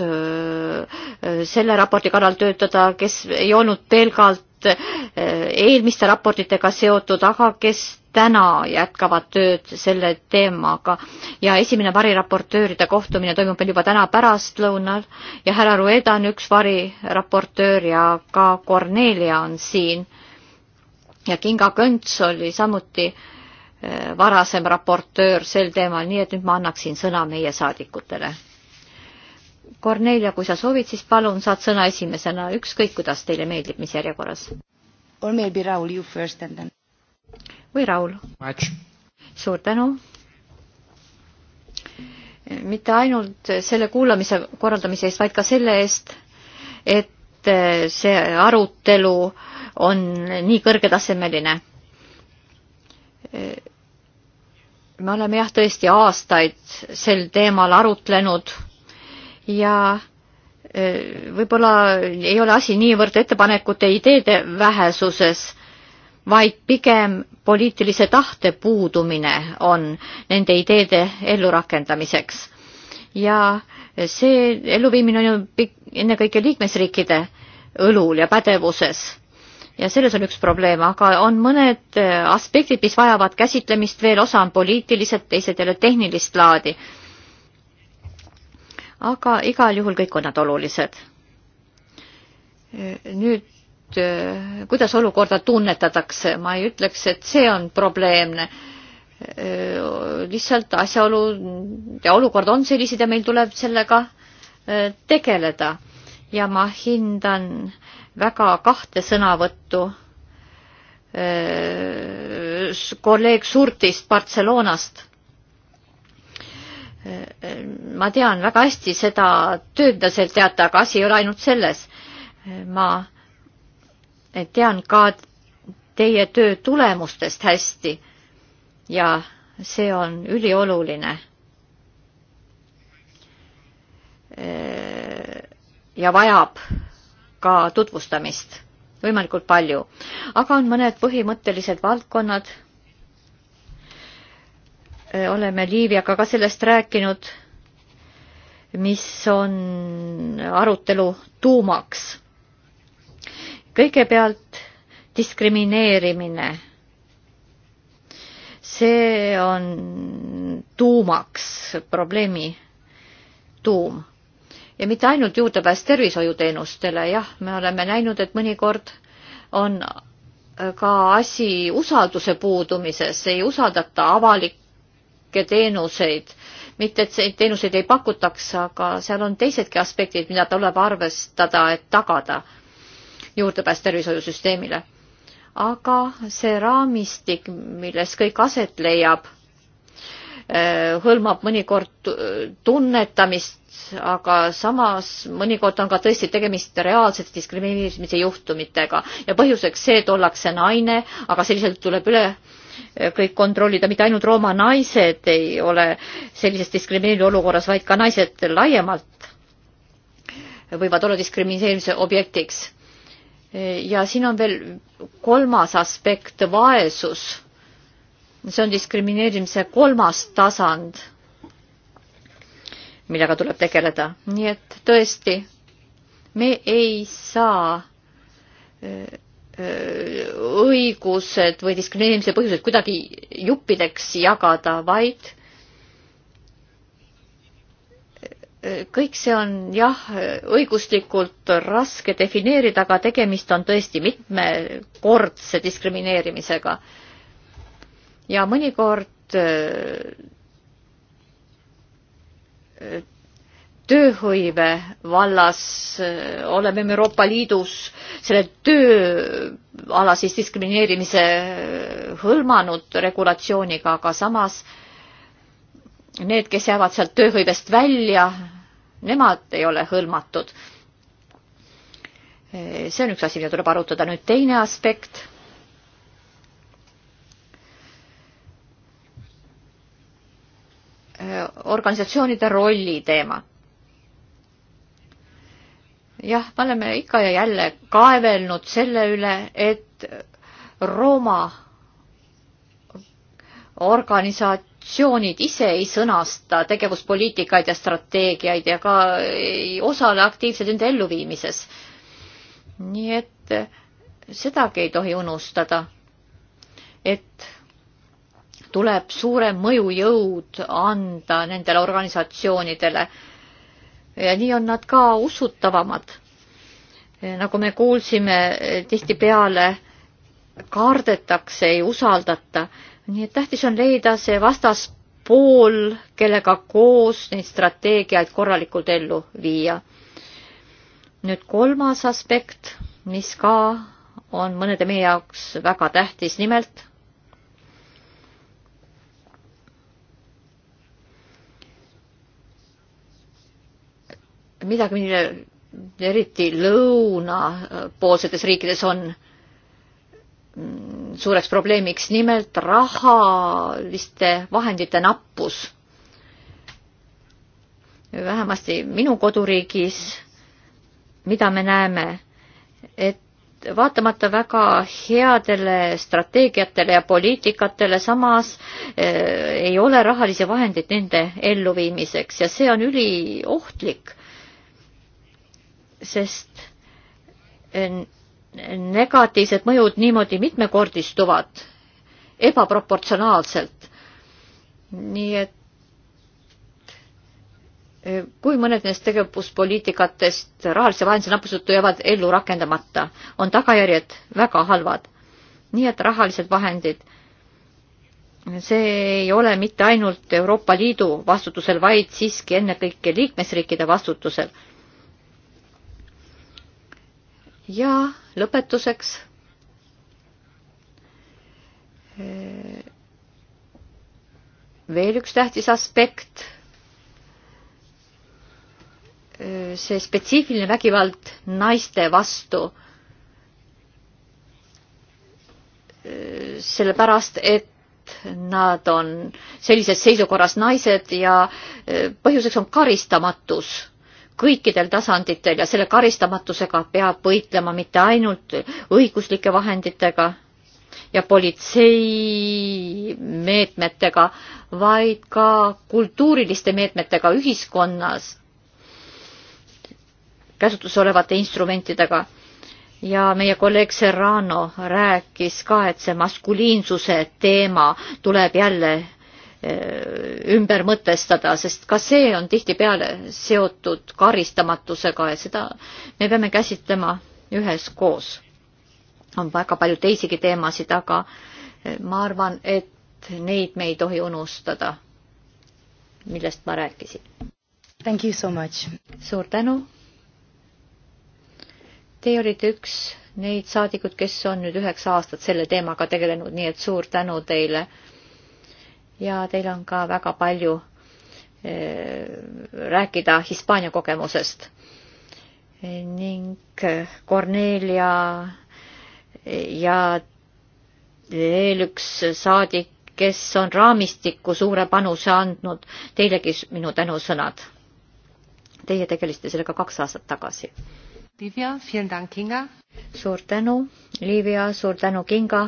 selle raporti kallal töötada, kes ei olnud pelgalt Eh, eelmiste raportitega seotud, aga kes täna jätkavad tööd selle teemaga ja esimene variraportööride kohtumine toimub meil juba täna pärastlõunal ja härra Rueda on üks variraportöör ja ka Kornelia on siin. ja Kinga Könts oli samuti eh, varasem raportöör sel teemal, nii et nüüd ma annaksin sõna meie saadikutele Kornelia, kui sa soovid, siis palun, saad sõna esimesena, ükskõik kuidas teile meeldib, mis järjekorras. Or maybe Raul, you first and then. või Raul. suur tänu. mitte ainult selle kuulamise korraldamise eest, vaid ka selle eest, et see arutelu on nii kõrgetasemeline. me oleme jah, tõesti aastaid sel teemal arutlenud ja e, võib-olla ei ole asi niivõrd ettepanekute ideede vähesuses, vaid pigem poliitilise tahte puudumine on nende ideede ellurakendamiseks. ja see elluviimine on ju ennekõike liikmesriikide õlul ja pädevuses ja selles on üks probleem, aga on mõned aspektid, mis vajavad käsitlemist veel, osa on poliitilised, teised jälle tehnilist laadi aga igal juhul kõik on nad olulised. nüüd kuidas olukorda tunnetatakse, ma ei ütleks, et see on probleemne. lihtsalt asjaolu ja olukord on sellised ja meil tuleb sellega eh, tegeleda ja ma hindan väga kahte sõnavõttu eh, kolleeg Surtist Barcelonast ma tean väga hästi seda tööd, mida seal teate, aga asi ei ole ainult selles. ma tean ka teie töö tulemustest hästi ja see on ülioluline. ja vajab ka tutvustamist võimalikult palju, aga on mõned põhimõttelised valdkonnad oleme Liiviaga ka sellest rääkinud, mis on arutelu tuumaks. kõigepealt diskrimineerimine. see on tuumaks, probleemi tuum. ja mitte ainult juurdepääs tervishoiuteenustele, jah, me oleme näinud, et mõnikord on ka asi usalduse puudumises, ei usaldata avalikku avalikke teenuseid. mitte, et neid teenuseid ei pakutaks, aga seal on teisedki aspektid, mida tuleb arvestada, et tagada juurdepääs tervishoiusüsteemile. aga see raamistik, milles kõik aset leiab, eh, hõlmab mõnikord tunnetamist, aga samas mõnikord on ka tõesti tegemist reaalsete diskrimineerimise juhtumitega ja põhjuseks see, et ollakse naine, aga selliselt tuleb üle kõik kontrollida, mitte ainult Rooma naised ei ole sellises diskrimineerimise olukorras, vaid ka naised laiemalt võivad olla diskrimineerimise objektiks. ja siin on veel kolmas aspekt, vaesus. see on diskrimineerimise kolmas tasand, millega tuleb tegeleda, nii et tõesti, me ei saa õigused või diskrimineerimise põhjused kuidagi juppideks jagada, vaid kõik see on jah, õiguslikult raske defineerida, aga tegemist on tõesti mitmekordse diskrimineerimisega. ja mõnikord tööhõive vallas eh, oleme me Euroopa Liidus selle tööala siis diskrimineerimise eh, hõlmanud regulatsiooniga, aga samas need, kes jäävad sealt tööhõivest välja, nemad ei ole hõlmatud. Eh, see on üks asi, mida tuleb arutada. nüüd teine aspekt organisatsioonide rolli teema jah, me oleme ikka ja jälle kaevelnud selle üle, et Rooma organisatsioonid ise ei sõnasta tegevuspoliitikaid ja strateegiaid ja ka ei osale aktiivselt nende elluviimises. nii et sedagi ei tohi unustada, et tuleb suurem mõjujõud anda nendele organisatsioonidele ja nii on nad ka usutavamad. nagu me kuulsime, tihtipeale kardetakse, ei usaldata, nii et tähtis on leida see vastaspool, kellega koos neid strateegiaid korralikult ellu viia. nüüd kolmas aspekt, mis ka on mõnede meie jaoks väga tähtis, nimelt midagi, mille eriti lõunapoolsetes riikides on mm, suureks probleemiks, nimelt rahaliste vahendite nappus. vähemasti minu koduriigis, mida me näeme, et vaatamata väga headele strateegiatele ja poliitikatele, samas eh, ei ole rahalisi vahendeid nende elluviimiseks ja see on üliohtlik sest eh, negatiivsed mõjud niimoodi mitmekordistuvad ebaproportsionaalselt. nii et eh, kui mõned nendest tegevuspoliitikatest rahalise vahenduse nappuse tõttu jäävad ellu rakendamata, on tagajärjed väga halvad. nii et rahalised vahendid, see ei ole mitte ainult Euroopa Liidu vastutusel, vaid siiski ennekõike liikmesriikide vastutusel ja lõpetuseks eh, veel üks tähtis aspekt. Eh, see spetsiifiline vägivald naiste vastu. Eh, sellepärast, et nad on sellises seisukorras naised ja põhjuseks on karistamatus kõikidel tasanditel ja selle karistamatusega peab võitlema mitte ainult õiguslike vahenditega ja politseimeetmetega, vaid ka kultuuriliste meetmetega ühiskonnas käsutuses olevate instrumentidega. ja meie kolleeg Serrano rääkis ka, et see maskuliinsuse teema tuleb jälle Eh, ümber mõtestada, sest ka see on tihtipeale seotud karistamatusega ja seda me peame käsitlema üheskoos. on väga palju teisigi teemasid, aga eh, ma arvan, et neid me ei tohi unustada, millest ma rääkisin. Thank you so much. suur tänu. Teie olite üks neid saadikud, kes on nüüd üheksa aastat selle teemaga tegelenud, nii et suur tänu teile ja teil on ka väga palju eh, rääkida Hispaania kogemusest ning eh, Cornelia eh, ja veel üks saadik, kes on raamistikku suure panuse andnud, teilegi minu tänusõnad. Teie tegelesite sellega kaks aastat tagasi. Livia, suur tänu, Livia, suur tänu, Kinga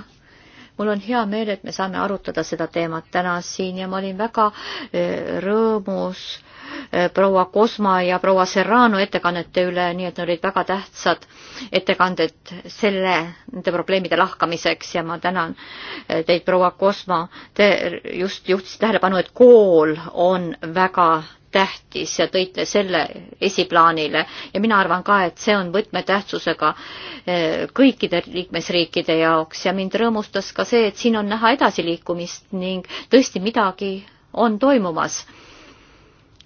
mul on hea meel, et me saame arutada seda teemat täna siin ja ma olin väga eh, rõõmus eh, proua Kosma ja proua Serrano ettekannete üle, nii et need olid väga tähtsad ettekanded selle, nende probleemide lahkamiseks ja ma tänan eh, teid, proua Kosma. Te just juhtisite tähelepanu, et kool on väga tähtis ja tõite selle esiplaanile ja mina arvan ka, et see on võtmetähtsusega eh, kõikide liikmesriikide jaoks ja mind rõõmustas ka see, et siin on näha edasiliikumist ning tõesti midagi on toimumas.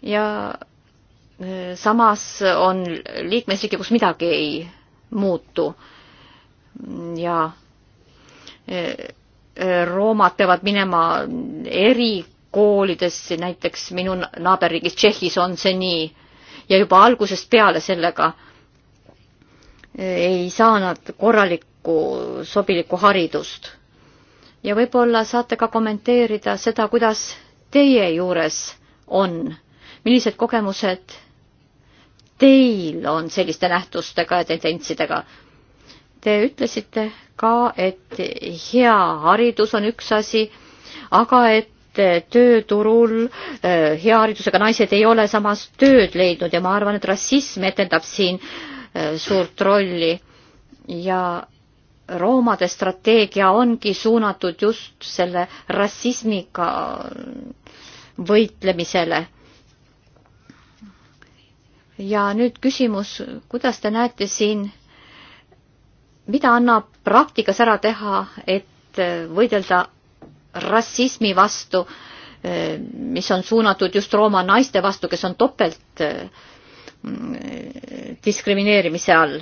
ja eh, samas on liikmesriike, kus midagi ei muutu ja eh, roomad peavad minema eri koolides, näiteks minu naaberriigis Tšehhis on see nii ja juba algusest peale sellega ei saa nad korralikku sobilikku haridust. ja võib-olla saate ka kommenteerida seda, kuidas teie juures on, millised kogemused teil on selliste nähtustega ja tendentsidega? Te ütlesite ka, et hea haridus on üks asi, aga et et eh, tööturul eh, hea haridusega naised ei ole samas tööd leidnud ja ma arvan, et rassism etendab siin eh, suurt rolli ja roomade strateegia ongi suunatud just selle rassismiga võitlemisele. ja nüüd küsimus, kuidas te näete siin, mida annab praktikas ära teha, et võidelda rassismi vastu, eh, mis on suunatud just Rooma naiste vastu, kes on topelt eh, diskrimineerimise all.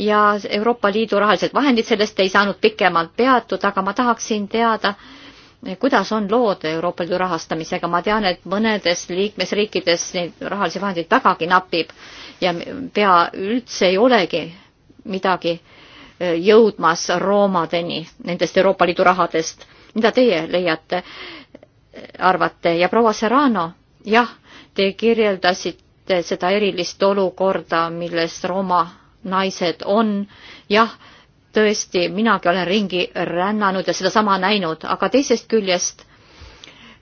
ja Euroopa Liidu rahalised vahendid sellest ei saanud pikemalt peatuda, aga ma tahaksin teada, kuidas on lood Euroopa Liidu rahastamisega, ma tean, et mõnedes liikmesriikides neid rahalisi vahendeid vägagi napib ja pea üldse ei olegi midagi eh, jõudmas Roomadeni nendest Euroopa Liidu rahadest mida teie leiate, äh, arvate ja proua Serrano, jah, te kirjeldasite seda erilist olukorda, milles Rooma naised on, jah, tõesti, minagi olen ringi rännanud ja sedasama näinud, aga teisest küljest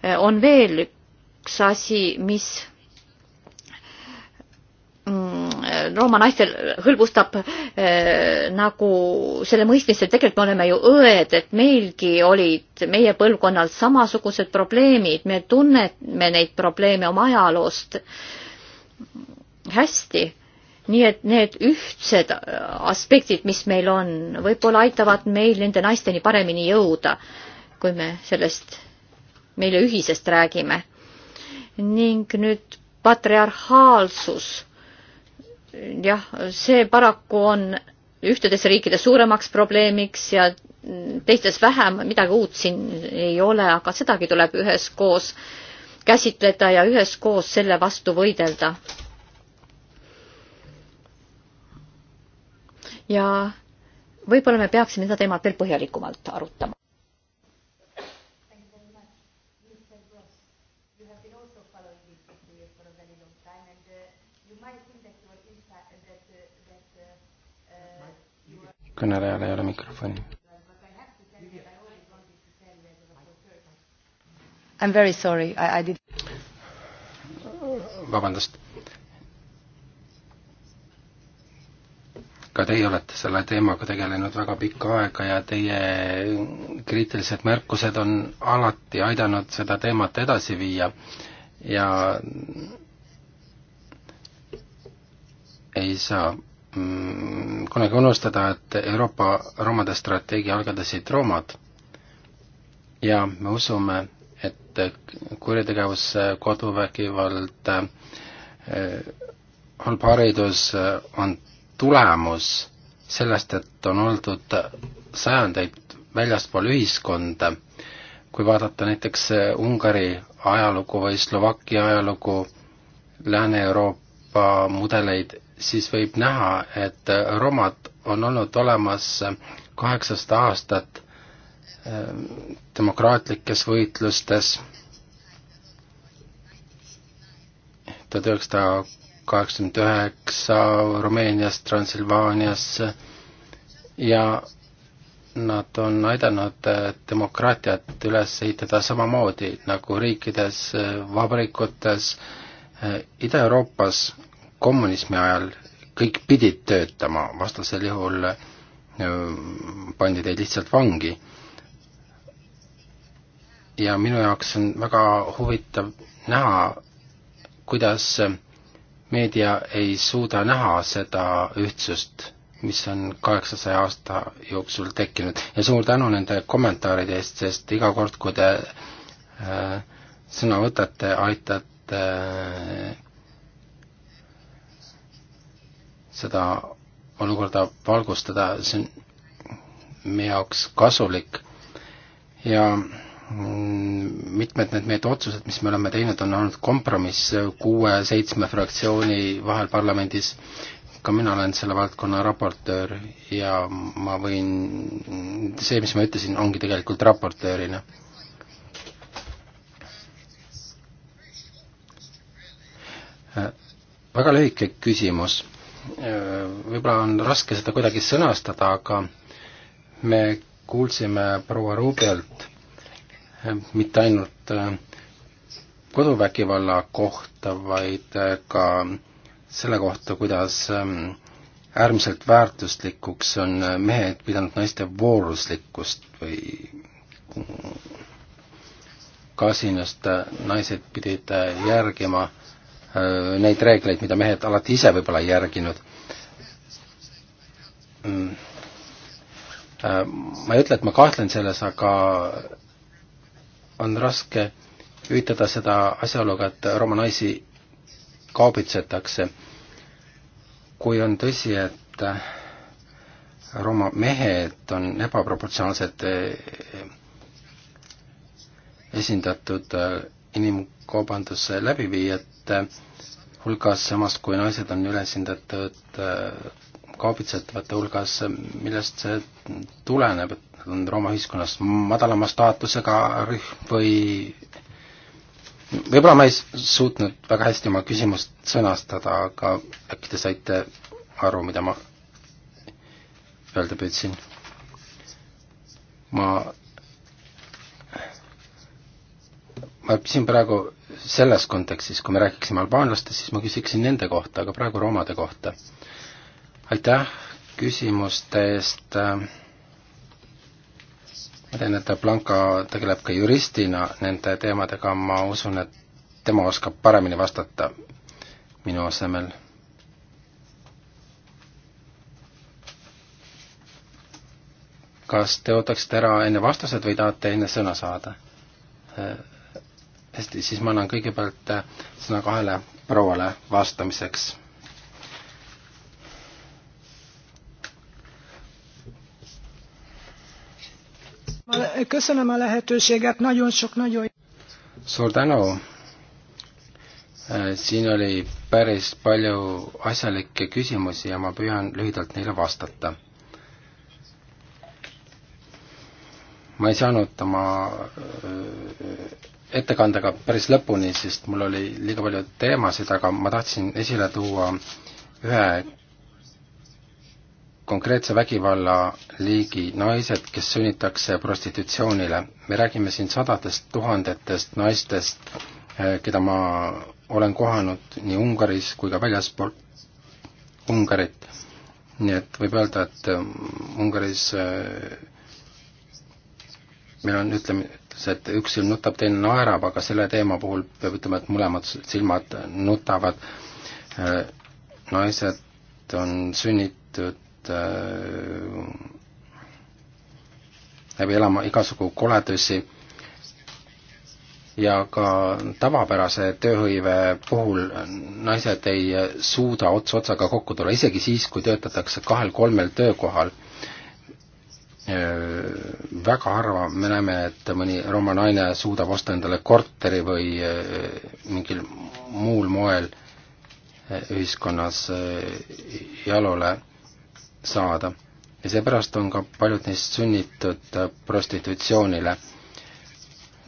äh, on veel üks asi, mis Rooma naistel hõlbustab äh, nagu selle mõistmist, et tegelikult me oleme ju õed, et meilgi olid meie põlvkonnal samasugused probleemid, me tunneme neid probleeme oma ajaloost hästi. nii et need ühtsed aspektid, mis meil on, võib-olla aitavad meil nende naisteni paremini jõuda, kui me sellest meile ühisest räägime. ning nüüd patriarhaalsus jah, see paraku on ühtedes riikides suuremaks probleemiks ja teistes vähem, midagi uut siin ei ole, aga sedagi tuleb üheskoos käsitleda ja üheskoos selle vastu võidelda. ja võib-olla me peaksime seda teemat veel põhjalikumalt arutama. kõnelejal ei ole mikrofoni. I am very sorry, I, I did vabandust. ka teie olete selle teemaga tegelenud väga pikka aega ja teie kriitilised märkused on alati aidanud seda teemat edasi viia ja ei saa Mm, kunagi unustada, et Euroopa romade strateegia algatasid roomad ja me usume, et kuritegevus, koduvägivald, eh, halb haridus eh, on tulemus sellest, et on oldud sajandeid väljaspool ühiskonda. kui vaadata näiteks eh, Ungari ajalugu või Slovakkia ajalugu, Lääne-Euroopa mudeleid siis võib näha, et romad on olnud olemas kaheksasada aastat ähm, demokraatlikes võitlustes tuhat üheksasada kaheksakümmend üheksa Rumeenias, Transilvaanias ja nad on aidanud äh, demokraatiat üles ehitada samamoodi nagu riikides, äh, vabrikutes, äh, Ida-Euroopas kommunismi ajal kõik pidid töötama, vastasel juhul äh, pandi teid lihtsalt vangi. ja minu jaoks on väga huvitav näha, kuidas äh, meedia ei suuda näha seda ühtsust, mis on kaheksasaja aasta jooksul tekkinud ja suur tänu nende kommentaaride eest, sest iga kord, kui te äh, sõna võtate, aitate äh, seda olukorda valgustada, see on meie jaoks kasulik ja mitmed need meetod otsused, mis me oleme teinud, on olnud kompromiss kuue-seitsme fraktsiooni vahel parlamendis. ka mina olen selle valdkonna raportöör ja ma võin, see, mis ma ütlesin, ongi tegelikult raportöörina. väga lühike küsimus võib-olla on raske seda kuidagi sõnastada, aga me kuulsime proua Rubelt eh, mitte ainult eh, koduvägivalla kohta, vaid eh, ka selle kohta, kuidas äärmiselt väärtuslikuks on mehed pidanud naiste vooruslikkust või kasinust naised pidid järgima Äh, neid reegleid, mida mehed alati ise võib-olla ei järginud. Mm. Äh, ma ei ütle, et ma kahtlen selles, aga on raske ühitada seda asjaoluga, et Rooma naisi kaubitsetakse. kui on tõsi, et äh, Rooma mehed on ebaproportsionaalselt esindatud inimkaubanduse läbiviijad, liikmete hulgas, samas kui naised on ülesindatud äh, kaubitsetavate hulgas, millest see tuleneb, et nad on Rooma ühiskonnas madalama staatusega rühm või võib-olla ma ei suutnud väga hästi oma küsimust sõnastada, aga äkki te saite aru, mida ma öelda püüdsin? ma ma küsin praegu selles kontekstis, kui me rääkisime albaanlastest, siis ma küsiksin nende kohta, aga praegu romade kohta. aitäh küsimuste eest, ma tean, et Blanca tegeleb ka juristina nende teemadega, ma usun, et tema oskab paremini vastata minu asemel. kas te ootaksite ära enne vastused või tahate enne sõna saada? hästi, siis ma annan kõigepealt äh, sõna kahele prouale vastamiseks. suur tänu. Äh, siin oli päris palju asjalikke küsimusi ja ma püüan lühidalt neile vastata ma ei saanud oma äh, ettekandega päris lõpuni, sest mul oli liiga palju teemasid, aga ma tahtsin esile tuua ühe konkreetse vägivallaliigi naised, kes sunnitakse prostitutsioonile. me räägime siin sadadest tuhandetest naistest, eh, keda ma olen kohanud nii Ungaris kui ka väljaspool Ungarit. nii et võib öelda, et eh, Ungaris eh, meil on, ütleme, ütles, et üks silm nutab, teine naerab, aga selle teema puhul peab ütlema, et mõlemad silmad nutavad. Äh, naised on sunnitud äh, läbi elama igasugu koledusi ja ka tavapärase tööhõive puhul naised ei suuda ots otsaga kokku tulla, isegi siis, kui töötatakse kahel-kolmel töökohal Äh, väga harva me näeme, et mõni Rooma naine suudab osta endale korteri või äh, mingil muul moel äh, ühiskonnas jalule saada. ja seepärast on ka paljud neist sunnitud prostitutsioonile.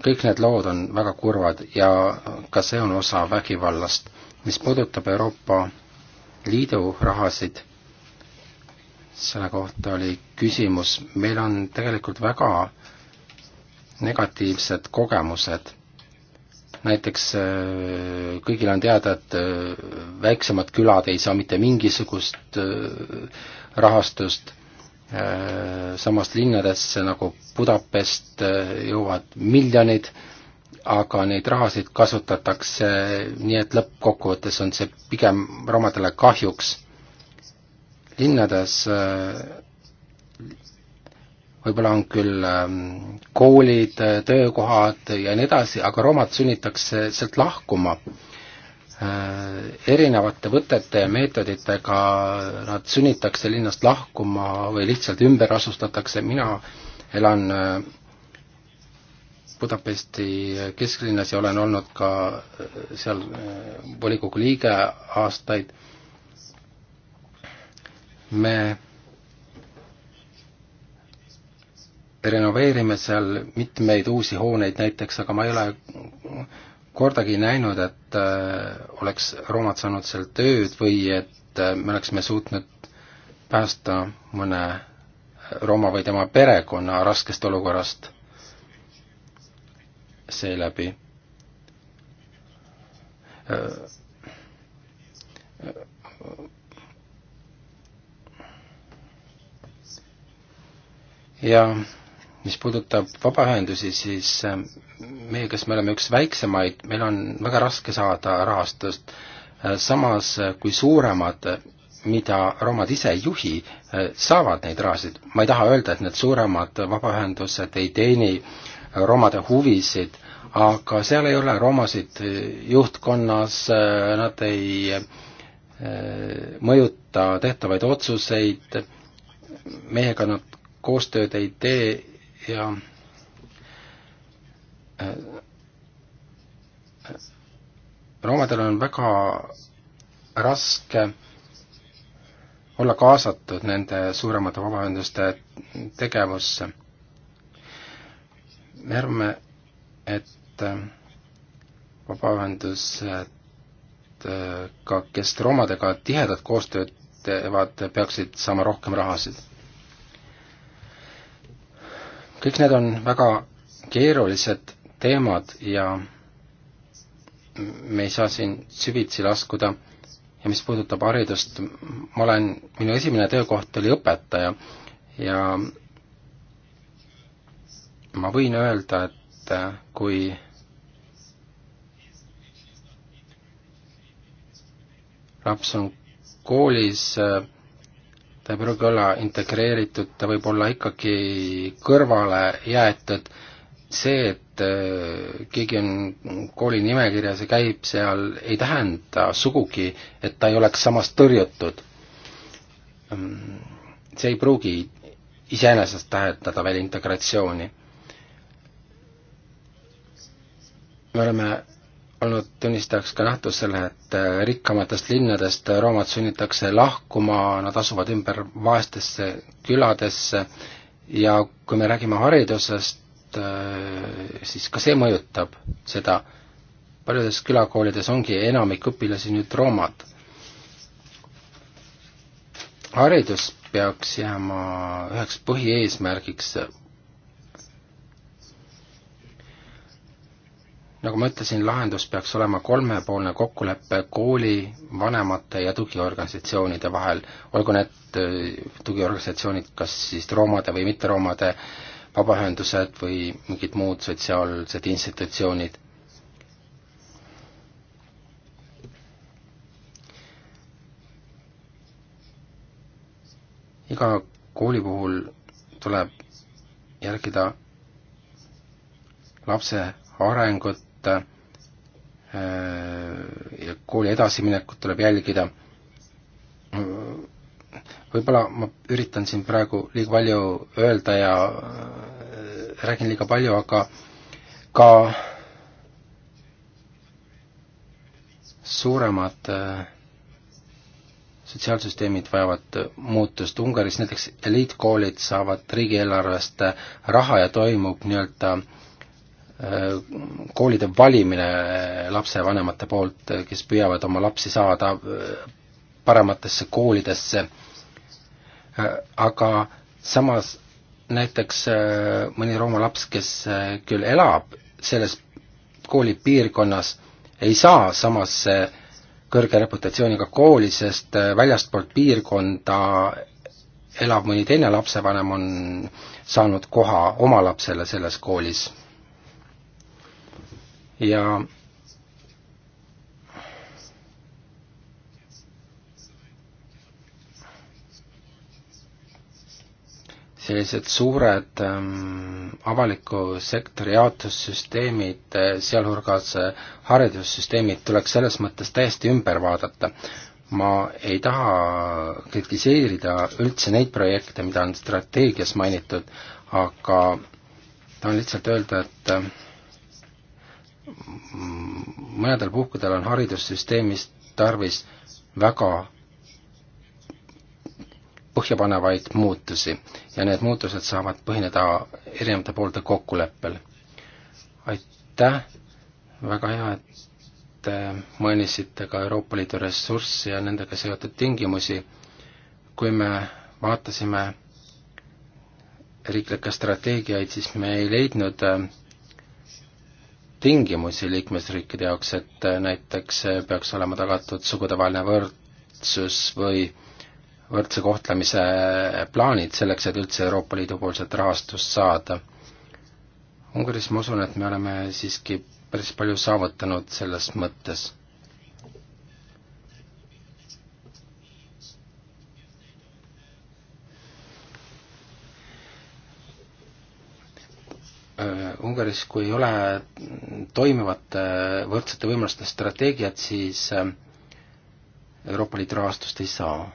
kõik need lood on väga kurvad ja ka see on osa vägivallast. mis puudutab Euroopa Liidu rahasid selle kohta oli küsimus, meil on tegelikult väga negatiivsed kogemused. näiteks äh, kõigile on teada, et äh, väiksemad külad ei saa mitte mingisugust äh, rahastust, samas linnadesse nagu Budapest jõuavad miljonid, aga neid rahasid kasutatakse nii, et lõppkokkuvõttes on see pigem romadele kahjuks linnades äh, võib-olla on küll ähm, koolid, äh, töökohad ja nii edasi, aga romad sunnitakse sealt lahkuma. Äh, erinevate võtete ja meetoditega nad sunnitakse linnast lahkuma või lihtsalt ümber asustatakse, mina elan Budapesti kesklinnas ja olen olnud ka seal volikogu liige aastaid me renoveerime seal mitmeid uusi hooneid näiteks, aga ma ei ole kordagi näinud, et äh, oleks roomad saanud seal tööd või et äh, me oleksime suutnud päästa mõne Rooma või tema perekonna raskest olukorrast seeläbi. Äh, ja mis puudutab vabaühendusi, siis ähm, meie, kes me oleme üks väiksemaid, meil on väga raske saada rahastust, äh, samas äh, kui suuremad, äh, mida romad ise ei juhi, saavad neid rahasid. ma ei taha öelda, et need suuremad vabaühendused ei teeni romade huvisid, aga seal ei ole romasid juhtkonnas, nad ei mõjuta tehtavaid otsuseid, meiega nad koostööd ei tee ja äh, roomadel on väga raske olla kaasatud nende suuremate vabaühenduste tegevusse. me arvame, et äh, vabaühendused äh, ka, kes roomadega tihedat koostööd teevad, peaksid saama rohkem rahasid kõik need on väga keerulised teemad ja me ei saa siin süvitsi laskuda ja mis puudutab haridust, ma olen, minu esimene töökoht oli õpetaja ja ma võin öelda, et äh, kui laps on koolis äh, ta ei pruugi olla integreeritud, ta võib olla ikkagi kõrvale jäetud. see, et äh, keegi on kooli nimekirjas ja käib seal, ei tähenda sugugi, et ta ei oleks samas tõrjutud. Ähm, see ei pruugi iseenesest tähendada veel integratsiooni. me oleme olnud tunnistajaks ka nähtus selle, et äh, rikkamatest linnadest äh, roomad sunnitakse lahkuma, nad asuvad ümber vaestesse küladesse ja kui me räägime haridusest, äh, siis ka see mõjutab seda. paljudes külakoolides ongi enamik õpilasi nüüd roomad. haridus peaks jääma üheks põhieesmärgiks nagu ma ütlesin, lahendus peaks olema kolmepoolne kokkulepe kooli, vanemate ja tugiorganisatsioonide vahel, olgu need äh, tugiorganisatsioonid kas siis roomade või mitteroomade vabaühendused või mingid muud sotsiaalsed institutsioonid. iga kooli puhul tuleb järgida lapse arengut et äh, ja kooli edasiminekut tuleb jälgida. võib-olla ma üritan siin praegu liiga palju öelda ja äh, räägin liiga palju, aga ka suuremad äh, sotsiaalsüsteemid vajavad muutust, Ungaris näiteks eliitkoolid saavad riigieelarvest raha ja toimub nii-öelda äh, koolide valimine lapsevanemate poolt, kes püüavad oma lapsi saada äh, parematesse koolidesse, äh, aga samas näiteks äh, mõni Rooma laps, kes küll elab selles koolipiirkonnas, ei saa samasse kõrge reputatsiooniga kooli, sest väljastpoolt piirkonda elav mõni teine lapsevanem on saanud koha oma lapsele selles koolis ja sellised suured ähm, avaliku sektori jaotussüsteemid, äh, sealhulgas äh, haridussüsteemid, tuleks selles mõttes täiesti ümber vaadata. ma ei taha kritiseerida üldse neid projekte, mida on strateegias mainitud, aga tahan lihtsalt öelda, et äh, mõnedel puhkudel on haridussüsteemis tarvis väga põhjapanevaid muutusi ja need muutused saavad põhineda erinevate poolte kokkuleppel. aitäh, väga hea, et mainisite ka Euroopa Liidu ressurssi ja nendega seotud tingimusi. kui me vaatasime riiklikke strateegiaid, siis me ei leidnud äh, tingimusi liikmesriikide jaoks, et näiteks peaks olema tagatud sugudevaheline võrdsus või võrdse kohtlemise plaanid selleks, et üldse Euroopa Liidu poolset rahastust saada. Ungaris ma usun, et me oleme siiski päris palju saavutanud selles mõttes Äh, Ungaris, kui ei ole toimivat äh, võrdsete võimaluste strateegiat, siis äh, Euroopa Liidu rahastust ei saa.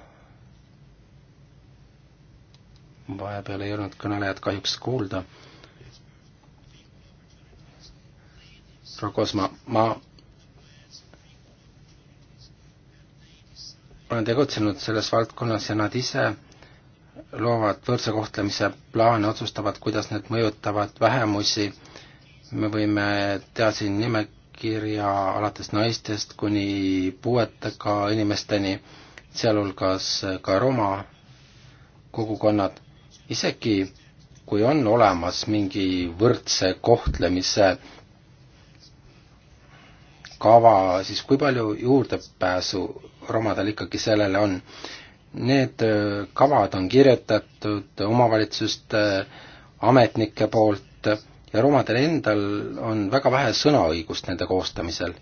vahepeal ei olnud kõnelejat kahjuks kuulda. proua Kosma, ma olen tegutsenud selles valdkonnas ja nad ise loovad võrdse kohtlemise plaane, otsustavad, kuidas need mõjutavad vähemusi, me võime teha siin nimekirja alates naistest kuni puuetega inimesteni, sealhulgas ka roma kogukonnad, isegi kui on olemas mingi võrdse kohtlemise kava, siis kui palju juurdepääsu romadel ikkagi sellele on? Need äh, kavad on kirjutatud omavalitsuste ametnike poolt ja romadel endal on väga vähe sõnaõigust nende koostamisel.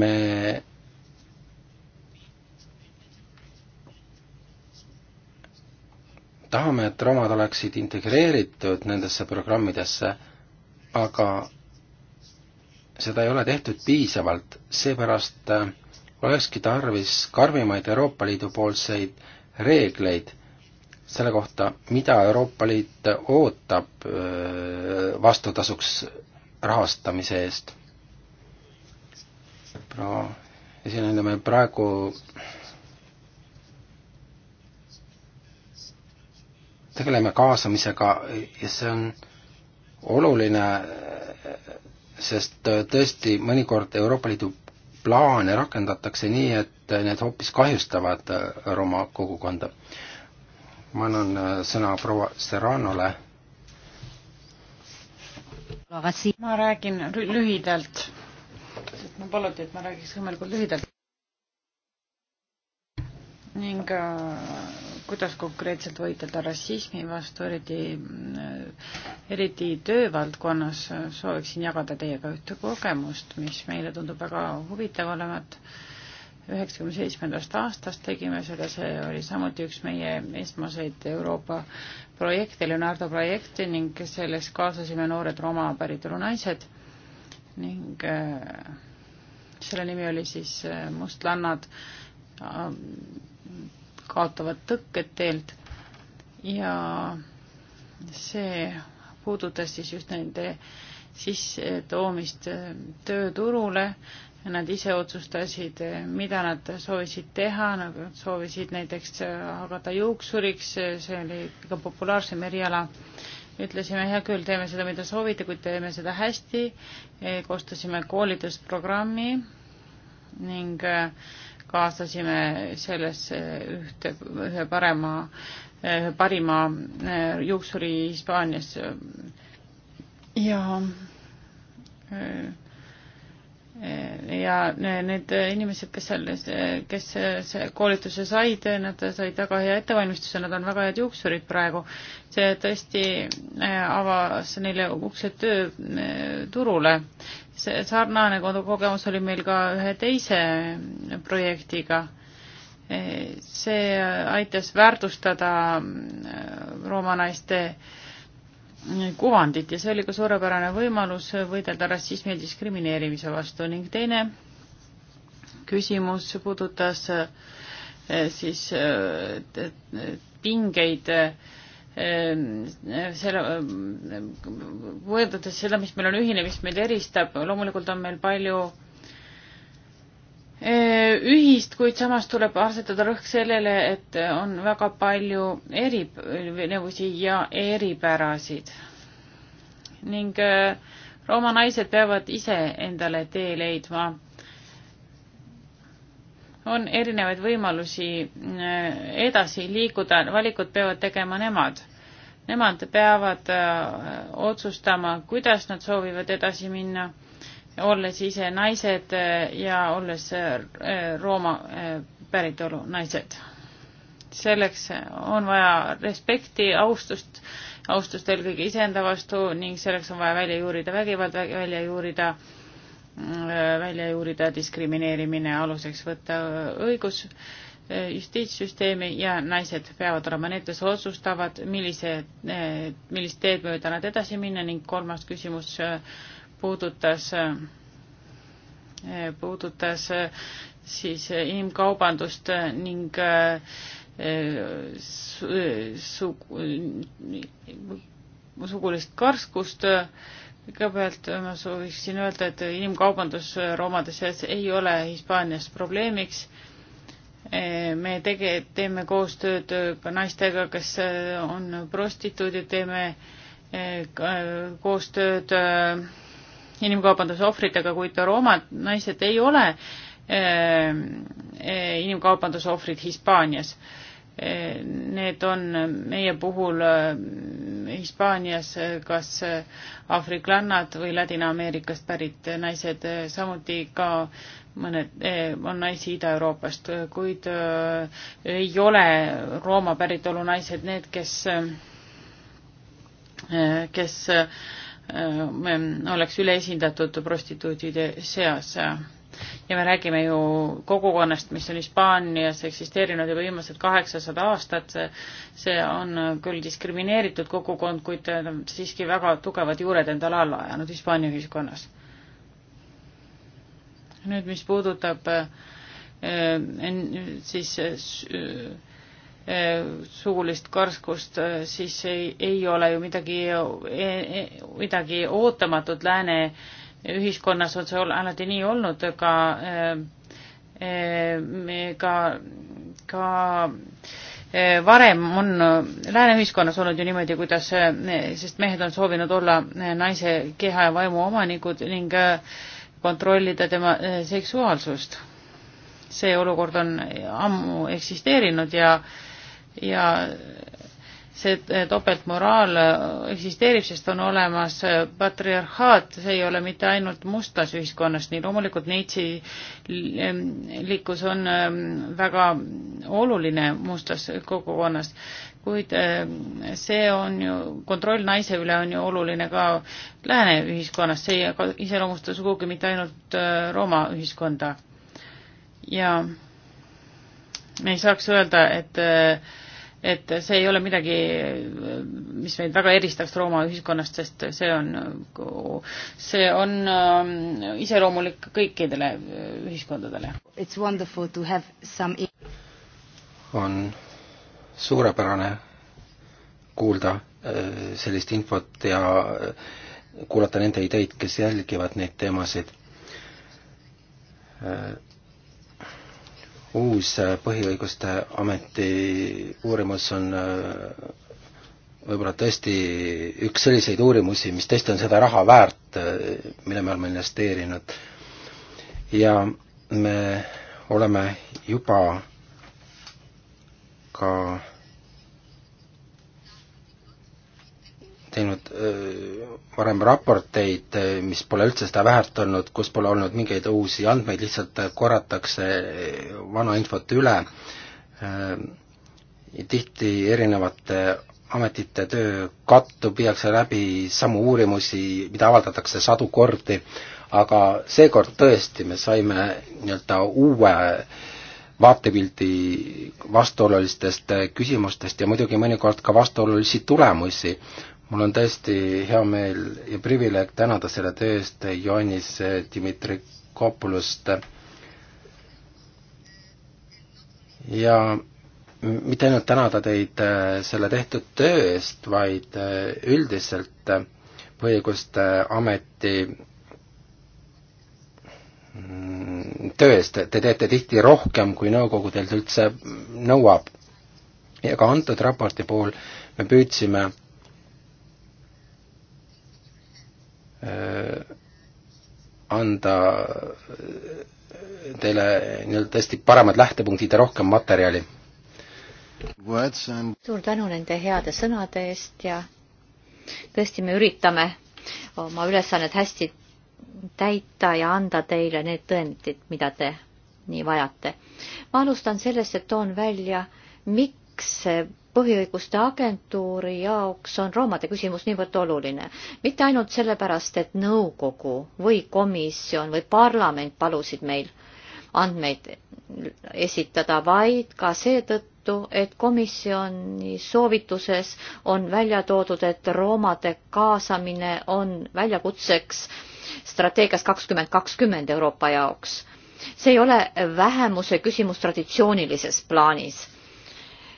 me tahame, et romad oleksid integreeritud nendesse programmidesse, aga seda ei ole tehtud piisavalt, seepärast äh, olekski tarvis karmimaid Euroopa Liidu poolseid reegleid selle kohta, mida Euroopa Liit ootab vastutasuks rahastamise eest. proua esineja, me praegu tegeleme kaasamisega ja see on oluline, sest tõesti mõnikord Euroopa Liidu plaane rakendatakse nii, et need hoopis kahjustavad äh, Roma kogukonda. ma annan äh, sõna proua Serranole. ma räägin lühidalt, sest ma paluti, et ma räägiks võimalikult lühidalt. ning äh, kuidas konkreetselt võidelda rassismi vastu, eriti, eriti töövaldkonnas, sooviksin jagada teiega ühte kogemust, mis meile tundub väga huvitav olevat. üheksakümne seitsmendast aastast tegime seda, see oli samuti üks meie esmaseid Euroopa projekte, Leonardo projekti ning selles kaasasime noored Roma päritolu naised ning äh, selle nimi oli siis äh, Mustlannad äh, kaotavad tõkked teelt ja see puudutas siis just nende sissetoomist tööturule ja nad ise otsustasid, mida nad soovisid teha, nad soovisid näiteks hakata juuksuriks, see oli kõige populaarsem eriala. ütlesime, hea küll, teeme seda, mida soovite, kuid teeme seda hästi. koostasime koolitusprogrammi ning kaasasime sellesse ühte, ühe parema, parima juuksuri Hispaanias ja öö, ja need inimesed, kes seal, kes koolituse said, nad said väga hea ettevalmistuse, nad on väga head juuksurid praegu. see tõesti äh, avas neile uksed tööturule. Äh, see sarnane kogemus oli meil ka ühe teise projektiga. Äh, see aitas väärtustada rooma naiste äh, kuvandit ja see oli ka suurepärane võimalus võidelda rassismi ja diskrimineerimise vastu ning teine küsimus puudutas eh, siis eh, pingeid eh, selle, võõrdudes seda, mis meil on ühine, mis meid eristab, loomulikult on meil palju Eh, ühist, kuid samas tuleb asetada rõhk sellele, et on väga palju erinevusi ja eripärasid. ning eh, Rooma naised peavad ise endale tee leidma. on erinevaid võimalusi eh, edasi liikuda, valikud peavad tegema nemad. Nemad peavad otsustama, kuidas nad soovivad edasi minna olles ise naised äh, ja olles äh, Rooma äh, päritolu naised. selleks on vaja respekti, austust, austust eelkõige iseenda vastu ning selleks on vaja välja juurida vägivald, välja juurida välja juurida diskrimineerimine, aluseks võtta õigus justiitssüsteemi ja naised peavad olema need, kes otsustavad, millise, millist teed mööda nad edasi minna ning kolmas küsimus puudutas, puudutas siis inimkaubandust ning su, su, sugulist karskust. kõigepealt ma sooviksin öelda, et inimkaubandus roomade seas ei ole Hispaanias probleemiks me tege-, teeme koostööd ka naistega, kes on prostituudid, teeme koostööd inimkaubanduse ohvritega, kuid roomad naised ei ole ehm, eh, inimkaubanduse ohvrid Hispaanias. Eh, need on meie puhul eh, Hispaanias kas aafriklannad või Ladina-Ameerikast pärit naised, samuti ka mõned, on naisi Ida-Euroopast, kuid ei ole Rooma päritolu naised need, kes, kes oleks üleesindatud prostituutide seas. ja me räägime ju kogukonnast, mis on Hispaanias eksisteerinud juba viimased kaheksasada aastat, see on küll diskrimineeritud kogukond, kuid siiski väga tugevad juured endale alla ajanud Hispaania ühiskonnas. nüüd, mis puudutab eh, siis eh, Äh, suulist karskust, äh, siis ei, ei ole ju midagi, e, e, midagi ootamatut lääne ühiskonnas on see alati nii olnud, ka, äh, ka, ka varem on lääne ühiskonnas olnud ju niimoodi, kuidas, sest mehed on soovinud olla naise keha ja vaimu omanikud ning kontrollida tema seksuaalsust. see olukord on ammu eksisteerinud ja äh, ja see eh, topeltmoraal eh, eksisteerib, sest on olemas eh, patriarhaat, see ei ole mitte ainult mustas ühiskonnas, nii loomulikult neitsilikkus mm, on mm, väga oluline mustas kogukonnas, kuid see on ju, kontroll naise üle on ju oluline ka lääne ühiskonnas, see ei iseloomusta sugugi mitte ainult Rooma ühiskonda. ja me ei saaks öelda, et äh, et see ei ole midagi, mis meid väga eristaks Rooma ühiskonnast, sest see on, see on ähm, iseloomulik kõikidele ühiskondadele. Some... on suurepärane kuulda äh, sellist infot ja äh, kuulata nende ideid, kes jälgivad neid teemasid äh, uus äh, põhiõiguste ameti uurimus on äh, võib-olla tõesti üks selliseid uurimusi, mis tõesti on seda raha väärt, äh, mille me oleme investeerinud. ja me oleme juba ka teinud äh, varem raporteid, äh, mis pole üldse seda väärt olnud, kus pole olnud mingeid uusi andmeid, lihtsalt äh, korratakse vana infot üle, tihti erinevate ametite töö kattub, viiakse läbi samu uurimusi, mida avaldatakse sadu kordi, aga seekord tõesti me saime nii-öelda uue vaatepildi vastuolulistest küsimustest ja muidugi mõnikord ka vastuolulisi tulemusi, mul on tõesti hea meel ja privileeg tänada selle töö eest Ioannis Dimitrikopulust. ja mitte ainult tänada teid äh, selle tehtud töö eest, vaid äh, üldiselt äh, põhiõiguste ameti mm, töö eest, te teete tihti rohkem, kui nõukogu teilt üldse nõuab. ja ka antud raporti puhul me püüdsime Äh, anda äh, teile nii-öelda tõesti paremad lähtepunktid ja rohkem materjali. suur tänu nende heade sõnade eest ja tõesti, me üritame oma ülesannet hästi täita ja anda teile need tõendid, mida te nii vajate. ma alustan sellest, et toon välja, miks see põhiõiguste agentuuri jaoks on roomade küsimus niivõrd oluline. mitte ainult sellepärast, et nõukogu või komisjon või parlament palusid meil andmeid esitada, vaid ka seetõttu, et komisjoni soovituses on välja toodud, et roomade kaasamine on väljakutseks strateegias kakskümmend kakskümmend Euroopa jaoks. see ei ole vähemuse küsimus traditsioonilises plaanis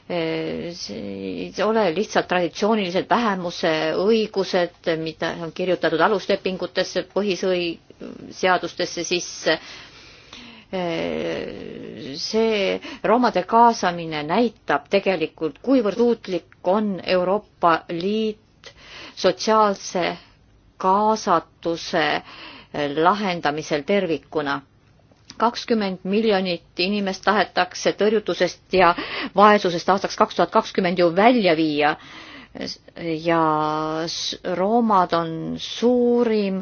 see ei ole lihtsalt traditsioonilised vähemuse õigused, mida on kirjutatud aluslepingutesse, põhiseadustesse sisse. see roomade kaasamine näitab tegelikult, kuivõrd uutlik on Euroopa Liit sotsiaalse kaasatuse lahendamisel tervikuna kakskümmend miljonit inimest tahetakse tõrjutusest ja vaesusest aastaks kaks tuhat kakskümmend ju välja viia ja roomad on suurim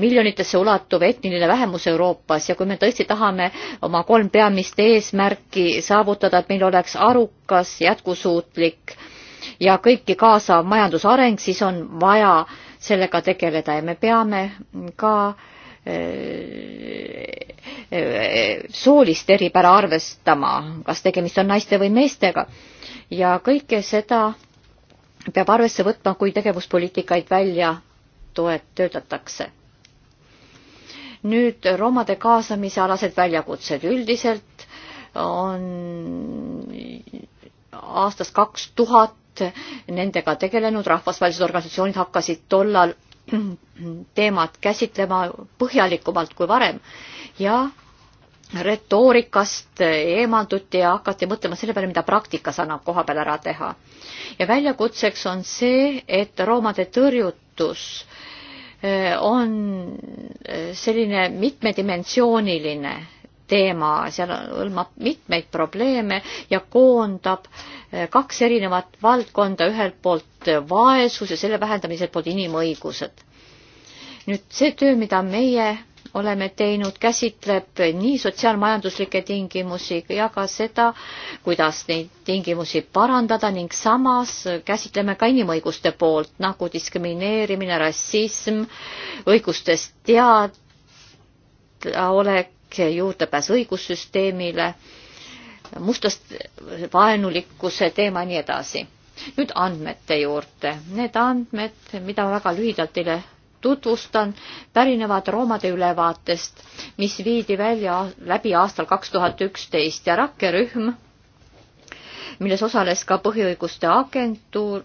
miljonitesse ulatuv etniline vähemus Euroopas ja kui me tõesti tahame oma kolm peamist eesmärki saavutada, et meil oleks arukas, jätkusuutlik ja kõiki kaasav majandusareng, siis on vaja sellega tegeleda ja me peame ka äh, soolist eripära arvestama, kas tegemist on naiste või meestega ja kõike seda peab arvesse võtma, kui tegevuspoliitikaid välja toet-, töötatakse. nüüd romade kaasamise alased väljakutsed. üldiselt on aastast kaks tuhat nendega tegelenud rahvusvahelised organisatsioonid hakkasid tollal teemat käsitlema põhjalikumalt kui varem ja retoorikast eemalduti ja hakati mõtlema selle peale, mida praktikas annab koha peal ära teha. ja väljakutseks on see, et roomade tõrjutus eh, on eh, selline mitmedimensiooniline teema, seal hõlmab mitmeid probleeme ja koondab eh, kaks erinevat valdkonda, ühelt poolt vaesus ja selle vähendamiselt poolt inimõigused. nüüd see töö, mida meie oleme teinud, käsitleb nii sotsiaalmajanduslikke tingimusi ja ka seda, kuidas neid tingimusi parandada ning samas käsitleme ka inimõiguste poolt nagu diskrimineerimine, rassism, õigustest teadolek juurdepääs õigussüsteemile, mustast vaenulikkuse teema ja nii edasi. nüüd andmete juurde. Need andmed, mida ma väga lühidalt teile tutvustan, pärinevad roomade ülevaatest, mis viidi välja läbi aastal kaks tuhat üksteist ja rakkerühm, milles osales ka põhiõiguste agentuur,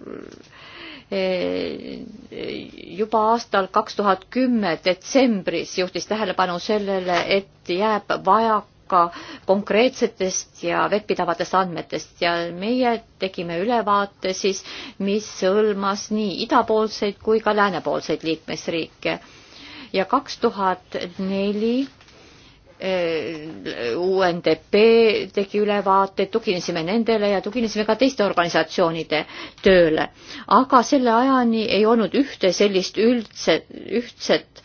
juba aastal kaks tuhat kümme detsembris juhtis tähelepanu sellele, et jääb vajaka konkreetsetest ja vettpidavatest andmetest ja meie tegime ülevaate siis, mis hõlmas nii idapoolseid kui ka läänepoolseid liikmesriike. ja kaks tuhat neli Äh, UNDP tegi ülevaate, tuginesime nendele ja tuginesime ka teiste organisatsioonide tööle. aga selle ajani ei olnud ühte sellist üldse, ühtset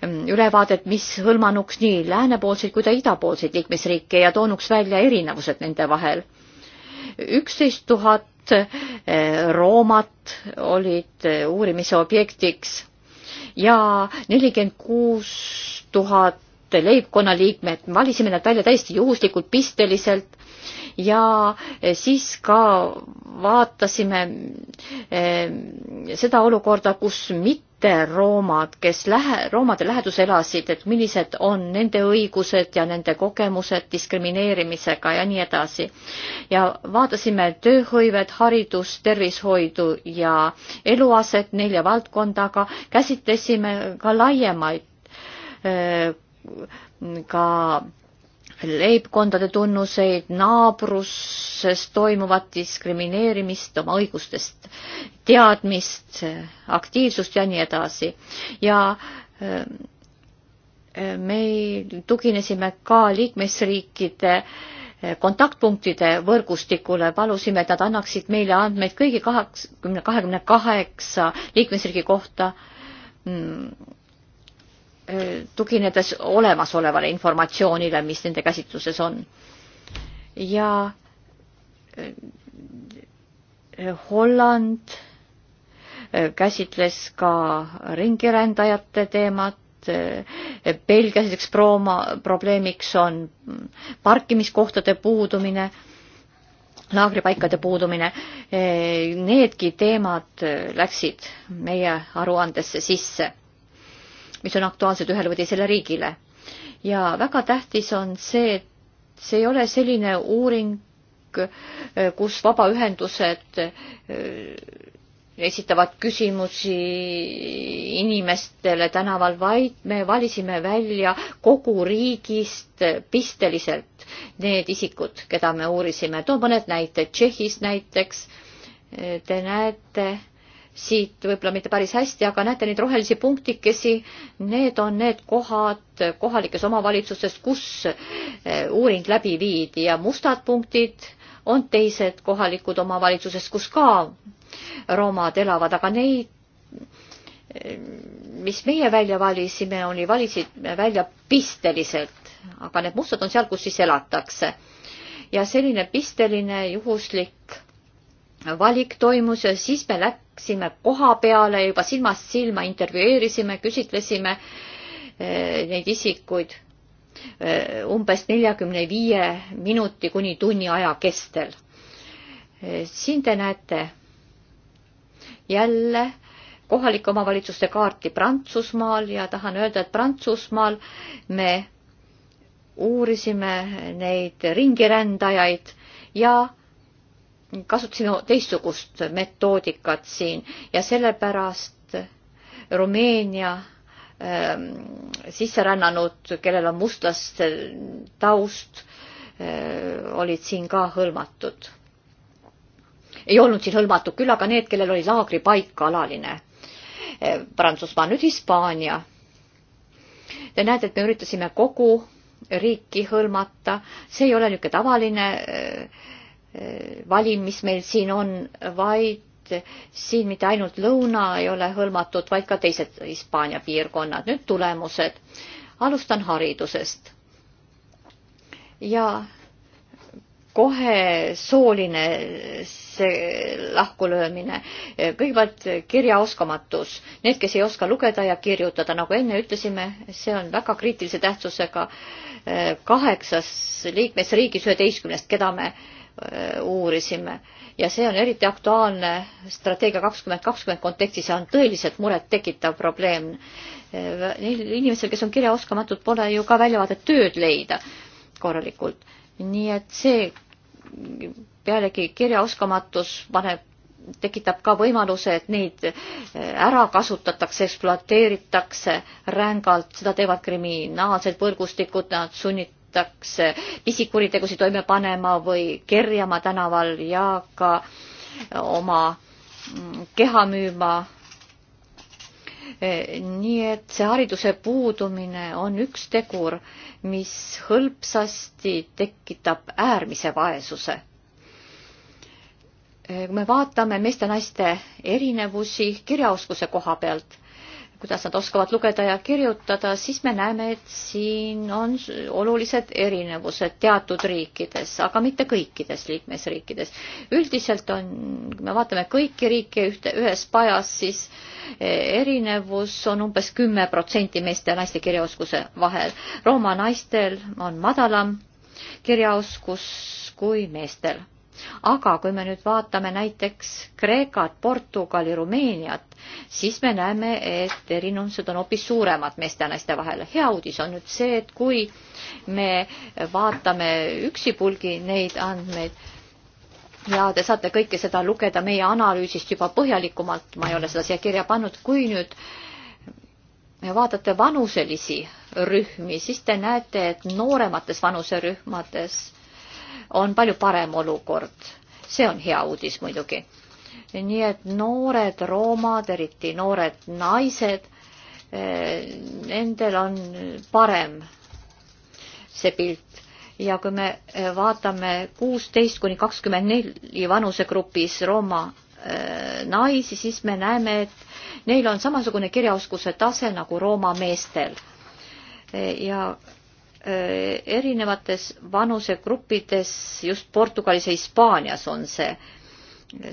ähm, ülevaadet, mis hõlmanuks nii läänepoolseid kui ka idapoolseid liikmesriike ja toonuks välja erinevused nende vahel. üksteist tuhat äh, roomat olid äh, uurimise objektiks ja nelikümmend kuus tuhat tuhat leibkonnaliikmet, valisime nad välja täiesti juhuslikult, pisteliselt ja siis ka vaatasime ehm, seda olukorda, kus mitte roomad, kes lähe, roomade lähedus elasid, et millised on nende õigused ja nende kogemused diskrimineerimisega ja nii edasi. ja vaatasime tööhõivet, haridust, tervishoidu ja eluaset nelja valdkondaga, käsitlesime ka laiemaid ehm, ka leibkondade tunnuseid, naabruses toimuvat diskrimineerimist, oma õigustest teadmist, aktiivsust ja nii edasi. ja äh, me tuginesime ka liikmesriikide äh, kontaktpunktide võrgustikule, palusime, et nad annaksid meile andmeid kõigi kahekümne, kahekümne kaheksa liikmesriigi kohta mm. Äh, tuginedes olemasolevale informatsioonile, mis nende käsitluses on. ja äh, Holland äh, käsitles ka ringirändajate teemat, Belgias näiteks prooma, probleemiks on parkimiskohtade puudumine, laagripaikade puudumine. Needki teemad läksid meie aruandesse sisse mis on aktuaalsed ühele või teisele riigile. ja väga tähtis on see, et see ei ole selline uuring, eh, kus vabaühendused eh, esitavad küsimusi inimestele tänaval, vaid me valisime välja kogu riigist pisteliselt need isikud, keda me uurisime. toon mõned näited. Tšehhis näiteks eh, te näete siit võib-olla mitte päris hästi, aga näete neid rohelisi punktikesi, need on need kohad kohalikes omavalitsustes, kus eh, uuring läbi viidi ja mustad punktid on teised kohalikud omavalitsused, kus ka romad elavad, aga neid, eh, mis meie välja valisime, oli, valisime välja pisteliselt, aga need mustad on seal, kus siis elatakse. ja selline pisteline juhuslik valik toimus ja siis me läksime koha peale juba silmast silma, intervjueerisime, küsitlesime eh, neid isikuid eh, umbes neljakümne viie minuti kuni tunni aja kestel. Eh, siin te näete jälle kohalike omavalitsuste kaarti Prantsusmaal ja tahan öelda, et Prantsusmaal me uurisime neid ringirändajaid ja kasutasin teistsugust metoodikat siin ja sellepärast Rumeenia ähm, sisserännanud, kellel on mustlaste taust, äh, olid siin ka hõlmatud. ei olnud siin hõlmatud küll, aga need, kellel oli laagripaik alaline äh, Prantsusmaa, nüüd Hispaania. Te näete, et me üritasime kogu riiki hõlmata, see ei ole niisugune tavaline äh, Eh, valim, mis meil siin on, vaid siin mitte ainult lõuna ei ole hõlmatud, vaid ka teised Hispaania piirkonnad. nüüd tulemused. alustan haridusest. ja kohe sooline see lahkulöömine. kõigepealt kirjaoskamatus, need, kes ei oska lugeda ja kirjutada, nagu enne ütlesime, see on väga kriitilise tähtsusega eh, kaheksas liikmesriigis üheteistkümnest, keda me äh, Äh, uurisime ja see on eriti aktuaalne strateegia kakskümmend kakskümmend kontekstis ja on tõeliselt murettekitav probleem. Äh, Neil inimestel, kes on kirjaoskamatud, pole ju ka väljavaadet tööd leida korralikult. nii et see pealegi kirjaoskamatus paneb, tekitab ka võimaluse, et neid äh, ära kasutatakse, ekspluateeritakse rängalt, seda teevad kriminaalsed võrgustikud, nad sunnit-, hakatakse pisikuritegusid toime panema või kerjama tänaval ja ka oma mm, keha müüma. nii et see hariduse puudumine on üks tegur, mis hõlpsasti tekitab äärmise vaesuse. kui me vaatame meeste-naiste erinevusi kirjaoskuse koha pealt kuidas nad oskavad lugeda ja kirjutada, siis me näeme, et siin on olulised erinevused teatud riikides, aga mitte kõikides liikmesriikides. üldiselt on, kui me vaatame kõiki riike ühte, ühes pajas, siis eh, erinevus on umbes kümme protsenti meeste ja naiste kirjaoskuse vahel. Rooma naistel on madalam kirjaoskus kui meestel aga kui me nüüd vaatame näiteks Kreekat, Portugali, Rumeeniat, siis me näeme, et erinevused on hoopis suuremad meeste ja naiste vahel. hea uudis on nüüd see, et kui me vaatame üksipulgi neid andmeid, ja te saate kõike seda lugeda meie analüüsist juba põhjalikumalt, ma ei ole seda siia kirja pannud, kui nüüd vaatate vanuselisi rühmi, siis te näete, et nooremates vanuserühmades on palju parem olukord. see on hea uudis muidugi. nii et noored roomad, eriti noored naised, eh, nendel on parem see pilt ja kui me eh, vaatame kuusteist kuni kakskümmend neli vanusegrupis Rooma eh, naisi, siis me näeme, et neil on samasugune kirjaoskuse tase nagu Rooma meestel. ja Äh, erinevates vanusegruppides, just Portugalis ja Hispaanias on see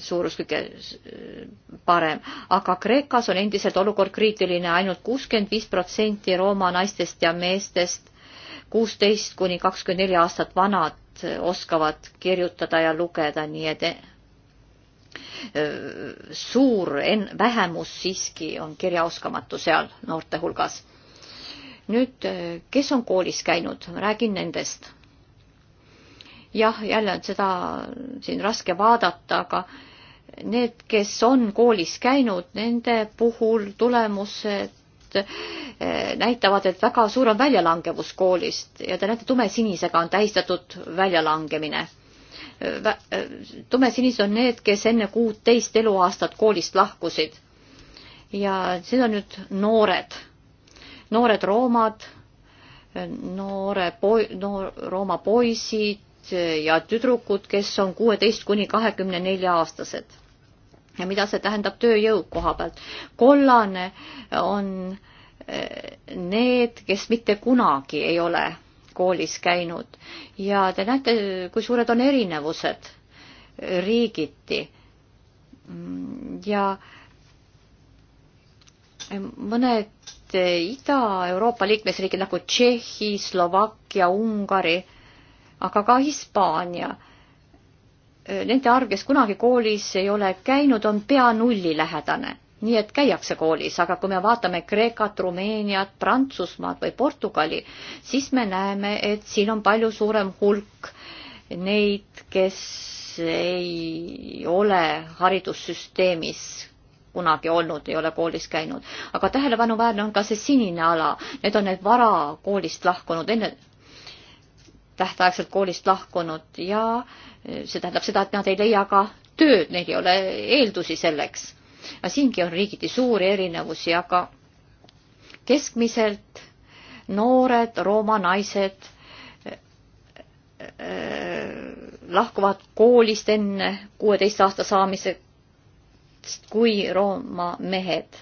suurus kõige äh, parem, aga Kreekas on endiselt olukord kriitiline ainult, ainult kuuskümmend viis protsenti Rooma naistest ja meestest kuusteist kuni kakskümmend neli aastat vanad äh, oskavad kirjutada ja lugeda, nii et suur en-, vähemus siiski on kirjaoskamatu seal noorte hulgas nüüd, kes on koolis käinud, räägin nendest. jah, jälle on seda siin raske vaadata, aga need, kes on koolis käinud, nende puhul tulemused eh, näitavad, et väga suur on väljalangevus koolist ja te näete, tumesinisega on tähistatud väljalangemine. Eh, tumesinised on need, kes enne kuuteist eluaastat koolist lahkusid. ja need on nüüd noored noored roomad, noore poi-, noor, rooma poisid ja tüdrukud, kes on kuueteist kuni kahekümne nelja aastased. ja mida see tähendab tööjõu koha pealt. kollane on eh, need, kes mitte kunagi ei ole koolis käinud ja te näete, kui suured on erinevused riigiti. Mm, ja mõned et Ida-Euroopa liikmesriigid nagu Tšehhi, Slovakkia, Ungari, aga ka Hispaania, nende arv, kes kunagi koolis ei ole käinud, on pea nullilähedane. nii et käiakse koolis, aga kui me vaatame Kreekat, Rumeeniat, Prantsusmaad või Portugali, siis me näeme, et siin on palju suurem hulk neid, kes ei ole haridussüsteemis kunagi olnud, ei ole koolis käinud. aga tähelepanuväärne on ka see sinine ala, need on need vara koolist lahkunud, enne tähtaegselt koolist lahkunud ja e, see tähendab seda, et nad ei leia ka tööd, neil ei ole eeldusi selleks. aga siingi on riigiti suuri erinevusi, aga keskmiselt noored Rooma naised e, e, lahkuvad koolist enne kuueteist aasta saamisega kui Rooma mehed.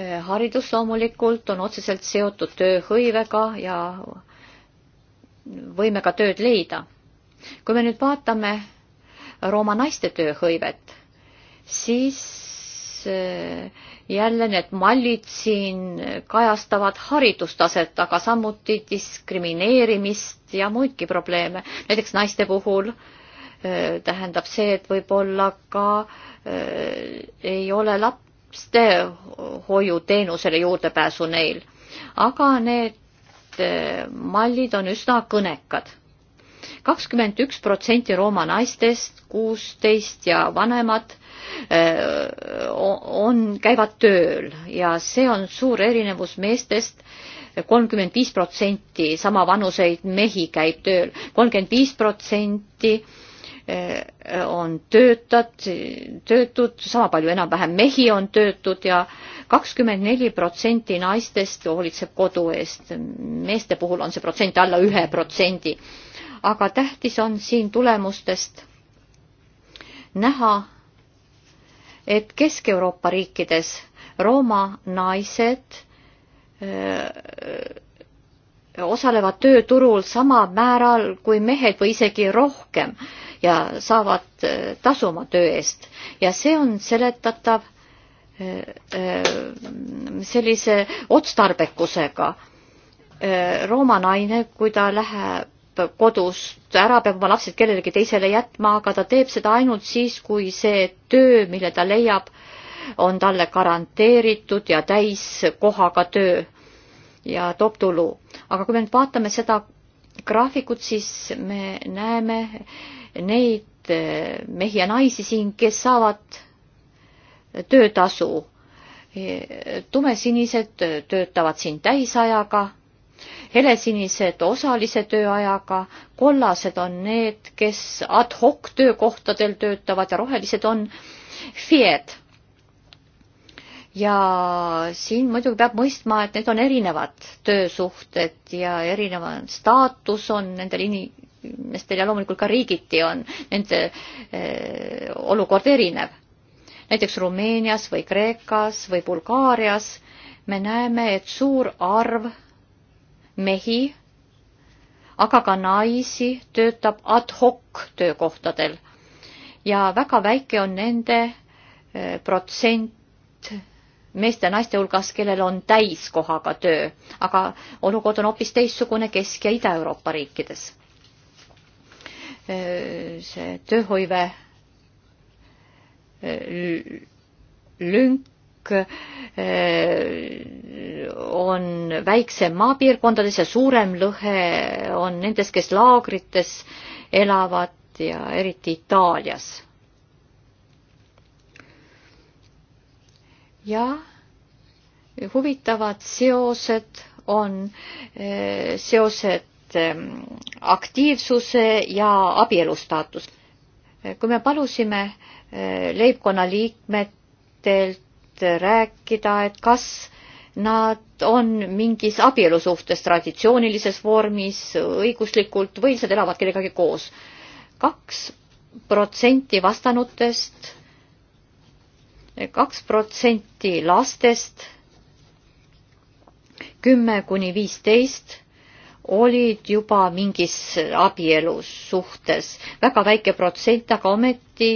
Eh, haridus loomulikult on otseselt seotud tööhõivega ja võimega tööd leida. kui me nüüd vaatame Rooma naiste tööhõivet, siis eh, jälle need mallid siin kajastavad haridustaset, aga samuti diskrimineerimist ja muidki probleeme. näiteks naiste puhul äh, Äh, tähendab see, et võib-olla ka äh, ei ole lastehoiuteenusele juurdepääsu neil, aga need äh, mallid on üsna kõnekad. kakskümmend üks protsenti Rooma naistest, kuusteist ja vanemad on, käivad tööl ja see on suur erinevus meestest, kolmkümmend viis protsenti sama vanuseid mehi käib tööl, kolmkümmend viis protsenti on töötad, töötud, sama palju enam-vähem mehi on töötud ja kakskümmend neli protsenti naistest hoolitseb kodu eest. meeste puhul on see protsent alla ühe protsendi. aga tähtis on siin tulemustest näha, et Kesk-Euroopa riikides Rooma naised öö, osalevad tööturul sama määral kui mehed või isegi rohkem ja saavad eh, tasu oma töö eest ja see on seletatav eh, eh, sellise otstarbekusega. Rooma naine, kui ta läheb kodust ära, peab oma lapsed kellelegi teisele jätma, aga ta teeb seda ainult siis, kui see töö, mille ta leiab, on talle garanteeritud ja täiskohaga töö ja toob tulu. aga kui me nüüd vaatame seda graafikut, siis me näeme neid eh, mehi ja naisi siin, kes saavad töötasu. Eh, tumesinised eh, töötavad siin täisajaga, helesinised osalise tööajaga, kollased on need, kes ad hoc töökohtadel töötavad ja rohelised on FIE-d ja siin muidugi peab mõistma, et need on erinevad töösuhted ja erineva staatus on nendel inimestel ja loomulikult ka riigiti on nende eh, olukord erinev. näiteks Rumeenias või Kreekas või Bulgaarias me näeme, et suur arv mehi, aga ka naisi töötab ad hoc töökohtadel ja väga väike on nende eh, protsent meeste ja naiste hulgas, kellel on täiskohaga töö, aga olukord on hoopis teistsugune Kesk- ja Ida-Euroopa riikides. see tööhõive lünk on väiksem maapiirkondades ja suurem lõhe on nendes, kes laagrites elavad ja eriti Itaalias ja huvitavad seosed on eh, seosed ehm, aktiivsuse ja abielustaatus. Eh, kui me palusime eh, leibkonna liikmetelt rääkida, et kas nad on mingis abielu suhtes traditsioonilises vormis, õiguslikult või lihtsalt elavad kellegagi koos. kaks protsenti vastanutest kaks protsenti lastest kümme kuni viisteist olid juba mingis abielus suhtes, väga väike protsent, aga ometi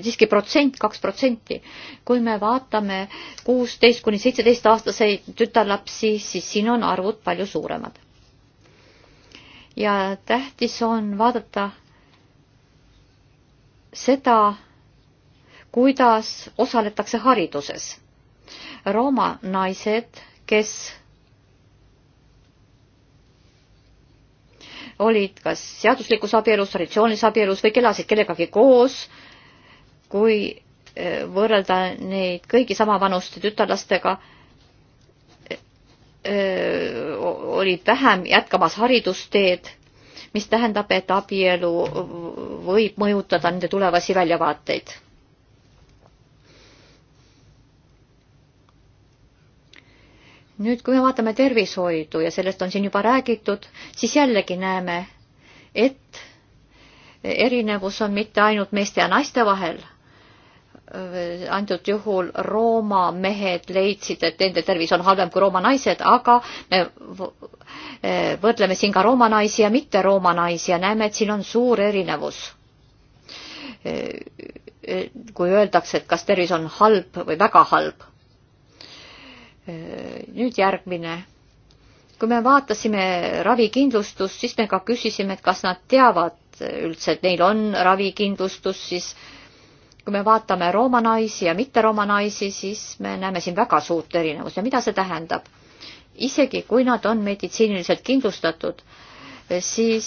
siiski protsent, kaks protsenti. kui me vaatame kuusteist kuni seitseteist aastaseid tütarlapsi, siis siin on arvud palju suuremad. ja tähtis on vaadata seda, kuidas osaletakse hariduses. Rooma naised, kes olid kas seaduslikus abielus, traditsioonilises abielus või elasid kellegagi koos, kui eh, võrrelda neid kõigi samavanuste tütarlastega, eh, olid vähem jätkamas haridusteed, mis tähendab, et abielu võib mõjutada nende tulevasi väljavaateid nüüd, kui me vaatame tervishoidu ja sellest on siin juba räägitud, siis jällegi näeme, et erinevus on mitte ainult meeste ja naiste vahel. antud juhul Rooma mehed leidsid, et nende tervis on halvem kui Rooma naised, aga me võrdleme siin ka Rooma naisi ja mitte Rooma naisi ja näeme, et siin on suur erinevus kui öeldakse, et kas tervis on halb või väga halb Äh, nüüd järgmine. kui me vaatasime ravikindlustust, siis me ka küsisime, et kas nad teavad üldse, et neil on ravikindlustus, siis kui me vaatame Rooma naisi ja mitte Rooma naisi, siis me näeme siin väga suurt erinevust ja mida see tähendab? isegi kui nad on meditsiiniliselt kindlustatud, siis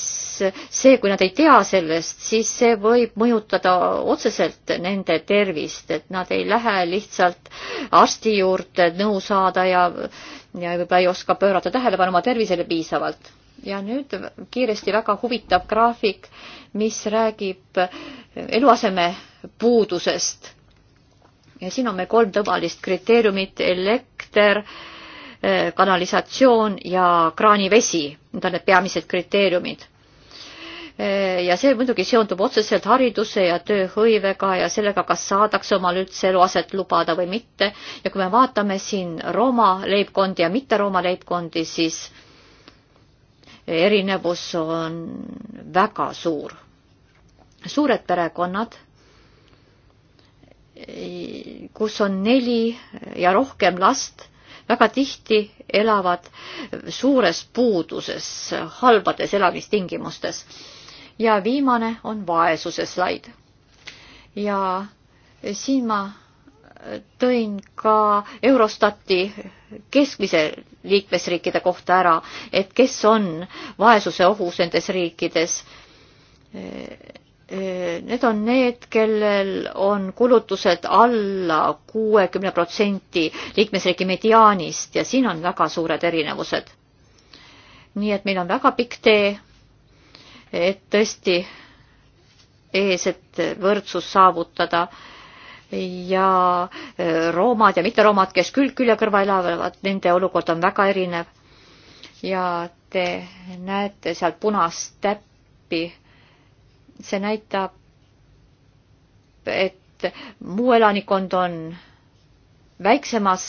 see, kui nad ei tea sellest, siis see võib mõjutada otseselt nende tervist, et nad ei lähe lihtsalt arsti juurde nõu saada ja, ja võib-olla ei oska pöörata tähelepanu oma tervisele piisavalt. ja nüüd kiiresti väga huvitav graafik, mis räägib eluaseme puudusest. ja siin on meil kolm tõbalist kriteeriumit, elekter, Eh, kanalisatsioon ja kraanivesi, need on need peamised kriteeriumid eh, ja see muidugi seondub otseselt hariduse ja tööhõivega ja sellega, kas saadakse omal üldse eluaset lubada või mitte. ja kui me vaatame siin Rooma leibkondi ja mitte Rooma leibkondi, siis erinevus on väga suur. suured perekonnad, eh, kus on neli ja rohkem last väga tihti elavad suures puuduses, halbades elamistingimustes. ja viimane on vaesuse slaid. ja siin ma tõin ka Eurostati keskmise liikmesriikide kohta ära, et kes on vaesuse ohus nendes riikides Need on need, kellel on kulutused alla kuuekümne protsenti liikmesriigi mediaanist ja siin on väga suured erinevused. nii et meil on väga pikk tee, et tõesti ees, et võrdsus saavutada ja e, roomad ja mitteroomad, kes külg külje kõrval elavad, nende olukord on väga erinev. ja te näete seal punast täppi see näitab, et muu elanikkond on väiksemas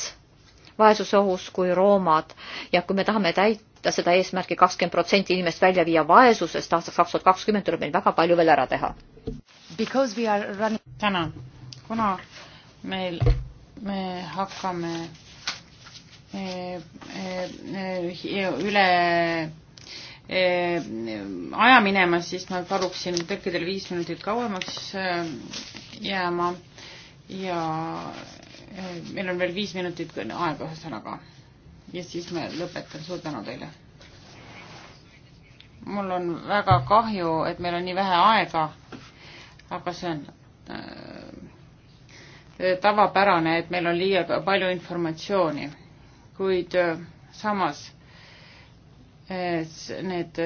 vaesusohus kui roomad ja kui me tahame täita seda eesmärki kakskümmend protsenti inimest välja viia vaesusest aastaks kaks tuhat kakskümmend, tuleb meil väga palju veel ära teha. Running... täna, kuna meil, me hakkame e, e, e, üle Eh, aja minema, siis ma paluksin tõlkidel viis minutit kauemaks eh, jääma ja eh, meil on veel viis minutit aega ühesõnaga. ja siis ma lõpetan, suur tänu teile. mul on väga kahju, et meil on nii vähe aega, aga see on äh, tavapärane, et meil on liiga palju informatsiooni, kuid äh, samas äh, Äh, need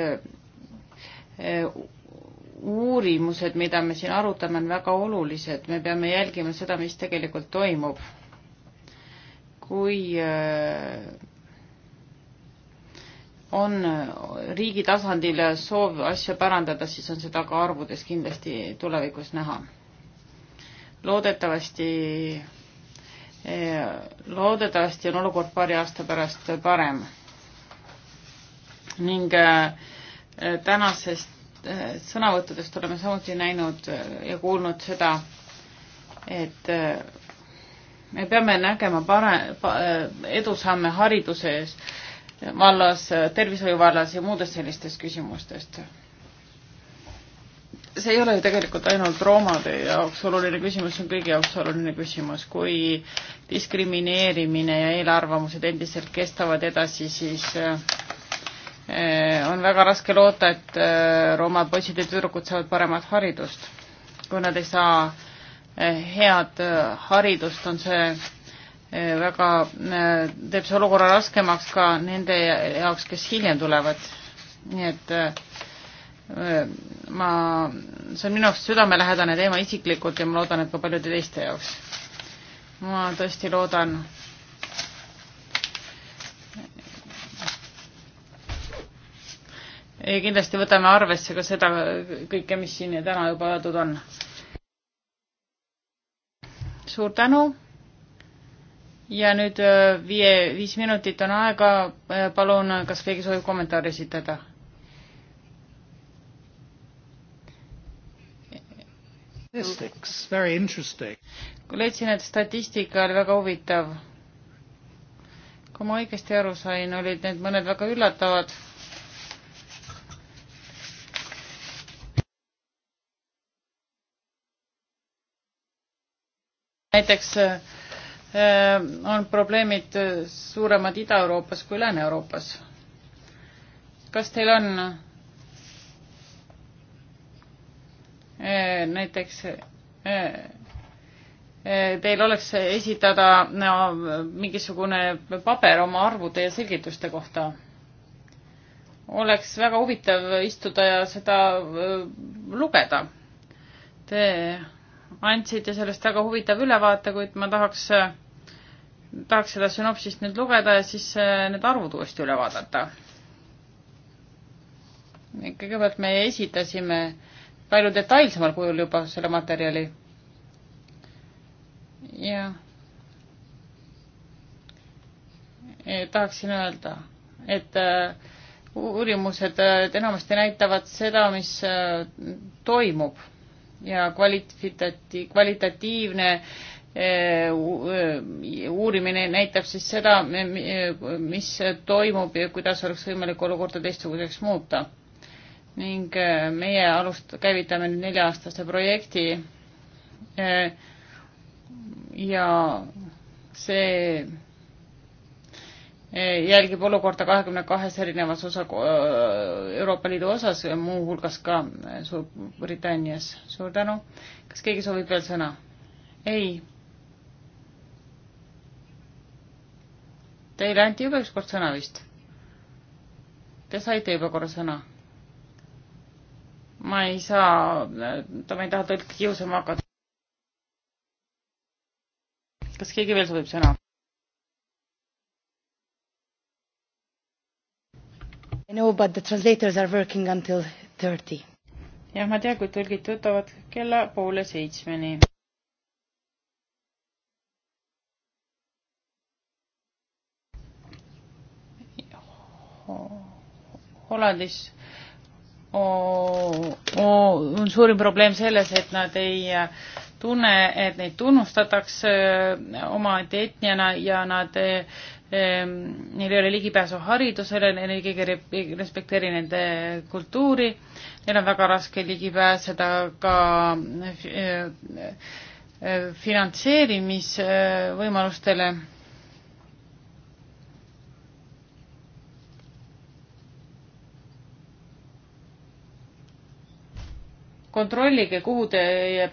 äh, uurimused, mida me siin arutame, on väga olulised, me peame jälgima seda, mis tegelikult toimub. kui äh, on riigi tasandil soov asju parandada, siis on seda ka arvudes kindlasti tulevikus näha. loodetavasti, loodetavasti on olukord paari aasta pärast parem ning äh, tänasest äh, sõnavõttudest oleme samuti näinud äh, ja kuulnud seda, et me peame nägema pare- pa,, edusamme hariduses, vallas, tervishoiu vallas ja muudest sellistest küsimustest. see ei ole ju tegelikult ainult roomade jaoks oluline küsimus, see on kõigi jaoks oluline küsimus. kui diskrimineerimine ja eelarvamused endiselt kestavad edasi, siis äh, Äh, on väga raske loota, et äh, Rooma poisid ja tüdrukud saavad paremat haridust. kui nad ei saa äh, head haridust, on see väga, teeb see olukorra raskemaks ka nende jaoks, kes hiljem tulevad. nii et ma, see on minu jaoks südamelähedane teema isiklikult ja ma loodan, et ka paljude teiste jaoks. ma tõesti loodan, kindlasti võtame arvesse ka seda kõike, mis siin täna juba öeldud on. suur tänu. ja nüüd äh, viie, viis minutit on aega. Äh, palun, äh, kas keegi soovib kommentaare esitada? leidsin, et statistika oli väga huvitav. kui ma õigesti aru sain, olid need mõned väga üllatavad näiteks äh, äh, on probleemid äh, suuremad Ida-Euroopas kui Lääne-Euroopas. kas teil on näiteks teil oleks esitada no, mingisugune paber oma arvude ja selgituste kohta. oleks väga huvitav istuda ja seda lugeda. Te andsite sellest väga huvitav ülevaate, kuid ma tahaks, tahaks seda sünopsist nüüd lugeda ja siis äh, need arvud uuesti üle vaadata. kõigepealt me esitasime palju detailsemal kujul juba selle materjali. ja e, tahaksin öelda, et äh, uurimused äh, enamasti näitavad seda, mis toimub ja kvalitati-, kvalitatiivne eh, eh, uurimine näitab siis seda, mis toimub ja kuidas oleks võimalik olukorda teistsuguseks muuta. ning eh, meie alust-, käivitame nüüd nelja-aastase projekti ja see jälgib olukorda kahekümne kahes erinevas osa, Euroopa Liidu osas, muuhulgas ka Suurbritannias. suur tänu. kas keegi soovib veel sõna? ei. Teile anti juba ükskord sõna vist. Te saite juba korra sõna. ma ei saa, ma ei taha tõlki kiusama hakata. kas keegi veel soovib sõna? I know, but the translators are working until thirty. jah, ma tean, kui tõlgid töötavad kella poole seitsmeni. Hollandis on suurim probleem selles, et nad ei tunne, et neid tunnustatakse eh, oma etniana ja nad eh, Ehm, neil ei ole ligipääsu haridusele, neil ei keegi respekteeri nende kultuuri, neil on väga raske ligi pääseda ka eh, eh, finantseerimisvõimalustele. kontrollige, kuhu te eh,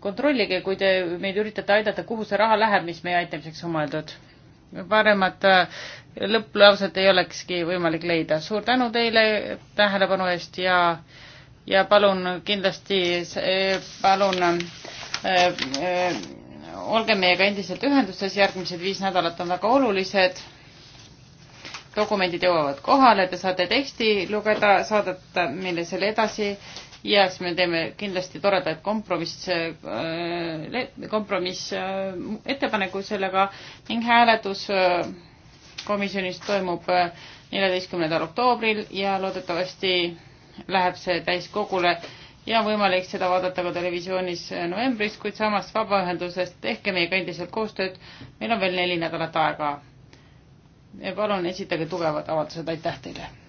kontrollige, kui te meid üritate aidata, kuhu see raha läheb, mis meie aitamiseks on mõeldud. paremat lõpplauset ei olekski võimalik leida. suur tänu teile tähelepanu eest ja, ja palun kindlasti, palun äh, äh, olge meiega endiselt ühenduses, järgmised viis nädalat on väga olulised. dokumendid jõuavad kohale, te saate teksti lugeda, saadata meile selle edasi ja siis me teeme kindlasti toredaid kompromiss, äh, kompromissettepanekuid äh, sellega ning hääletus äh, komisjonis toimub neljateistkümnendal oktoobril ja loodetavasti läheb see täiskogule ja on võimalik seda vaadata ka televisioonis novembris, kuid samast vabaühendusest tehke meiega endiselt koostööd, meil on veel neli nädalat aega. palun esitage tugevad avaldused, aitäh teile!